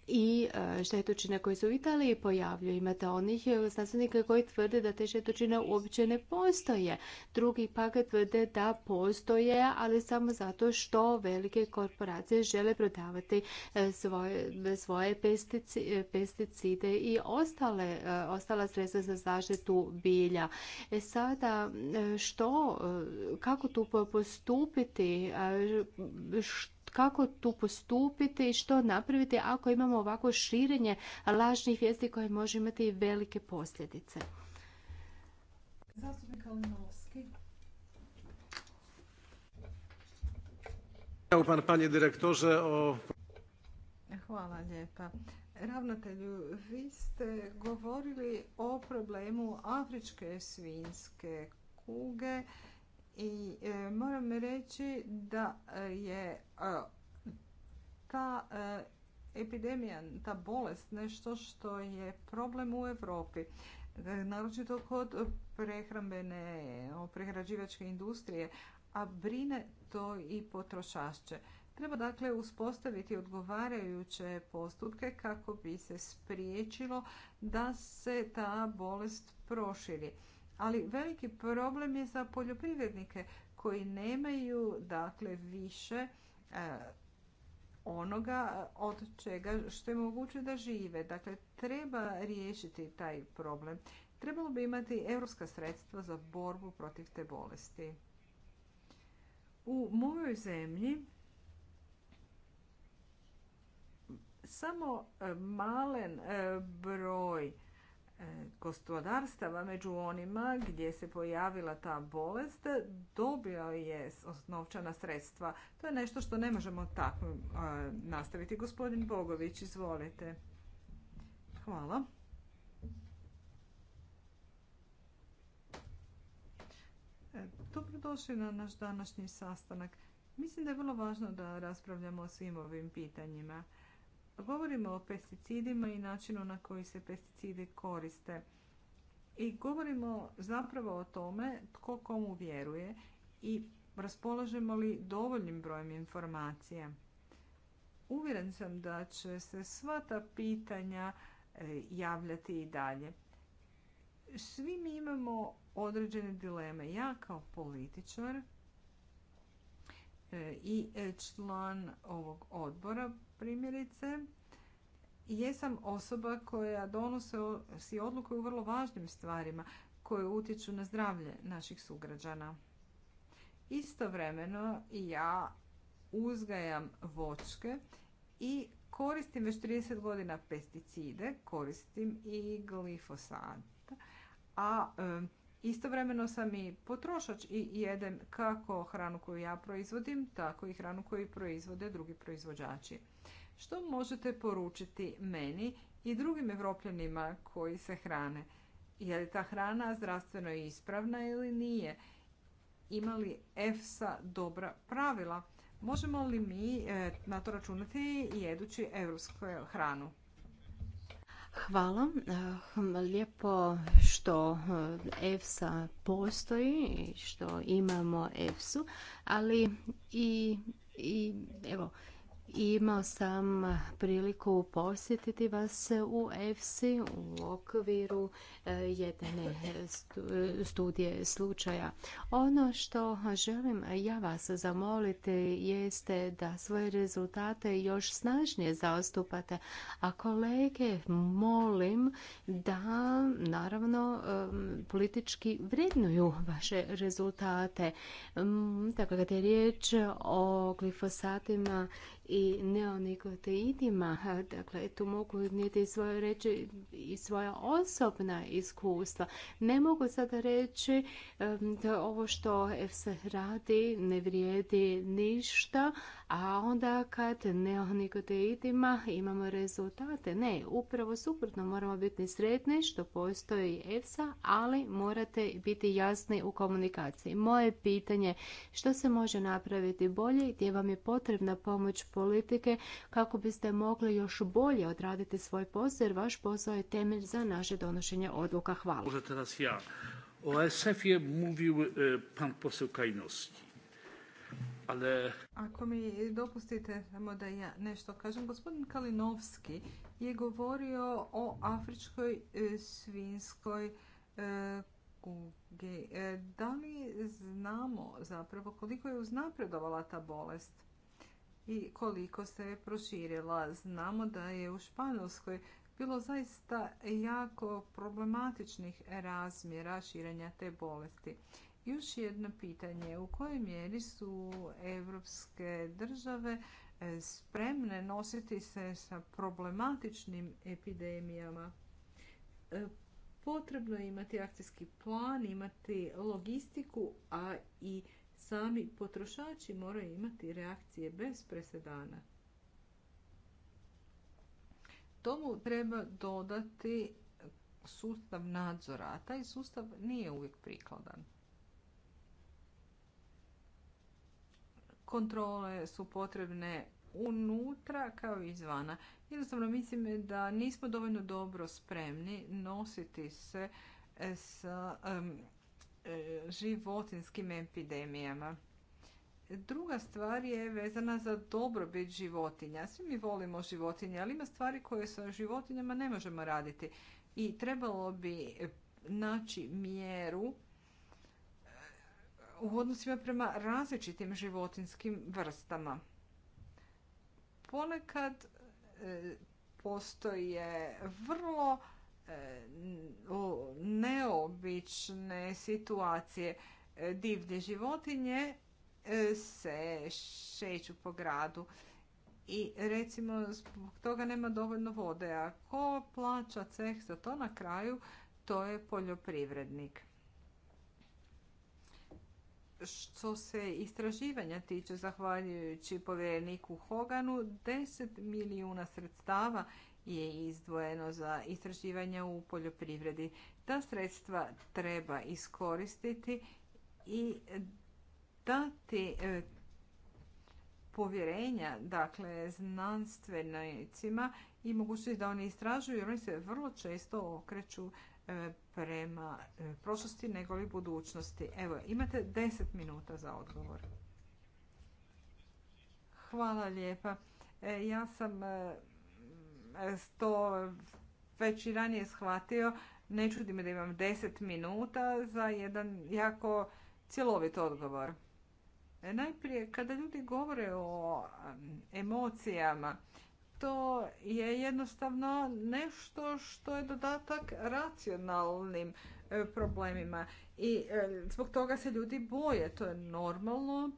i e, štetočine koje se u Italiji pojavljuju. Imate onih e, znanstvenika koji tvrde da te štetočine uopće ne postoje. Drugi paket tvrde da postoje, ali samo zato što velike korporacije žele prodavati e, svoje, pesticide i ostale, ostala sredstva za zaštitu bilja. E sada, što, kako tu postupiti, što kako tu postupiti i što napraviti ako imamo ovako širenje lažnih vijesti koje može imati velike posljedice. Pa, o... Hvala lijepa. Ravnatelju, vi ste govorili o problemu afričke svinske kuge i e, moram reći da e, je e, ta epidemija, ta bolest nešto što je problem u Europi. Naročito kod prehrambene, prehrađivačke industrije, a brine to i potrošašće. Treba dakle uspostaviti odgovarajuće postupke kako bi se spriječilo da se ta bolest proširi. Ali veliki problem je za poljoprivrednike koji nemaju dakle više e, onoga e, od čega što je moguće da žive. Dakle, treba riješiti taj problem. Trebalo bi imati europska sredstva za borbu protiv te bolesti. U mojoj zemlji samo e, malen broj E, gospodarstava među onima gdje se pojavila ta bolest dobio je novčana sredstva. To je nešto što ne možemo tako nastaviti. Gospodin Bogović, izvolite. Hvala. E, dobrodošli na naš današnji sastanak. Mislim da je vrlo važno da raspravljamo o svim ovim pitanjima. Govorimo o pesticidima i načinu na koji se pesticide koriste. I govorimo zapravo o tome tko komu vjeruje i raspolažemo li dovoljnim brojem informacija. Uvjeren sam da će se sva ta pitanja e, javljati i dalje. Svi mi imamo određene dileme. Ja kao političar e, i e, član ovog odbora primjerice jesam osoba koja donose si odluku u vrlo važnim stvarima koje utječu na zdravlje naših sugrađana. Istovremeno ja uzgajam vočke i koristim već 30 godina pesticide, koristim i glifosat. A Istovremeno sam i potrošač i jedem kako hranu koju ja proizvodim, tako i hranu koju proizvode drugi proizvođači. Što možete poručiti meni i drugim evropljanima koji se hrane? Je li ta hrana zdravstveno ispravna ili nije? Ima li EFSA dobra pravila? Možemo li mi eh, na to računati jedući evropsku hranu? Hvala. Eh, hm, lijepo što eh, EFSA postoji i što imamo EFSU, ali i, i evo Imao sam priliku posjetiti vas u EFSI u okviru e, jedne studije slučaja. Ono što želim ja vas zamoliti jeste da svoje rezultate još snažnije zastupate, a kolege molim da naravno politički vrednuju vaše rezultate. Tako, kad je riječ o glifosatima i neonikoteidima. Dakle, tu mogu niti svoje reći i svoja osobna iskustva. Ne mogu sada reći da ovo što se radi ne vrijedi ništa, a onda kad neonikoteidima imamo rezultate. Ne, upravo suprotno moramo biti sretni što postoji EFSA, ali morate biti jasni u komunikaciji. Moje pitanje što se može napraviti bolje i gdje vam je potrebna pomoć politike kako biste mogli još bolje odraditi svoj posao jer vaš posao je temelj za naše donošenje odluka. Hvala. Možete teraz ja. O sf e, pan Ale... Ako mi dopustite samo da ja nešto kažem, gospodin Kalinovski je govorio o afričkoj e, svinskoj e, kugi. Da li znamo zapravo koliko je uznapredovala ta bolest? i koliko se proširila. Znamo da je u Španjolskoj bilo zaista jako problematičnih razmjera širenja te bolesti. Još jedno pitanje, u kojoj mjeri su evropske države e, spremne nositi se sa problematičnim epidemijama? E, potrebno je imati akcijski plan, imati logistiku, a i sami potrošači moraju imati reakcije bez presedana. Tomu treba dodati sustav nadzora, a taj sustav nije uvijek prikladan. Kontrole su potrebne unutra kao i izvana. Jednostavno mislim da nismo dovoljno dobro spremni nositi se sa životinskim epidemijama. Druga stvar je vezana za dobrobit životinja. Svi mi volimo životinje, ali ima stvari koje sa životinjama ne možemo raditi. I trebalo bi naći mjeru e, u odnosima prema različitim životinskim vrstama. Ponekad e, postoje vrlo neobične situacije. Divlje životinje e, se šeću po gradu i recimo zbog toga nema dovoljno vode. A ko plaća ceh za to na kraju, to je poljoprivrednik. Što se istraživanja tiče, zahvaljujući povjereniku Hoganu, 10 milijuna sredstava je izdvojeno za istraživanja u poljoprivredi. Ta sredstva treba iskoristiti i dati e, povjerenja dakle znanstvenicima i mogućnosti da oni istražuju jer oni se vrlo često okreću e, prema e, prošlosti nego budućnosti. Evo, imate 10 minuta za odgovor. Hvala lijepa. Ja sam to već i ranije shvatio, ne čudi me da imam 10 minuta za jedan jako cjelovit odgovor. E, najprije, kada ljudi govore o emocijama, to je jednostavno nešto što je dodatak racionalnim e, problemima i e, zbog toga se ljudi boje. To je normalno,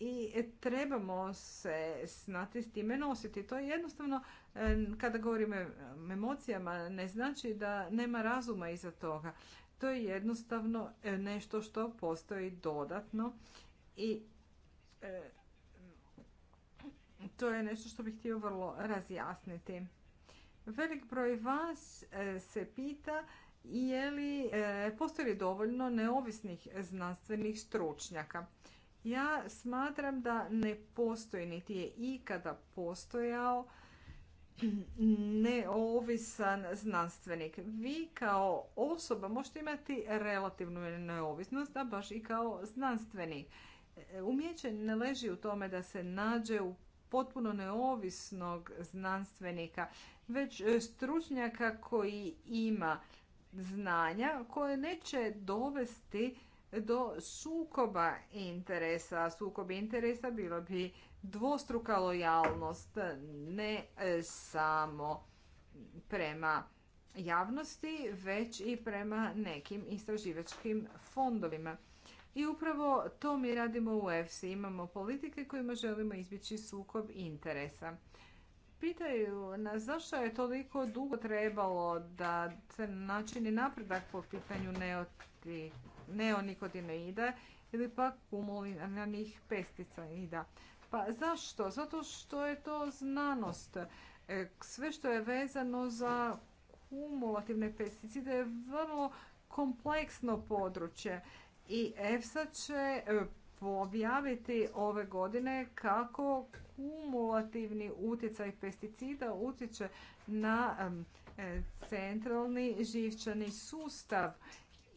i trebamo se znati s time nositi. To je jednostavno, e, kada govorimo o emocijama, ne znači da nema razuma iza toga. To je jednostavno e, nešto što postoji dodatno i e, to je nešto što bih htio vrlo razjasniti. Velik broj vas se pita je li, postoji dovoljno neovisnih znanstvenih stručnjaka. Ja smatram da ne postoji, niti je ikada postojao neovisan znanstvenik. Vi kao osoba možete imati relativnu neovisnost, a baš i kao znanstvenik. Umjeće ne leži u tome da se nađe u potpuno neovisnog znanstvenika, već e, stručnjaka koji ima znanja koje neće dovesti do sukoba interesa. Sukob interesa bilo bi dvostruka lojalnost, ne e, samo prema javnosti, već i prema nekim istraživačkim fondovima. I upravo to mi radimo u EFSI. Imamo politike kojima želimo izbjeći sukob interesa. Pitaju nas zašto je toliko dugo trebalo da se načini napredak po pitanju neoti neonikotinoida ili pak kumuliranih pesticida. Pa zašto? Zato što je to znanost. E, sve što je vezano za kumulativne pesticide je vrlo kompleksno područje i EFSA će e, objaviti ove godine kako kumulativni utjecaj pesticida utječe na e, centralni živčani sustav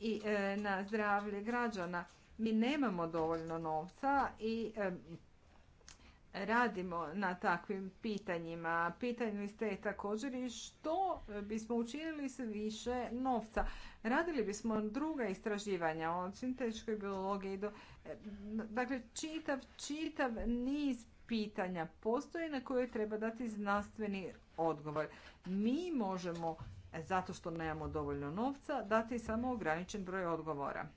i e, na zdravlje građana. Mi nemamo dovoljno novca i e, radimo na takvim pitanjima. Pitanju ste također i što bismo učinili s više novca. Radili bismo druga istraživanja o sintetičkoj biologiji. Do, e, dakle, čitav, čitav niz pitanja postoje na koje treba dati znanstveni odgovor. Mi možemo zato što nemamo dovoljno novca, dati samo ograničen broj odgovora.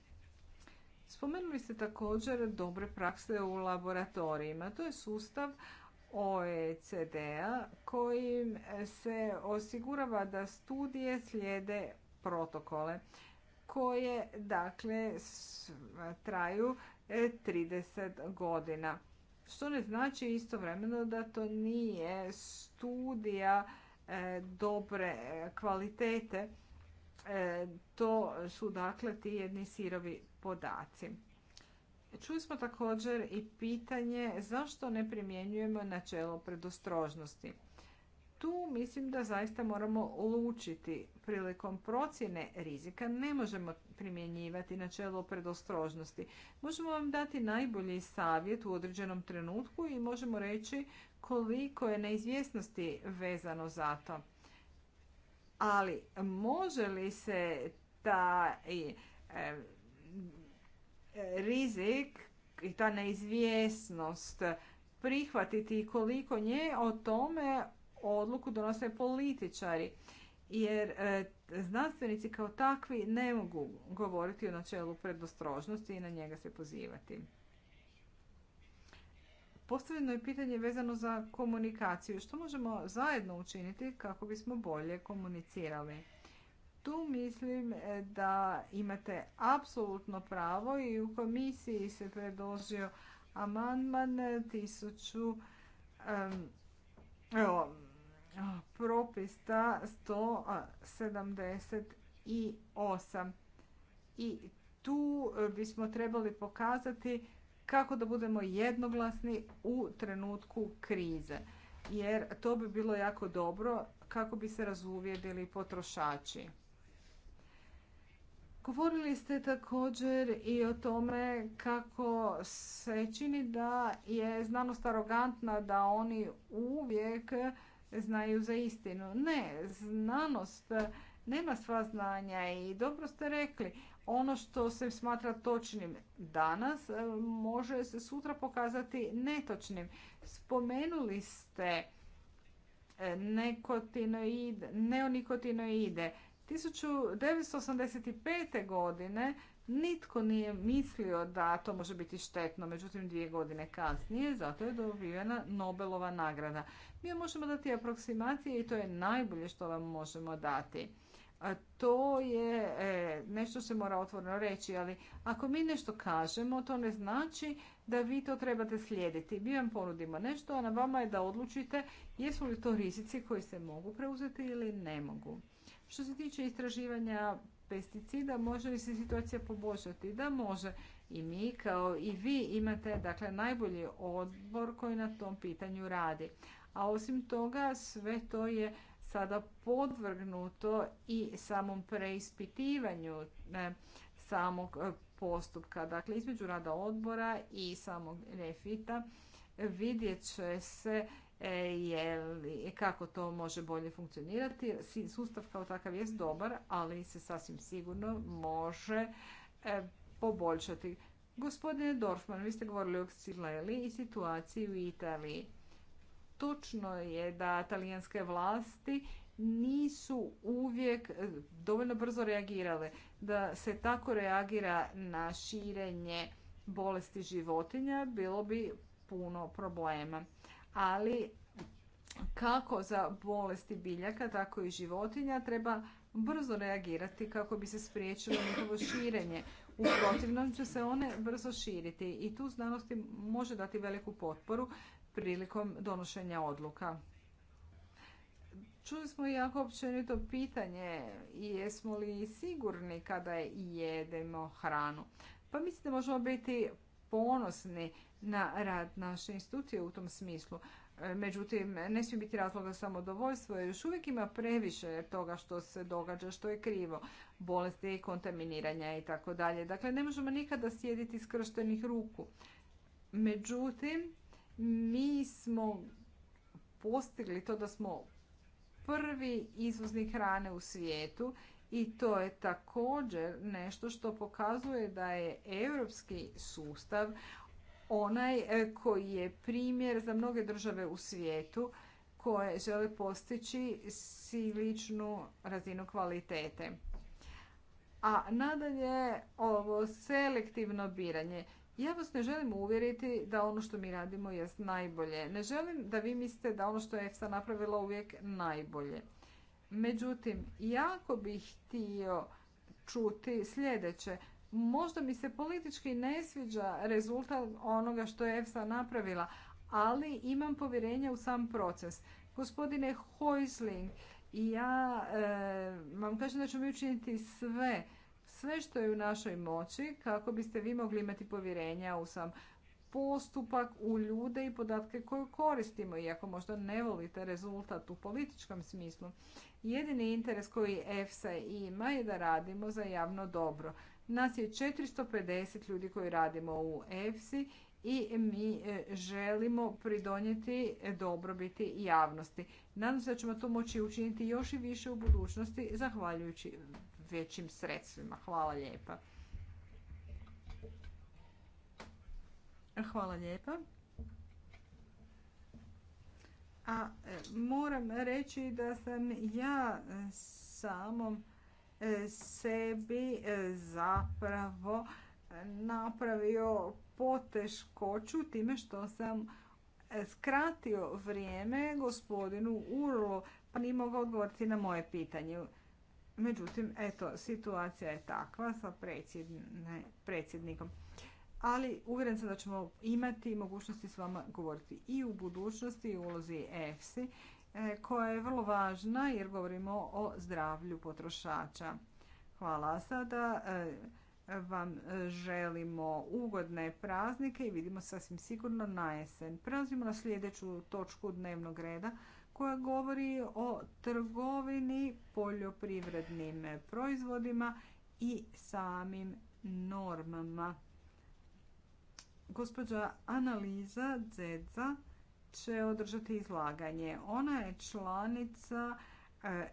Spomenuli ste također dobre prakse u laboratorijima. To je sustav OECD-a kojim se osigurava da studije slijede protokole koje dakle traju 30 e, godina. Što ne znači istovremeno da to nije studija E, dobre kvalitete. E, to su dakle ti jedni sirovi podaci. Čuli smo također i pitanje zašto ne primjenjujemo načelo predostrožnosti. Tu mislim da zaista moramo lučiti prilikom procjene rizika. Ne možemo primjenjivati načelo predostrožnosti. Možemo vam dati najbolji savjet u određenom trenutku i možemo reći koliko je neizvjesnosti vezano za to. Ali može li se ta e, rizik i ta neizvjesnost prihvatiti i koliko nje o tome odluku donose političari. Jer e, znanstvenici kao takvi ne mogu govoriti o načelu predostrožnosti i na njega se pozivati. Postavljeno je pitanje vezano za komunikaciju. Što možemo zajedno učiniti kako bismo bolje komunicirali? Tu mislim e, da imate apsolutno pravo i u komisiji se predložio amandman tisuću evo, propista 178. I tu bismo trebali pokazati kako da budemo jednoglasni u trenutku krize. Jer to bi bilo jako dobro kako bi se razuvjedili potrošači. Govorili ste također i o tome kako se čini da je znanost arogantna, da oni uvijek znaju za istinu. Ne, znanost nema sva znanja i dobro ste rekli, ono što se smatra točnim danas e, može se sutra pokazati netočnim. Spomenuli ste e, nekotinoid, neonikotinoide. 1985. godine nitko nije mislio da to može biti štetno, međutim dvije godine kasnije, zato je dobivena Nobelova nagrada. Mi možemo dati aproksimacije i to je najbolje što vam možemo dati. To je e, nešto se mora otvoreno reći, ali ako mi nešto kažemo, to ne znači da vi to trebate slijediti. Mi vam ponudimo nešto, a na vama je da odlučite jesu li to rizici koji se mogu preuzeti ili ne mogu. Što se tiče istraživanja pesticida, može li se situacija poboljšati? Da može. I mi kao i vi imate dakle, najbolji odbor koji na tom pitanju radi. A osim toga sve to je sada podvrgnuto i samom preispitivanju samog e, postupka. Dakle, između rada odbora i samog refita vidjet će se e, je li, kako to može bolje funkcionirati. Sustav kao takav jest dobar, ali se sasvim sigurno može e, poboljšati. Gospodine Dorfman, vi ste govorili o Xileli i situaciji u Italiji. Točno je da talijanske vlasti nisu uvijek eh, dovoljno brzo reagirale. Da se tako reagira na širenje bolesti životinja bilo bi puno problema. Ali kako za bolesti biljaka, tako i životinja treba brzo reagirati kako bi se spriječilo njihovo širenje. U protivnom će se one brzo širiti i tu znanosti može dati veliku potporu prilikom donošenja odluka. Čuli smo jako općenito pitanje jesmo li sigurni kada jedemo hranu. Pa mislim možemo biti ponosni na rad naše institucije u tom smislu. Međutim, ne smije biti razloga samodovoljstvo, još uvijek ima previše toga što se događa, što je krivo, bolesti, kontaminiranja i tako dalje. Dakle, ne možemo nikada sjediti skrštenih ruku. Međutim, mi smo postigli to da smo prvi izvozni hrane u svijetu i to je također nešto što pokazuje da je europski sustav onaj e, koji je primjer za mnoge države u svijetu koje žele postići siličnu razinu kvalitete. A nadalje ovo selektivno biranje. Ja vas ne želim uvjeriti da ono što mi radimo jest najbolje. Ne želim da vi mislite da ono što je EFSA napravila uvijek najbolje. Međutim, jako bih htio čuti sljedeće. Možda mi se politički ne sviđa rezultat onoga što je EFSA napravila, ali imam povjerenja u sam proces. Gospodine Hojsling, ja eh, vam kažem da ćemo učiniti sve sve što je u našoj moći kako biste vi mogli imati povjerenja u sam postupak, u ljude i podatke koje koristimo, iako možda ne volite rezultat u političkom smislu. Jedini interes koji EFSA ima je da radimo za javno dobro. Nas je 450 ljudi koji radimo u EFSI i mi e, želimo pridonijeti dobrobiti javnosti. Nadam se da ćemo to moći učiniti još i više u budućnosti, zahvaljujući većim sredstvima. Hvala lijepa. Hvala lijepa. A e, moram reći da sam ja samom e, sebi e, zapravo napravio poteškoću time što sam skratio vrijeme gospodinu Urlo, pa nije mogao odgovoriti na moje pitanje. Međutim, eto, situacija je takva sa predsjednikom. Ali uvjeren sam da ćemo imati mogućnosti s vama govoriti i u budućnosti i u ulozi EFSI e, koja je vrlo važna jer govorimo o zdravlju potrošača. Hvala sada. E, vam e, želimo ugodne praznike i vidimo sasvim sigurno na jesen. Prelazimo na sljedeću točku dnevnog reda koja govori o trgovini poljoprivrednim proizvodima i samim normama. Gospođa Analiza Dzedza će održati izlaganje. Ona je članica e,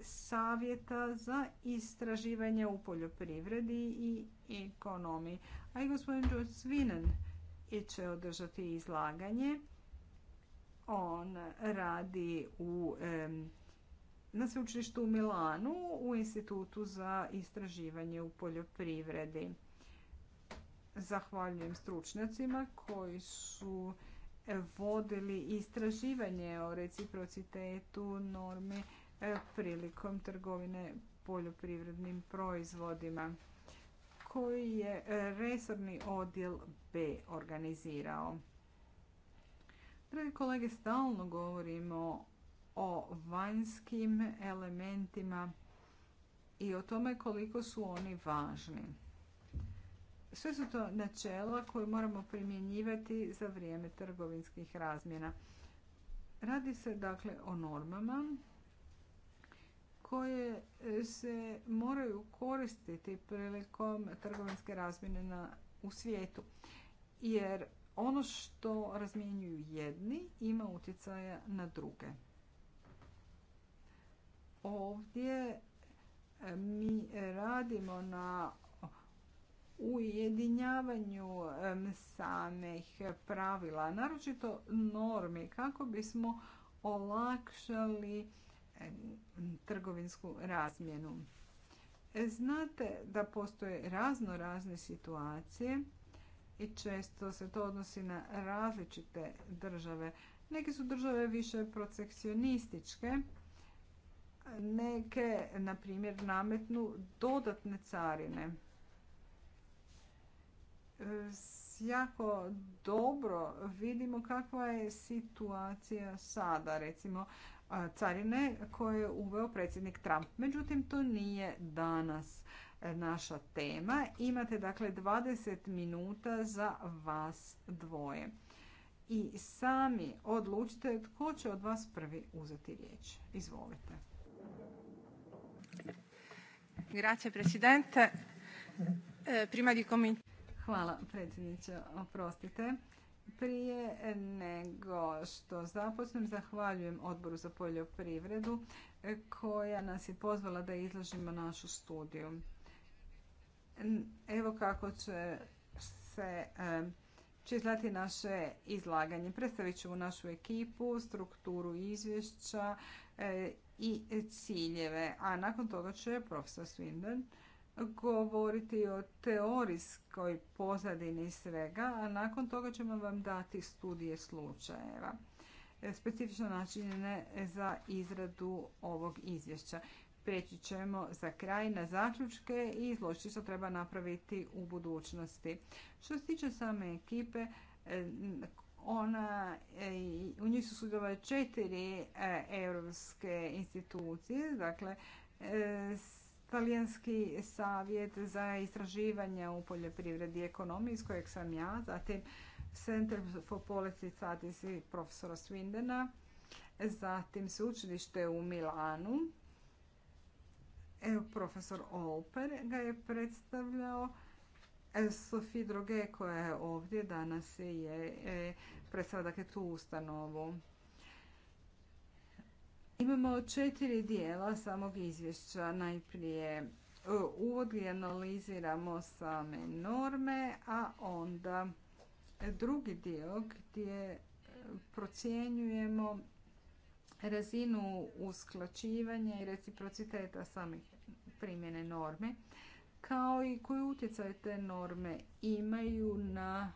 savjeta za istraživanje u poljoprivredi i ekonomiji. A i gospodin George Svinen će održati izlaganje. On radi u, na sveučilištu u Milanu u Institutu za istraživanje u poljoprivredi. Zahvaljujem stručnjacima koji su vodili istraživanje o reciprocitetu norme e, prilikom trgovine poljoprivrednim proizvodima koji je e, resorni odjel B organizirao kolege, stalno govorimo o vanjskim elementima i o tome koliko su oni važni. Sve su to načela koje moramo primjenjivati za vrijeme trgovinskih razmjena. Radi se dakle o normama koje se moraju koristiti prilikom trgovinske razmjene u svijetu. Jer ono što razmjenjuju jedni ima utjecaja na druge. Ovdje e, mi radimo na ujedinjavanju samih pravila, naročito normi, kako bismo olakšali trgovinsku razmjenu. E, znate da postoje razno razne situacije i često se to odnosi na različite države. Neke su države više protekcionističke, neke, na primjer, nametnu dodatne carine. Jako dobro vidimo kakva je situacija sada, recimo carine koje je uveo predsjednik Trump. Međutim, to nije danas naša tema. Imate dakle 20 minuta za vas dvoje. I sami odlučite tko će od vas prvi uzeti riječ. Izvolite. Grazie presidente. E, prima di Hvala predsjedniče, oprostite. Prije nego što započnem, zahvaljujem Odboru za poljoprivredu e, koja nas je pozvala da izložimo našu studiju. Evo kako će se će naše izlaganje. Predstavit ću našu ekipu, strukturu izvješća e, i ciljeve, a nakon toga će profesor Swinden govoriti o teorijskoj pozadini svega, a nakon toga ćemo vam dati studije slučajeva e, specifično načinjene za izradu ovog izvješća prijeći ćemo za kraj na zaključke i izložiti što treba napraviti u budućnosti. Što se tiče same ekipe, eh, ona, eh, u njih su sudjelovale četiri eh, europske institucije, dakle Talijanski savjet za istraživanja u poljoprivredi i ekonomiji iz kojeg sam ja, zatim Center for Policy Studies i profesora Swindena, zatim sveučilište u Milanu, E, profesor Oper ga je predstavljao e, Sofie Droge koja je ovdje danas je e, predstavlja dakle, tu ustanovu. Imamo četiri dijela samog izvješća. Najprije uvod i analiziramo same norme, a onda drugi dio gdje procjenjujemo razinu usklačivanja i reciprociteta samih primjene norme, kao i koji utjecaj te norme imaju na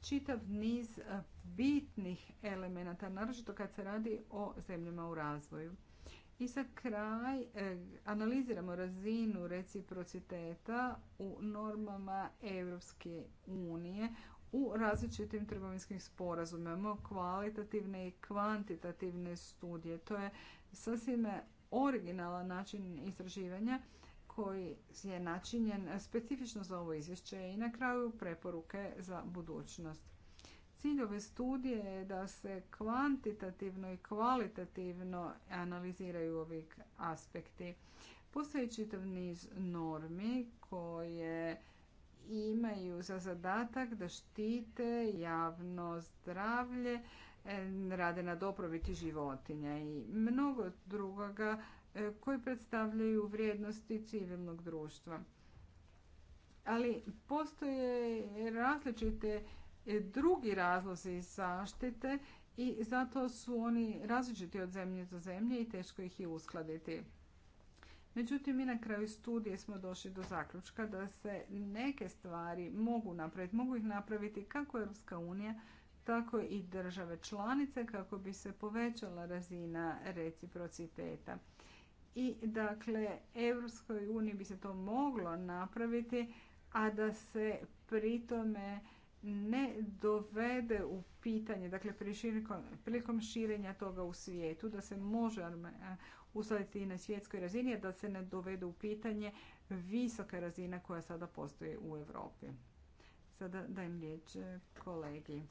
čitav niz e, bitnih elemenata, naročito kad se radi o zemljama u razvoju. I za kraj e, analiziramo razinu reciprociteta u normama Europske unije u različitim trgovinskim sporazumima, kvalitativne i kvantitativne studije. To je sasvim originalan način istraživanja koji je načinjen specifično za ovo izvješće i na kraju preporuke za budućnost. Cilj ove studije je da se kvantitativno i kvalitativno analiziraju ovi aspekti. Postoji čitav niz normi koje imaju za zadatak da štite javno zdravlje, e, rade na dobrobiti životinja i mnogo drugoga e, koji predstavljaju vrijednosti civilnog društva. Ali postoje različite e, drugi razlozi zaštite i zato su oni različiti od zemlje do zemlje i teško ih je uskladiti. Međutim, mi na kraju studije smo došli do zaključka da se neke stvari mogu napraviti, mogu ih napraviti kako Europska unija, tako i države članice kako bi se povećala razina reciprociteta. I dakle, Europskoj uniji bi se to moglo napraviti, a da se pri tome ne dovede u pitanje, dakle prilikom širenja toga u svijetu, da se može usvojiti i na svjetskoj razini da se ne dovedu u pitanje visoka razina koja sada postoji u Europi. Sada dajem riječ e, kolegi.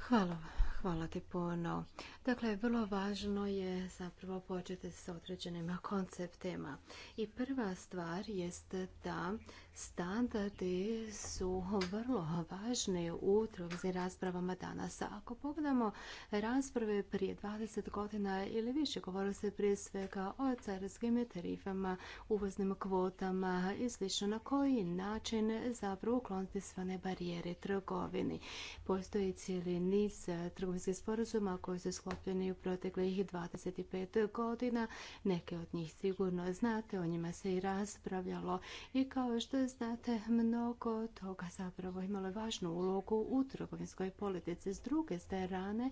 Hvala Hvala ti puno. Dakle, vrlo važno je zapravo početi s određenim konceptima. I prva stvar jest da standardi su vrlo važni u trgovskim raspravama danas. Ako pogledamo rasprave prije 20 godina ili više, govorilo se prije svega o carskim tarifama, uvoznim kvotama i slično, na koji način zapravo ukloniti one barijere trgovini. Postoji cijeli niz trgovinskih sporazuma koji su sklopljeni u proteklih 25 godina. Neke od njih sigurno znate, o njima se i raspravljalo i kao što znate mnogo toga zapravo imalo važnu ulogu u trgovinskoj politici. S druge strane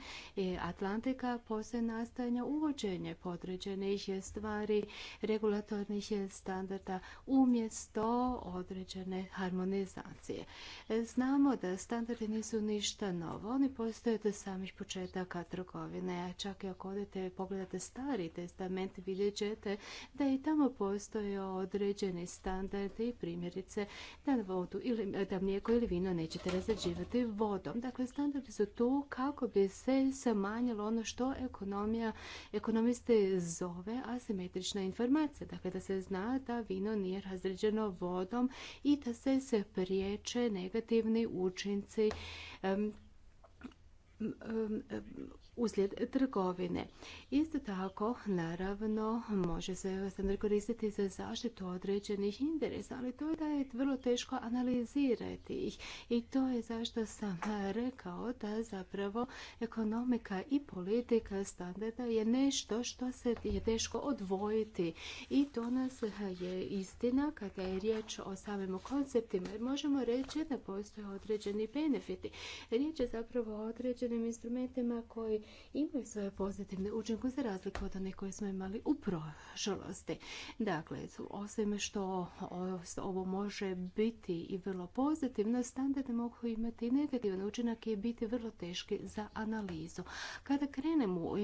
Atlantika poslije nastajanja uvođenje podređenih stvari, regulatornih standarda umjesto određene harmonizacije. Znamo da standardi nisu ništa novo, oni postoje do samih samih početaka trgovine. Čak i ako odete pogledate stari testament vidjet ćete da i tamo postoje određeni standardi i primjerice da vodu ili da mlijeko ili vino nećete razređivati vodom. Dakle, standardi su tu kako bi se smanjilo ono što ekonomija, ekonomiste zove asimetrična informacija. Dakle, da se zna da vino nije razređeno vodom i da se se priječe negativni učinci uslijed trgovine. Isto tako, naravno, može se standard koristiti za zaštitu određenih interesa, ali to je da je vrlo teško analizirati ih. I to je zašto sam rekao da zapravo ekonomika i politika standarda je nešto što se je teško odvojiti. I to nas je istina kada je riječ o samim konceptima. Možemo reći da postoje određeni benefiti. Riječ je zapravo o određenim instrumentima koji imaju svoje pozitivne učinke za razliku od onih koje smo imali u prošlosti. Dakle, osim što ovo može biti i vrlo pozitivno, standarde mogu imati i negativan učinak i biti vrlo teški za analizu. Kada krenemo u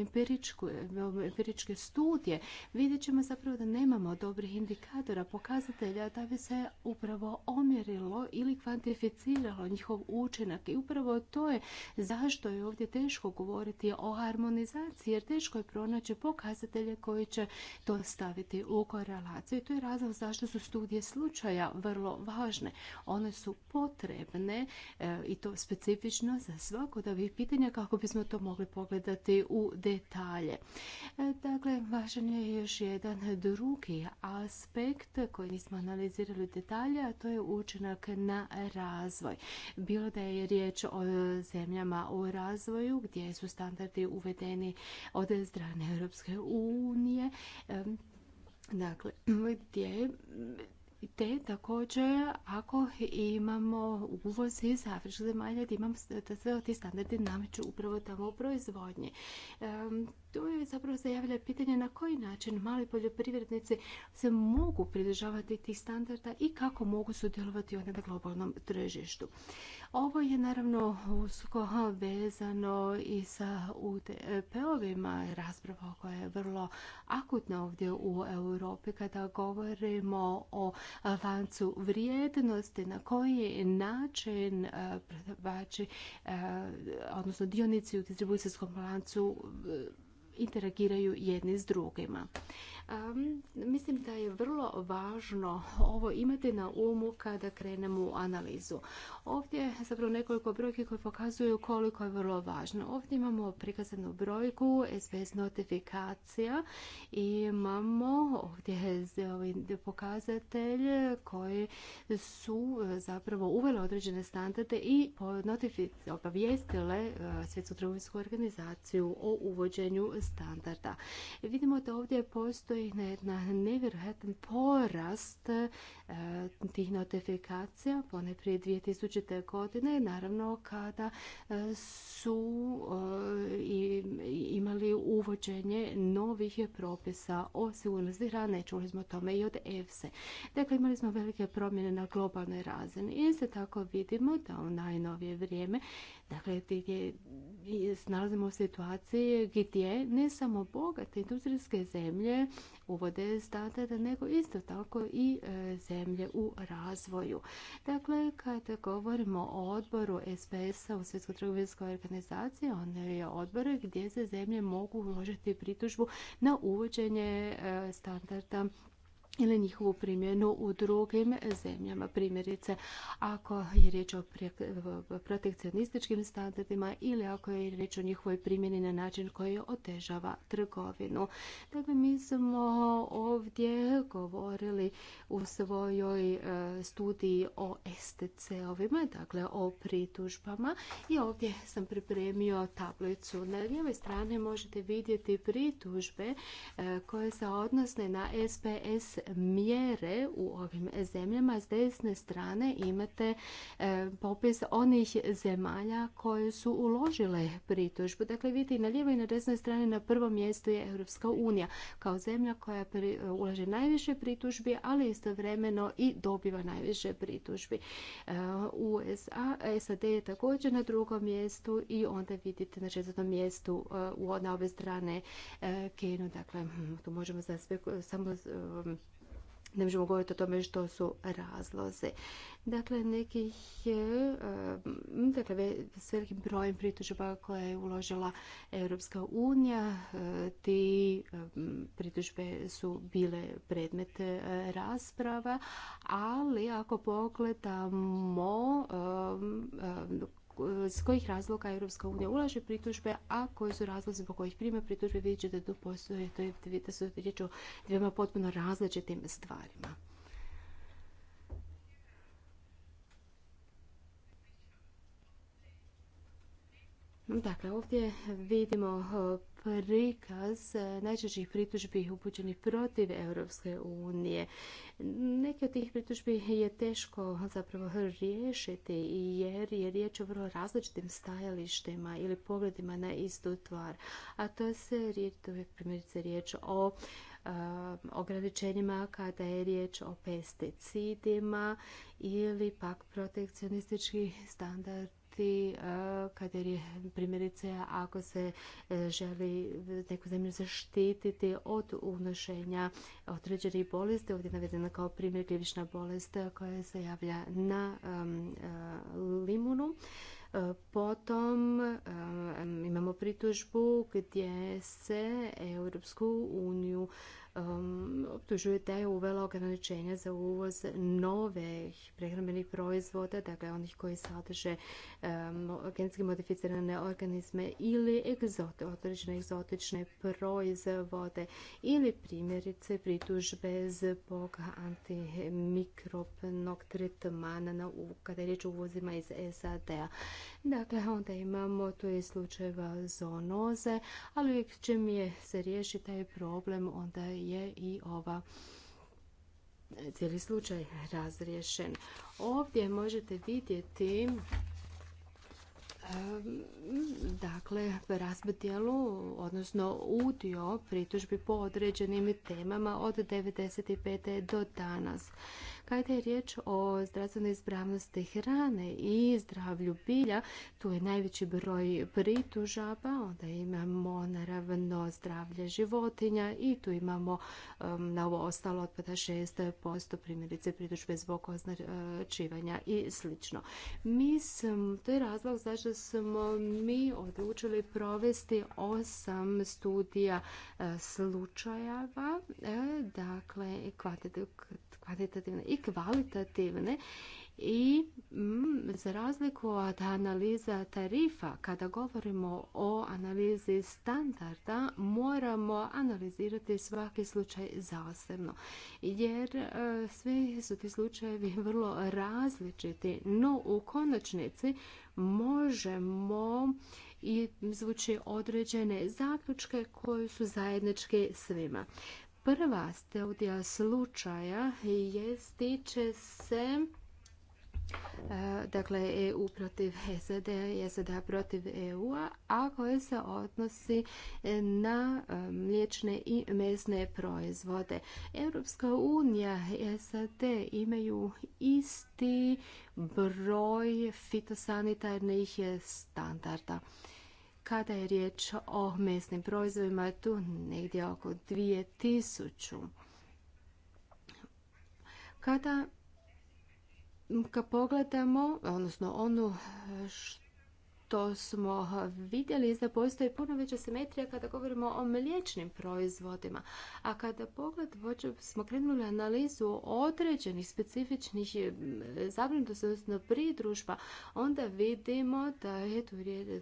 empiričke studije, vidjet ćemo zapravo da nemamo dobrih indikatora, pokazatelja da bi se upravo omjerilo ili kvantificiralo njihov učinak i upravo to je zašto je ovdje teško govoriti o harmonizaciji jer teško je pronaći pokazatelje koji će to staviti u korelaciju. To je razlog zašto su studije slučaja vrlo važne. One su potrebne e, i to specifično za svako da ovih pitanja kako bismo to mogli pogledati u detalje. E, dakle, važan je još jedan drugi aspekt koji nismo analizirali u detalje, a to je učinak na razvoj. Bilo da je riječ o zemljama u razvoju, razvoju gdje su standardi uvedeni od strane Europske unije. Dakle, gdje te također ako imamo uvoz iz afričkih zemalja gdje imamo sve ti standardi nameću upravo tamo u proizvodnji. tu je zapravo se javlja pitanje na koji način mali poljoprivrednici se mogu pridržavati tih standarda i kako mogu sudjelovati onda na globalnom tržištu. Ovo je naravno usko vezano i sa UTP-ovima rasprava koja je vrlo akutna ovdje u Europi kada govorimo o lancu vrijednosti na koji način e, prodavači, e, odnosno dionici u distribucijskom lancu e, interagiraju jedni s drugima mislim da je vrlo važno ovo imati na umu kada krenemo u analizu. Ovdje je zapravo nekoliko brojki koje pokazuju koliko je vrlo važno. Ovdje imamo prikazanu brojku SBS notifikacija i imamo ovdje ovaj pokazatelje koji su e, zapravo uvele određene standarde i obavijestile e, Svjetsku trgovinsku organizaciju o uvođenju standarda. Vidimo da ovdje postoji na jedna nevjerojatan porast e, tih notifikacija, pone prije 2000. godine, naravno kada e, su e, imali uvođenje novih propisa o sigurnosti hrane, čuli smo tome i od EFSE. Dakle, imali smo velike promjene na globalnoj razini. i se tako vidimo da u najnovije vrijeme, dakle, gdje snalazimo u situaciji gdje ne samo bogate industrijske zemlje uvode standarde, nego isto tako i e, zemlje u razvoju. Dakle, kada govorimo o odboru SPS-a u Svjetskoj trgovinskoj organizaciji, on je odbor gdje se zemlje mogu uložiti pritužbu na uvođenje e, standarda ili njihovu primjenu u drugim zemljama. Primjerice, ako je riječ o protekcionističkim standardima ili ako je riječ o njihovoj primjeni na način koji otežava trgovinu. Dakle, mi smo ovdje govorili u svojoj e, studiji o STC-ovima, dakle o pritužbama i ovdje sam pripremio tablicu. Na lijevoj strani možete vidjeti pritužbe e, koje se odnose na SPS mjere u ovim zemljama. S desne strane imate e, popis onih zemalja koje su uložile pritužbu. Dakle, vidite i na lijevoj i na desnoj strani na prvom mjestu je Europska unija kao zemlja koja e, ulaže najviše pritužbi, ali istovremeno i dobiva najviše pritužbi. E, USA, SAD je također na drugom mjestu i onda vidite na četvrtom mjestu na ove strane Kinu. Dakle, tu možemo samo ne možemo govoriti o tome što su razloze. Dakle, nekih, e, dakle, s velikim brojem pritužba koje je uložila Europska unija, e, ti e, pritužbe su bile predmet rasprava, ali ako pogledamo iz kojih razloga Europska unija ulaže pritužbe, a koji su razlozi zbog kojih prima pritužbe, vidjet ćete da tu postoje, to je, da su riječ o dvijema potpuno različitim stvarima. Dakle, ovdje vidimo prikaz eh, najčešćih pritužbi upućenih protiv Europske unije. Neke od tih pritužbi je teško zapravo riješiti jer je riječ o vrlo različitim stajalištima ili pogledima na istu tvar. A to se primjerice riječ o eh, ograničenjima kada je riječ o pesticidima ili pak protekcionistički standard biti e, kad je primjerice ako se e, želi neku zemlju zaštititi od unošenja određenih bolesti, ovdje je navedena kao primjer gljivična bolest koja se javlja na e, limunu. Potom imamo pritužbu gdje se Europsku uniju Um, optužuje da je uvela ograničenja za uvoz novih prehrambenih proizvoda, dakle onih koji sadrže um, genetski modificirane organizme ili egzote, određene egzotične proizvode ili primjerice pritužbe zbog antimikrobnog tretmana kada je riječ o uvozima iz SAD-a. Dakle, onda imamo tu je slučajeva zoonoze, ali uvijek čim se riješi taj problem, onda je i ova cijeli slučaj razriješen. Ovdje možete vidjeti dakle odnosno udio pritužbi po određenim temama od 95. do danas. Kada je riječ o zdravstvenoj ispravnosti hrane i zdravlju bilja, tu je najveći broj pritužaba, onda imamo naravno zdravlje životinja i tu imamo na ovo ostalo otpada 6% primjerice pritužbe zbog označivanja i sl. Mislim, to je razlog zašto smo mi odlučili provesti osam studija e, slučajeva, e, dakle kvantitet kvantitativne i kvalitativne i mm, za razliku od analiza tarifa, kada govorimo o analizi standarda, moramo analizirati svaki slučaj zasebno, jer e, svi su ti slučajevi vrlo različiti, no u konačnici možemo i određene zaključke koje su zajedničke svima. Prva studija slučaja jest stiče se e, dakle EU protiv SAD i SAD protiv EU-a, a koje se odnosi na e, mliječne i mesne proizvode. Europska unija i SAD imaju isti broj fitosanitarnih standarda. Kada je riječ o mesnim proizvodima, tu negdje oko 2000. Kada pogledamo, odnosno ono što to smo vidjeli da postoji puno veća simetrija kada govorimo o mliječnim proizvodima. A kada pogled smo krenuli analizu određenih specifičnih e, zabrinutosti, odnosno pridružba, onda vidimo da je tu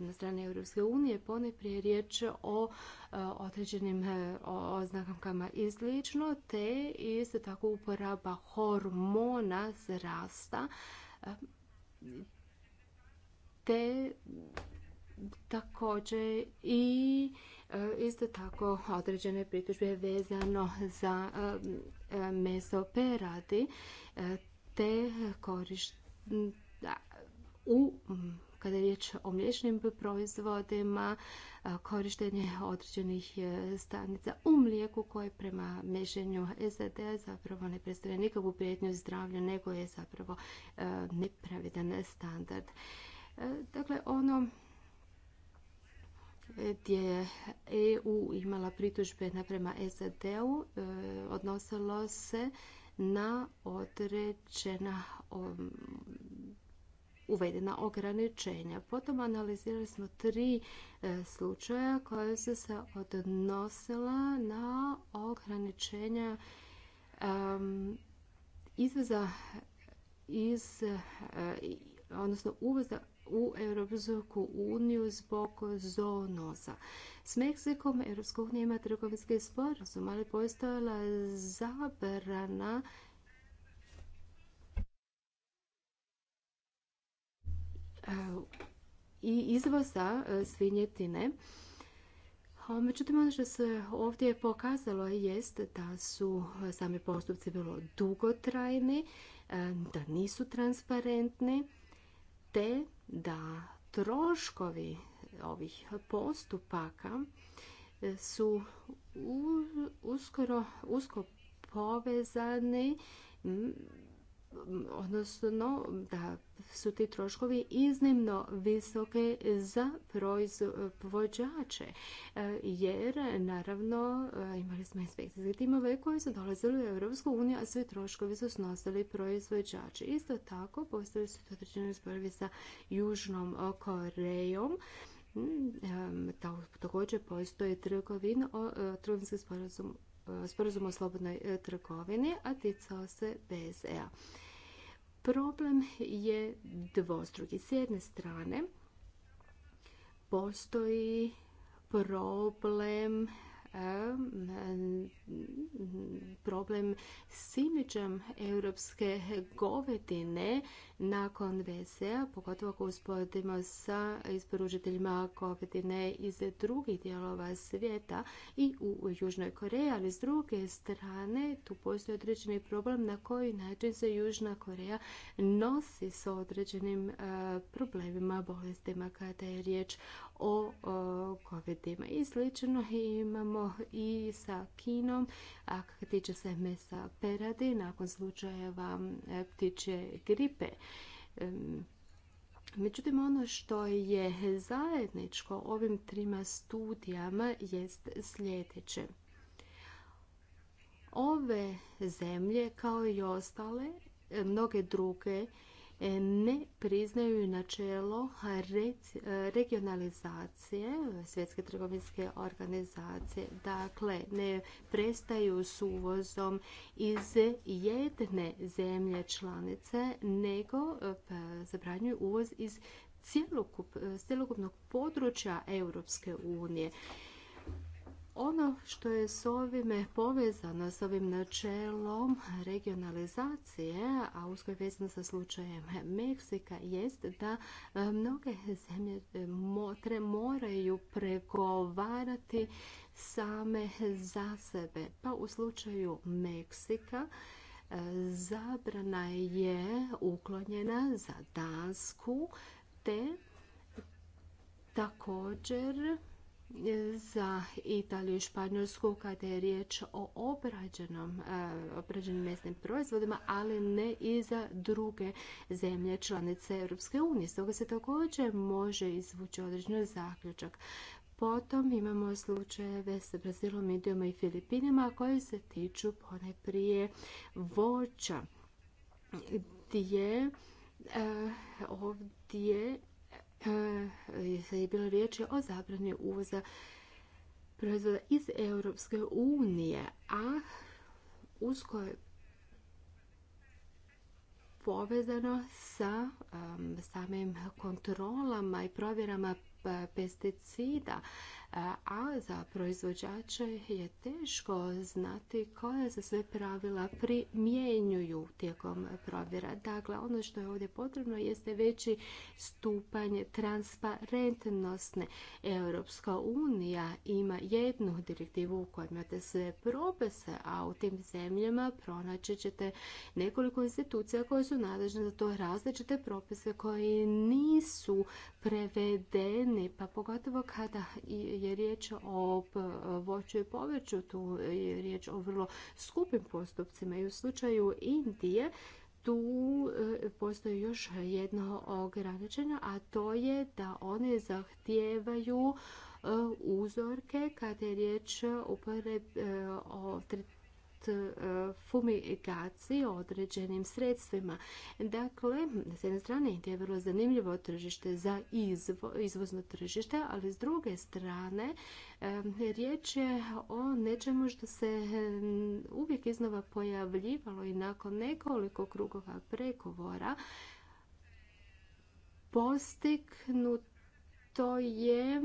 na strani Europske unije poneprije riječ o e, određenim e, oznakama i slično, te isto tako uporaba hormona zrasta te također i e, isto tako određene pritužbe vezano za e, e, meso peradi te u kada je riječ o mliječnim proizvodima, korištenje određenih stanica u mlijeku koje prema mišljenju SAD zapravo ne predstavlja nikakvu prijetnju zdravlju, nego je zapravo nepravedan standard. E, dakle, ono e, gdje je EU imala pritužbe naprema SAD-u e, odnosilo se na određena uvedena ograničenja. Potom analizirali smo tri slučaja koje su se odnosila na ograničenja izveza iz odnosno uvoza u Europsku uniju zbog zoonoza. S Meksikom Europska unija ima trgovinski sporazum, ali postojala zabrana e, i izvoza e, svinjetine. Međutim, ono što se ovdje pokazalo jest da su sami postupci bilo dugotrajni, e, da nisu transparentni, te da troškovi ovih postupaka su uskoro usko povezani odnosno da su ti troškovi iznimno visoke za proizvođače e, jer naravno e, imali smo inspekcijske timove koji su dolazili u Europsku uniju, a svi troškovi su snosili proizvođači. Isto tako postoje su određene sporovi sa Južnom Korejom mm, također postoje trgovin, e, trgovinski sporazum sporazum o slobodnoj e, trgovini, a ticao se BSE-a. Problem je dvostruki. S jedne strane, postoji problem e, problem s imidžem europske govedine nakon vse pogotovo ako usporedimo sa isporužiteljima kopetine iz drugih dijelova svijeta i u Južnoj Koreji, ali s druge strane tu postoji određeni problem na koji način se Južna Koreja nosi s određenim e, problemima, bolestima kada je riječ o kovidima. I slično imamo i sa Kinom, a tiče se mesa peradi nakon slučajeva e, ptiče gripe. Međutim, ono što je zajedničko ovim trima studijama jest sljedeće. Ove zemlje, kao i ostale, mnoge druge, ne priznaju načelo regionalizacije svjetske trgovinske organizacije. Dakle, ne prestaju s uvozom iz jedne zemlje članice, nego e, zabranjuju uvoz iz cjelokupnog područja Europske unije. Ono što je s ovime povezano, s ovim načelom regionalizacije, a uskoj vezano sa slučajem Meksika, jest da e, mnoge zemlje e, motre moraju pregovarati same za sebe. Pa u slučaju Meksika e, zabrana je uklonjena za Dansku, te također za Italiju i Španjolsku kada je riječ o obrađenom, e, obrađenim mesnim proizvodima, ali ne i za druge zemlje članice Europske unije. Stoga se također može izvući određeni zaključak. Potom imamo slučajeve sa Brazilom, Indijom i Filipinima koji se tiču pone prije voća gdje e, ovdje je bilo riječi o zabrani uvoza proizvoda iz Europske unije, a usko je povezano sa um, samim kontrolama i provjerama pa, pesticida a za proizvođače je teško znati koja se sve pravila primjenjuju tijekom provjera. Dakle, ono što je ovdje potrebno jeste veći stupanj transparentnosti. Europska unija ima jednu direktivu u kojoj imate sve propise, a u tim zemljama pronaći ćete nekoliko institucija koje su nadležne za to različite propise koji nisu prevedeni, pa pogotovo kada je riječ o voću i povrću, tu je riječ o vrlo skupim postupcima i u slučaju Indije tu e, postoji još jedno ograničenje, a to je da one zahtijevaju e, uzorke kada je riječ o e, E, fumigaciju određenim sredstvima. Dakle, s jedne strane Indija je vrlo zanimljivo tržište za izvozno tržište, ali s druge strane e, riječ je o nečemu što se e, uvijek iznova pojavljivalo i nakon nekoliko krugova pregovora postignuto je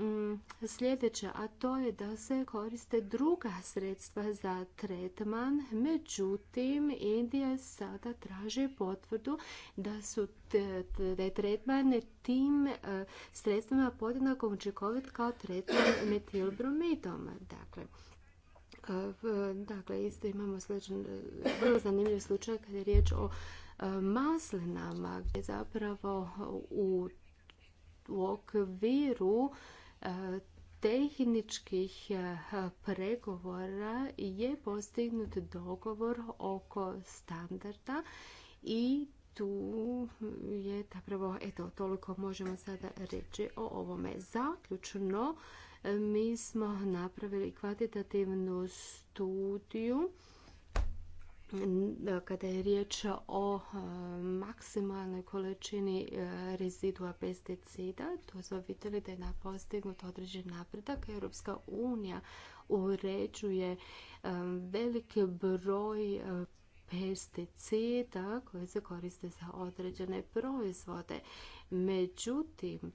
Mm, sljedeće, a to je da se koriste druga sredstva za tretman. Međutim, Indija sada traži potvrdu da su da je tretman tim e, sredstvima podjednako učinkovit kao tretman metilbromidom. Dakle, e, dakle, isto imamo sličan, e, vrlo zanimljiv slučaj kada je riječ o maslinama, gdje zapravo u u okviru tehničkih eh, pregovora je postignut dogovor oko standarda i tu je zapravo, eto, toliko možemo sada reći o ovome. Zaključno, eh, mi smo napravili kvalitativnu studiju kada je riječ o e, maksimalnoj količini e, rezidua pesticida, to smo vidjeli da je postignut određen napredak. Europska unija uređuje e, veliki broj pesticida koji se koriste za određene proizvode. Međutim,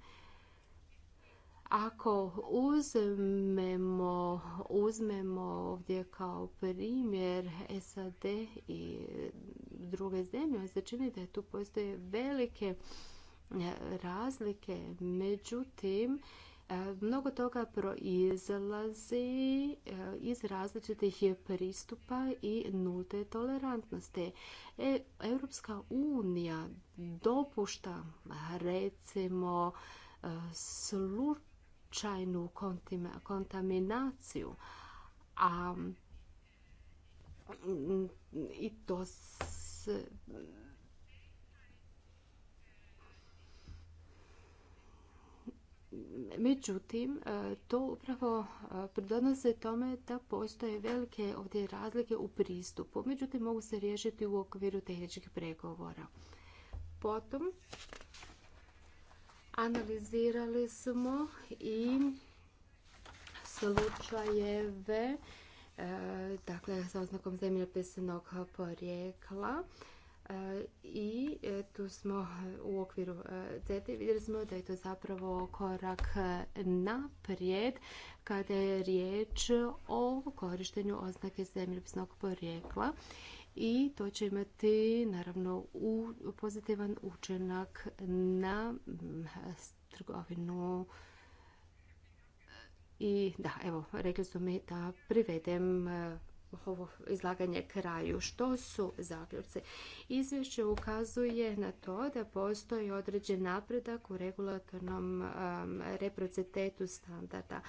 ako uzmemo, uzmemo ovdje kao primjer SAD i druge zemlje, se čini da tu postoje velike e, razlike. Međutim, e, Mnogo toga proizlazi e, iz različitih pristupa i nulte tolerantnosti. Europska unija dopušta recimo slurp slučajnu kontaminaciju. A mm, i to Međutim, e, to upravo e, pridonose tome da postoje velike ovdje razlike u pristupu. Međutim, mogu se riješiti u okviru tehničkih pregovora. Potom, Analizirali smo i slučajeve e, dakle sa oznakom zemljopisnog porijekla e, i e, tu smo u okviru CETA vidjeli smo da je to zapravo korak naprijed kada je riječ o korištenju oznake zemljopisnog porijekla i to će imati naravno u pozitivan učenak na mm, trgovinu i da, evo, rekli su mi da privedem eh, ovo izlaganje kraju. Što su zaključci? Izvješće ukazuje na to da postoji određen napredak u regulatornom eh, reprocitetu standarda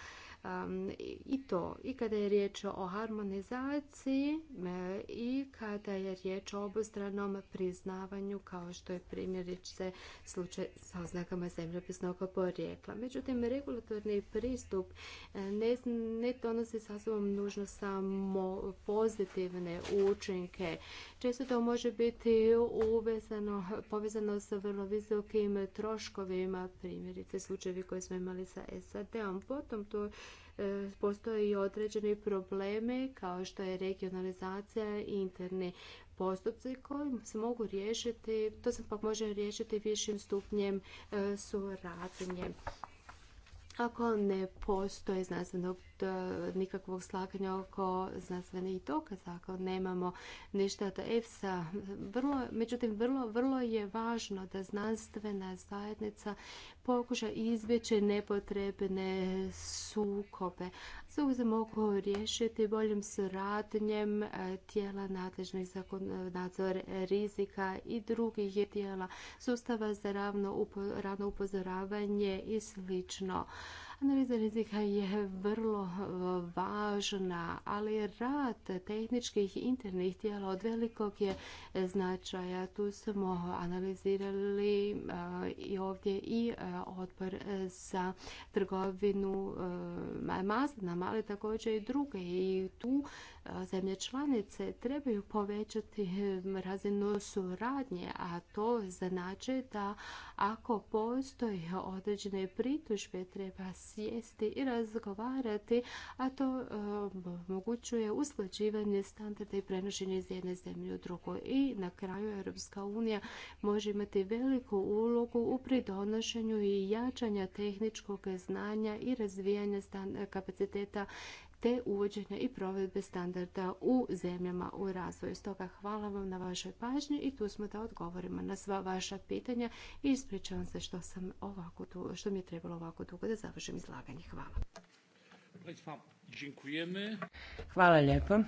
i to i kada je riječ o harmonizaciji e, i kada je riječ o obostranom priznavanju kao što je primjerice slučaj sa oznakama zemljopisnog porijekla. Međutim, regulatorni pristup e, ne, ne donosi sa sobom nužno samo pozitivne učinke. Često to može biti uvezano, povezano sa vrlo visokim troškovima, primjerice slučajevi koje smo imali sa SAD-om. Potom to E, postoje i određeni problemi kao što je regionalizacija i interni postupci koji se mogu riješiti, to se pak može riješiti višim stupnjem e, suradnje ako ne postoje znanstvenog e, nikakvog slaganja oko znanstvenih dokaza, ako nemamo ništa od EFSA. Vrlo, međutim, vrlo, vrlo je važno da znanstvena zajednica pokuša izbjeći nepotrebne sukobe se mogu riješiti boljim suradnjem e, tijela nadležnih za e, nadzor rizika i drugih tijela, sustava za ravno upozoravanje i slično. Analiza rizika je vrlo važna, ali rad tehničkih internih tijela od velikog je značaja. Tu smo analizirali i ovdje i odbor za trgovinu maznama, ali također i druge. I tu zemlje članice trebaju povećati razinu suradnje, a to znači da ako postoje određene pritužbe treba sjesti i razgovarati, a to omogućuje usklađivanje standarda i prenošenje iz jedne zemlje u drugu. I na kraju Europska unija može imati veliku ulogu u pridonošenju i jačanju tehničkog znanja i razvijanja kapaciteta te uvođenja i provedbe standarda u zemljama u razvoju. Stoga hvala vam na vašoj pažnji i tu smo da odgovorimo na sva vaša pitanja i ispričavam se što sam ovako što mi je trebalo ovako dugo da završim izlaganje. Hvala. Hvala lijepo.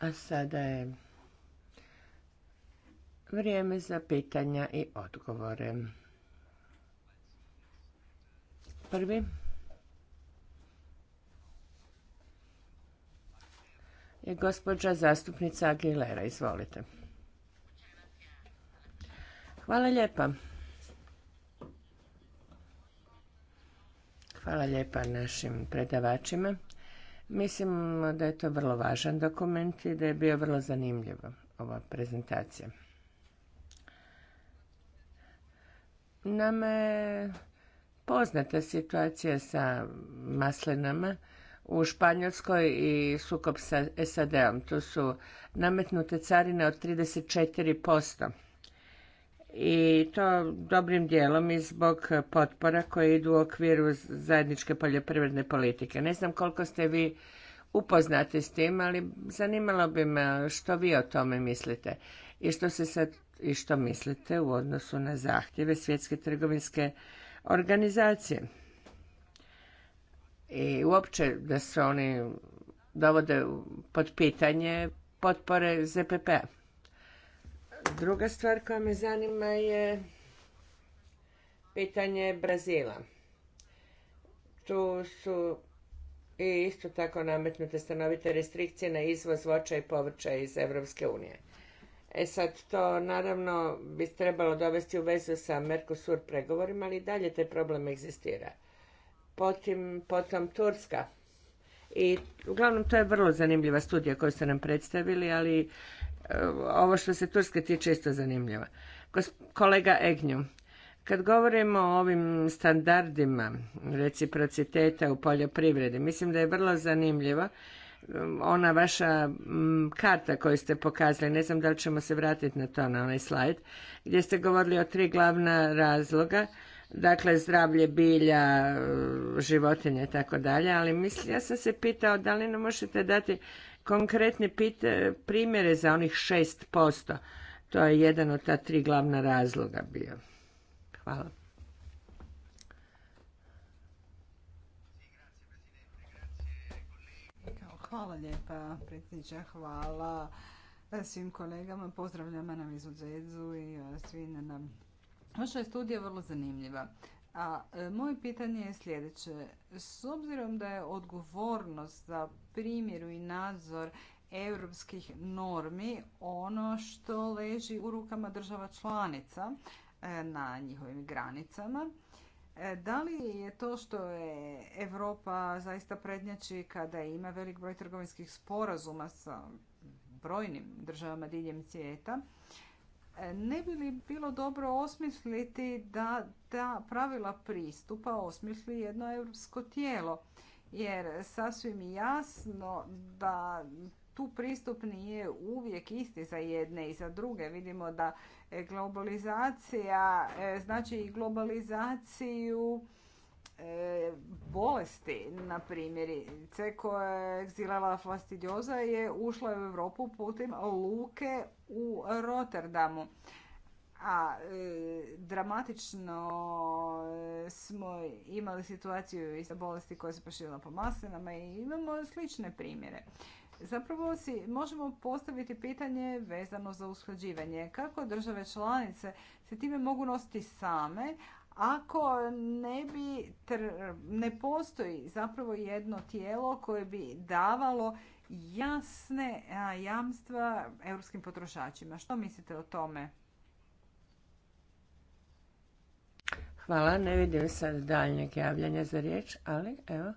A sada je vrijeme za pitanja i odgovore. Prvi je gospođa zastupnica Aguilera. Izvolite. Hvala lijepa. Hvala lijepa našim predavačima. Mislim da je to vrlo važan dokument i da je bio vrlo zanimljiva ova prezentacija. Nama je poznata situacija sa maslinama u Španjolskoj i sukob sa SAD-om. Tu su nametnute carine od 34%. I to dobrim dijelom i zbog potpora koje idu u okviru zajedničke poljoprivredne politike. Ne znam koliko ste vi upoznati s tim, ali zanimalo bi me što vi o tome mislite i što, se i što mislite u odnosu na zahtjeve svjetske trgovinske organizacije i uopće da se oni dovode pod pitanje potpore zpp p-a. Druga stvar koja me zanima je pitanje Brazila. Tu su i isto tako nametnute stanovite restrikcije na izvoz voća i povrća iz Europske unije. E sad, to naravno bi trebalo dovesti u vezu sa Mercosur pregovorima, ali i dalje taj problem egzistira. Potim, potom Turska. I uglavnom to je vrlo zanimljiva studija koju ste nam predstavili, ali e, ovo što se Turske tiče isto zanimljiva. kolega Egnju, kad govorimo o ovim standardima reciprociteta u poljoprivredi, mislim da je vrlo zanimljivo ona vaša mm, karta koju ste pokazali, ne znam da li ćemo se vratiti na to, na onaj slajd, gdje ste govorili o tri glavna razloga, dakle zdravlje bilja, mm, životinje i tako dalje, ali mislim, ja sam se pitao da li nam možete dati konkretne primjere za onih 6%. To je jedan od ta tri glavna razloga bio. Hvala. Hvala lijepa, predsjedniče. Hvala svim kolegama. Pozdravljam nam izuzezu i e, svim nam. Vaša je studija vrlo zanimljiva. A e, moje pitanje je sljedeće. S obzirom da je odgovornost za primjeru i nadzor europskih normi ono što leži u rukama država članica e, na njihovim granicama, E, da li je to što je Europa zaista prednjači kada ima velik broj trgovinskih sporazuma sa brojnim državama diljem svijeta, e, ne bi li bilo dobro osmisliti da ta pravila pristupa osmisli jedno europsko tijelo? Jer sasvim jasno da tu pristup nije uvijek isti za jedne i za druge. Vidimo da E, globalizacija e, znači i globalizaciju e, bolesti, na primjerice, koja je egzilala fastidioza je ušla u Europu putem luke u Rotterdamu. A dramatično smo imali situaciju i sa bolesti koja se proširila po maslinama i imamo slične primjere. Zapravo si možemo postaviti pitanje vezano za usklađivanje. Kako države članice se time mogu nositi same ako ne, bi, ne postoji zapravo jedno tijelo koje bi davalo jasne jamstva europskim potrošačima. Što mislite o tome? Hvala, ne vidim sad daljnjeg javljanja za riječ, ali evo.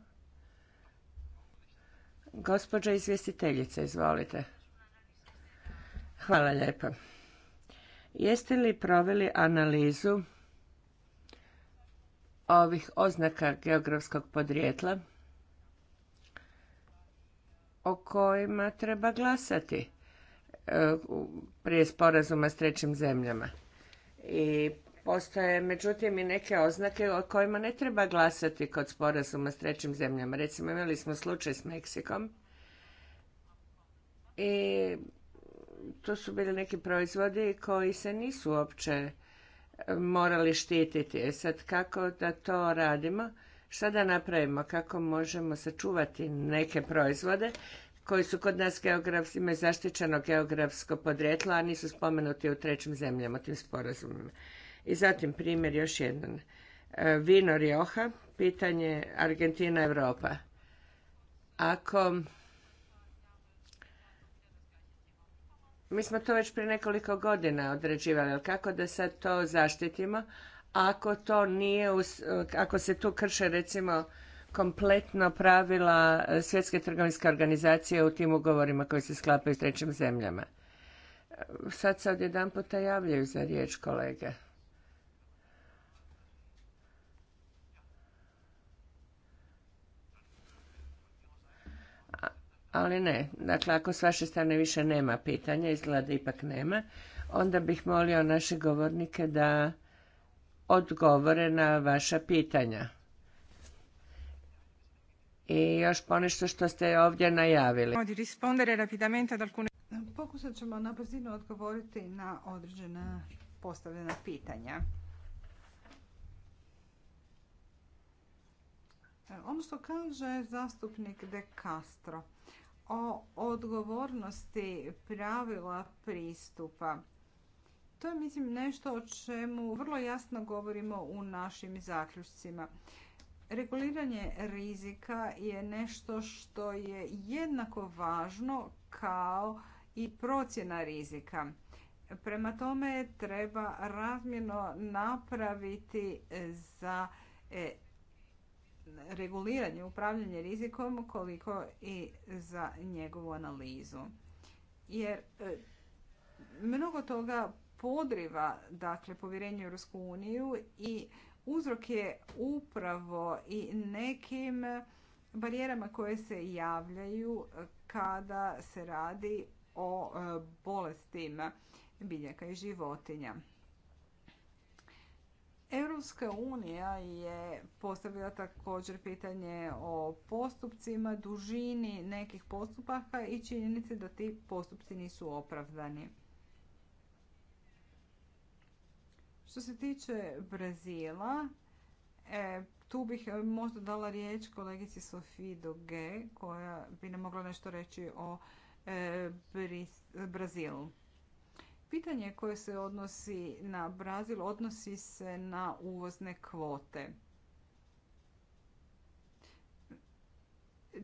Gospođa izvjestiteljica, izvolite. Hvala lijepa. Jeste li proveli analizu ovih oznaka geografskog podrijetla o kojima treba glasati e, prije sporazuma s trećim zemljama? I Postoje međutim i neke oznake o kojima ne treba glasati kod sporazuma s trećim zemljama. Recimo imali smo slučaj s Meksikom i to su bili neki proizvodi koji se nisu uopće e, morali štititi. E sad kako da to radimo? Šta da napravimo? Kako možemo sačuvati neke proizvode koji su kod nas geografski, imaju zaštićeno geografsko podrijetlo, a nisu spomenuti u trećim zemljama, tim sporazumima. I zatim primjer još jedan. E, vino Rioja, pitanje Argentina Europa. Ako Mi smo to već prije nekoliko godina određivali, ali kako da sad to zaštitimo ako to nije, ako se tu krše recimo kompletno pravila e, Svjetske trgovinske organizacije u tim ugovorima koji se sklapaju s trećim zemljama. E, sad se odjedan puta javljaju za riječ kolege. ali ne. Dakle, ako s vaše strane više nema pitanja, izgleda ipak nema, onda bih molio naše govornike da odgovore na vaša pitanja. I još ponešto što ste ovdje najavili. Pokušat ćemo na brzinu odgovoriti na određena postavljena pitanja. Ono što kaže zastupnik De Castro o odgovornosti pravila pristupa. To je mislim nešto o čemu vrlo jasno govorimo u našim zaključcima. Reguliranje rizika je nešto što je jednako važno kao i procjena rizika. Prema tome treba razmjerno napraviti za e, reguliranje, upravljanje rizikom koliko i za njegovu analizu. Jer e, mnogo toga podriva dakle, povjerenje Rusku uniju i uzrok je upravo i nekim barijerama koje se javljaju kada se radi o e, bolestima biljaka i životinja. Europska unija je postavila također pitanje o postupcima, dužini nekih postupaka i činjenici da ti postupci nisu opravdani. Što se tiče Brazila, e, tu bih možda dala riječ kolegici Sofiji Doge koja bi nam mogla nešto reći o e, Brazilu. Pitanje koje se odnosi na Brazil odnosi se na uvozne kvote.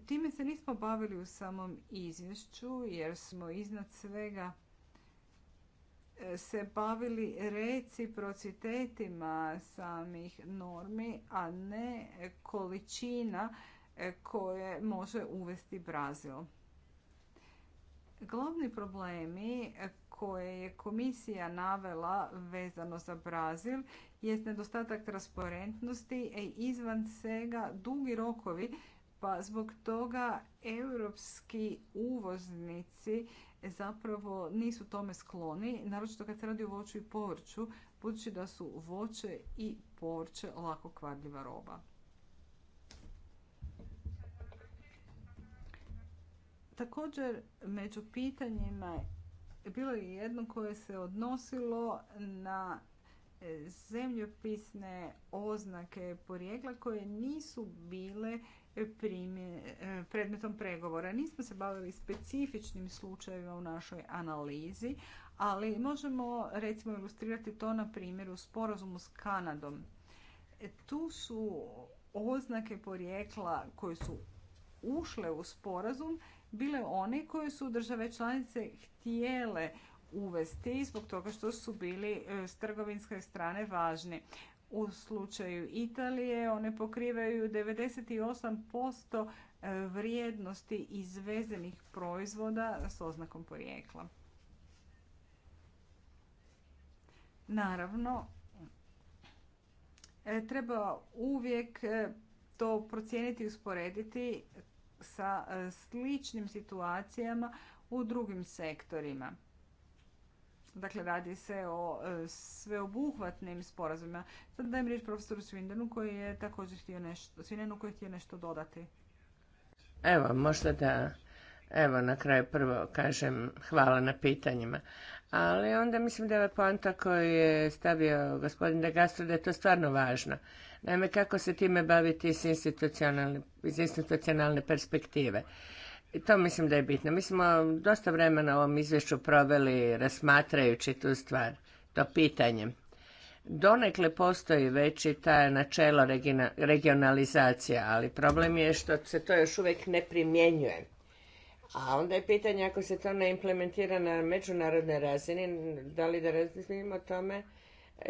Time se nismo bavili u samom izvješću jer smo iznad svega e, se bavili reciprocitetima samih normi, a ne količina e, koje može uvesti Brazil. Glavni problemi koje je komisija navela vezano za Brazil jest nedostatak transparentnosti i e, izvan svega dugi rokovi pa zbog toga europski uvoznici zapravo nisu tome skloni, naročito kad se radi o voću i povrću, budući da su voće i povrće lako kvarljiva roba. Također među pitanjima bilo je jedno koje se odnosilo na e, zemljopisne oznake porijekla koje nisu bile e, predmetom pregovora. Nismo se bavili specifičnim slučajevima u našoj analizi, ali možemo recimo ilustrirati to na primjeru sporazumu s Kanadom. E, tu su oznake porijekla koje su ušle u sporazum bile one koje su države članice htjele uvesti zbog toga što su bili e, s trgovinske strane važni. U slučaju Italije one pokrivaju 98% e, vrijednosti izvezenih proizvoda s oznakom porijekla. Naravno, e, treba uvijek to procijeniti i usporediti sa e, sličnim situacijama u drugim sektorima. Dakle, radi se o e, sveobuhvatnim sporazumima. Sad dajem riječ profesoru Svindenu koji je također htio nešto, koji je htio nešto dodati. Evo, možete da Evo, na kraju prvo kažem hvala na pitanjima. Ali onda mislim da je poanta koju je stavio gospodin De Gastro da je to stvarno važno. Naime, kako se time baviti iz institucionalne, iz institucionalne perspektive. I to mislim da je bitno. Mi smo dosta vremena u ovom izvješću proveli rasmatrajući tu stvar, to pitanje. Donekle postoji već i ta načelo regionalizacija, ali problem je što se to još uvijek ne primjenjuje a onda je pitanje ako se to ne implementira na međunarodnoj razini, da li da razmislimo o tome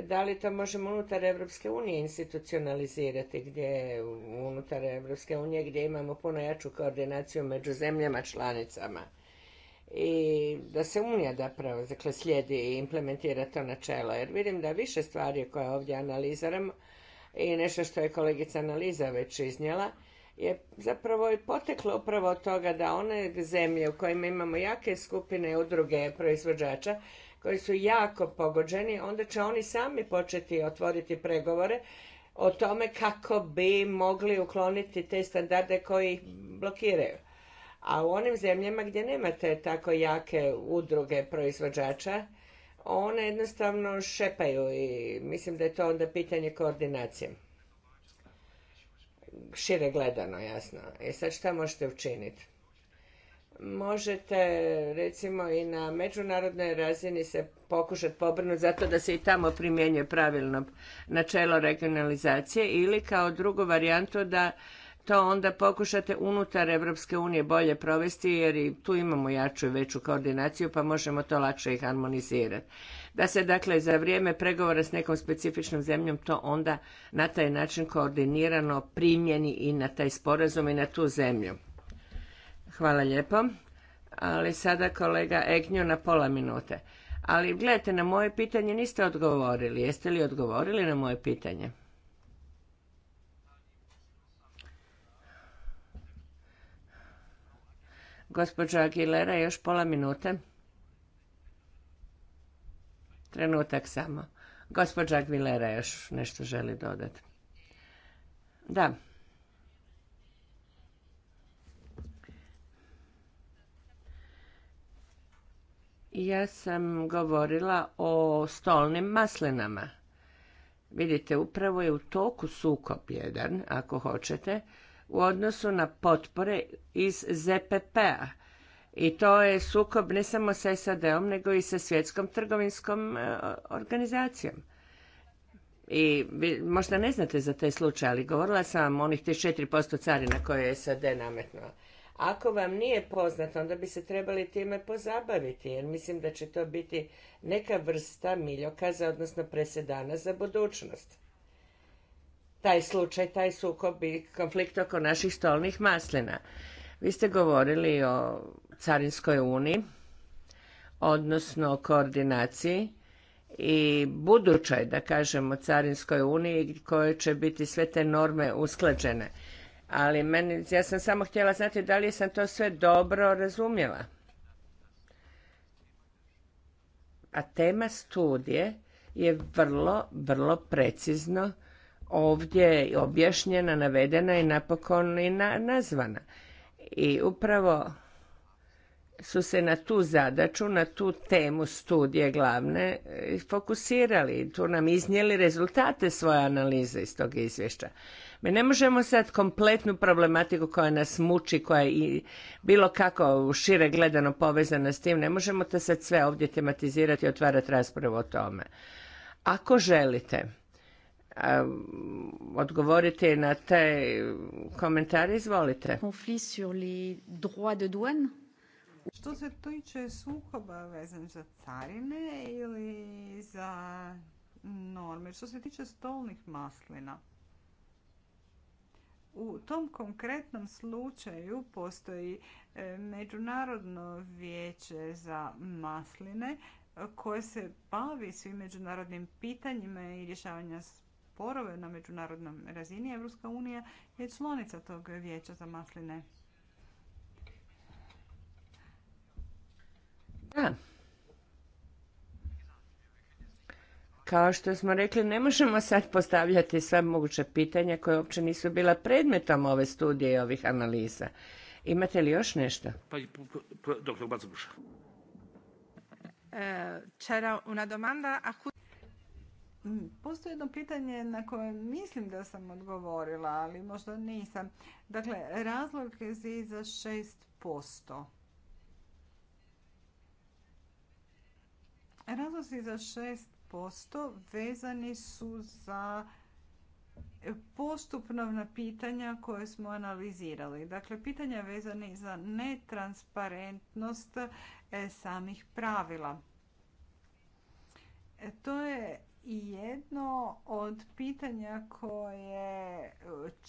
da li to možemo unutar Evropske unije institucionalizirati gdje unutar Evropske unije gdje imamo puno jaču koordinaciju među zemljama članicama i da se Unija zapravo dakle, slijedi i implementira to načelo. Jer vidim da više stvari koje ovdje analiziramo i nešto što je kolegica analiza već iznijela, je zapravo i poteklo upravo od toga da one zemlje u kojima imamo jake skupine udruge proizvođača koji su jako pogođeni, onda će oni sami početi otvoriti pregovore o tome kako bi mogli ukloniti te standarde koji ih blokiraju. A u onim zemljama gdje nemate tako jake udruge proizvođača, one jednostavno šepaju i mislim da je to onda pitanje koordinacije šire gledano, jasno. E sad šta možete učiniti? Možete, recimo, i na međunarodnoj razini se pokušati pobrnuti zato da se i tamo primjenjuje pravilno načelo regionalizacije ili kao drugu varijantu da to onda pokušate unutar Evropske unije bolje provesti jer i tu imamo jaču i veću koordinaciju pa možemo to lakše i harmonizirati da se dakle za vrijeme pregovora s nekom specifičnom zemljom to onda na taj način koordinirano primjeni i na taj sporazum i na tu zemlju. Hvala lijepo. Ali sada kolega Egnju na pola minute. Ali gledajte, na moje pitanje niste odgovorili. Jeste li odgovorili na moje pitanje? Gospođa Aguilera, još pola minute. Trenutak samo. Gospođa Aguilera još nešto želi dodati. Da. Ja sam govorila o stolnim maslinama. Vidite, upravo je u toku sukop jedan, ako hoćete, u odnosu na potpore iz ZPP-a i to je sukob ne samo sa SAD-om, nego i sa svjetskom trgovinskom e, organizacijom. I vi možda ne znate za taj slučaj, ali govorila sam vam onih tih 4% carina koje je SAD nametnula. Ako vam nije poznato, onda bi se trebali time pozabaviti, jer mislim da će to biti neka vrsta miljokaza, odnosno presedana za budućnost. Taj slučaj, taj sukob i konflikt oko naših stolnih maslina. Vi ste govorili o carinskoj uniji, odnosno koordinaciji i budućoj, da kažemo, carinskoj uniji koje će biti sve te norme usklađene. Ali meni, ja sam samo htjela znati da li sam to sve dobro razumjela. A tema studije je vrlo, vrlo precizno ovdje objašnjena, navedena i napokon i nazvana. I upravo su se na tu zadaću, na tu temu studije glavne e, fokusirali. Tu nam iznijeli rezultate svoje analize iz tog izvješća. Mi ne možemo sad kompletnu problematiku koja nas muči, koja je bilo kako šire gledano povezana s tim, ne možemo to sad sve ovdje tematizirati i otvarati raspravu o tome. Ako želite odgovoriti na te komentare, izvolite. Konflikt sur les droits što se tiče sukoba vezan za carine ili za norme, što se tiče stolnih maslina, u tom konkretnom slučaju postoji e, Međunarodno vijeće za masline e, koje se bavi svim međunarodnim pitanjima i rješavanja sporove na međunarodnom razini. Evropska unija je članica tog vijeća za masline. Da. Kao što smo rekli, ne možemo sad postavljati sva moguća pitanja koje uopće nisu bila predmetom ove studije i ovih analiza. Imate li još nešto? Pa, doktor, Bacabuša. E, una domanda mm, Postoji jedno pitanje na koje mislim da sam odgovorila, ali možda nisam. Dakle, razlog je za 6%. Razlozi za 6% vezani su za postupnovna pitanja koje smo analizirali. Dakle, pitanja vezani za netransparentnost e, samih pravila. E, to je jedno od pitanja koje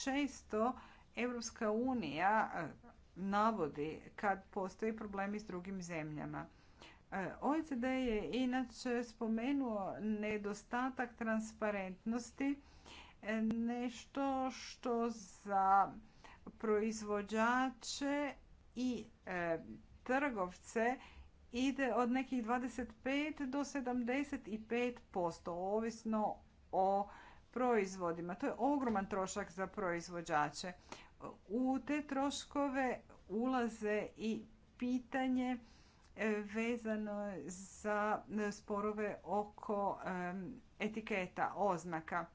često Europska unija e, navodi kad postoji problemi s drugim zemljama. E, OECD je inače spomenuo nedostatak transparentnosti, e, nešto što za proizvođače i e, trgovce ide od nekih 25 do 75%, ovisno o proizvodima. To je ogroman trošak za proizvođače. U te troškove ulaze i pitanje vezano za sporove oko etiketa, oznaka.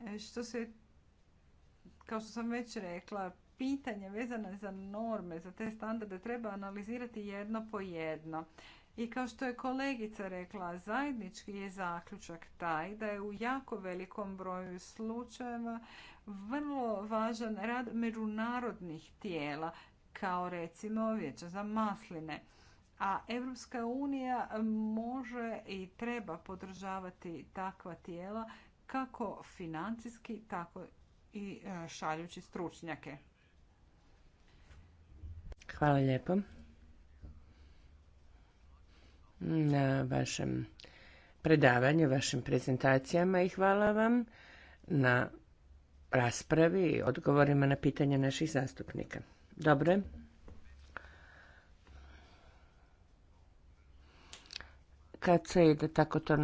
E, što se, kao što sam već rekla, pitanje vezane za norme, za te standarde treba analizirati jedno po jedno. I kao što je kolegica rekla, zajednički je zaključak taj da je u jako velikom broju slučajeva vrlo važan rad međunarodnih tijela kao recimo vijeće za masline. A Europska unija može i treba podržavati takva tijela kako financijski, tako i e, šaljući stručnjake. Hvala lijepo na vašem predavanju, vašim prezentacijama i hvala vam na raspravi i odgovorima na pitanja naših zastupnika. Dobre. Kad se ide, tako to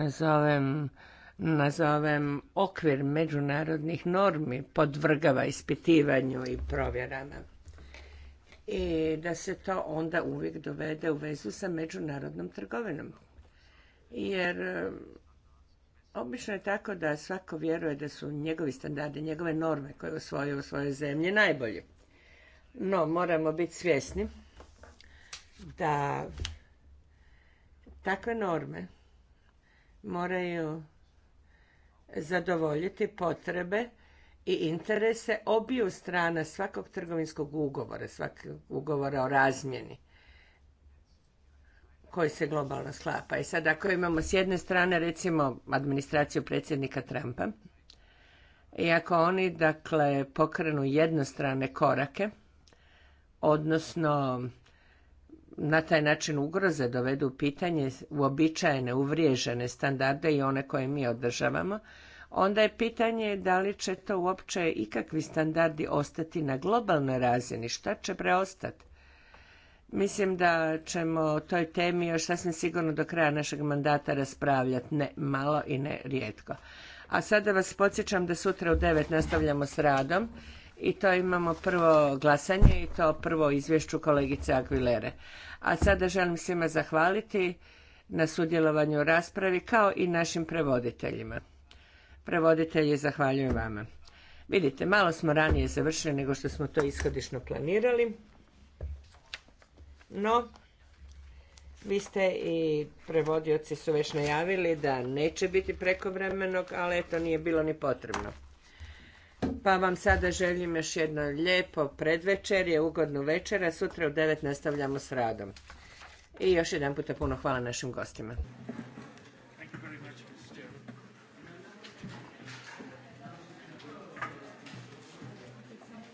nazovem okvir međunarodnih normi podvrgava ispitivanju i provjerama. I da se to onda uvijek dovede u vezu sa međunarodnom trgovinom. Jer eh, obično je tako da svako vjeruje da su njegovi standardi, njegove norme koje osvojuje u svojoj zemlji najbolji. No, moramo biti svjesni da takve norme moraju zadovoljiti potrebe i interese obiju strana svakog trgovinskog ugovora, svakog ugovora o razmjeni koji se globalno sklapa. I sad ako imamo s jedne strane recimo administraciju predsjednika Trumpa i ako oni dakle pokrenu jednostrane korake odnosno na taj način ugroze dovedu u pitanje uobičajene, uvriježene standarde i one koje mi održavamo, onda je pitanje da li će to uopće ikakvi standardi ostati na globalnoj razini, šta će preostati. Mislim da ćemo o toj temi još sasvim sigurno do kraja našeg mandata raspravljati, ne malo i ne rijetko. A sada vas podsjećam da sutra u 9 nastavljamo s radom i to imamo prvo glasanje i to prvo izvješću kolegice Aguilere. A sada želim svima zahvaliti na sudjelovanju u raspravi kao i našim prevoditeljima. Prevoditelji zahvaljujem vama. Vidite, malo smo ranije završili nego što smo to ishodišno planirali. No, vi ste i prevodioci su već najavili da neće biti prekovremenog, ali to nije bilo ni potrebno. Pa vam sada želim još jedno lijepo predvečerje, ugodnu a Sutra u devet nastavljamo s radom. I još jedan puta puno hvala našim gostima.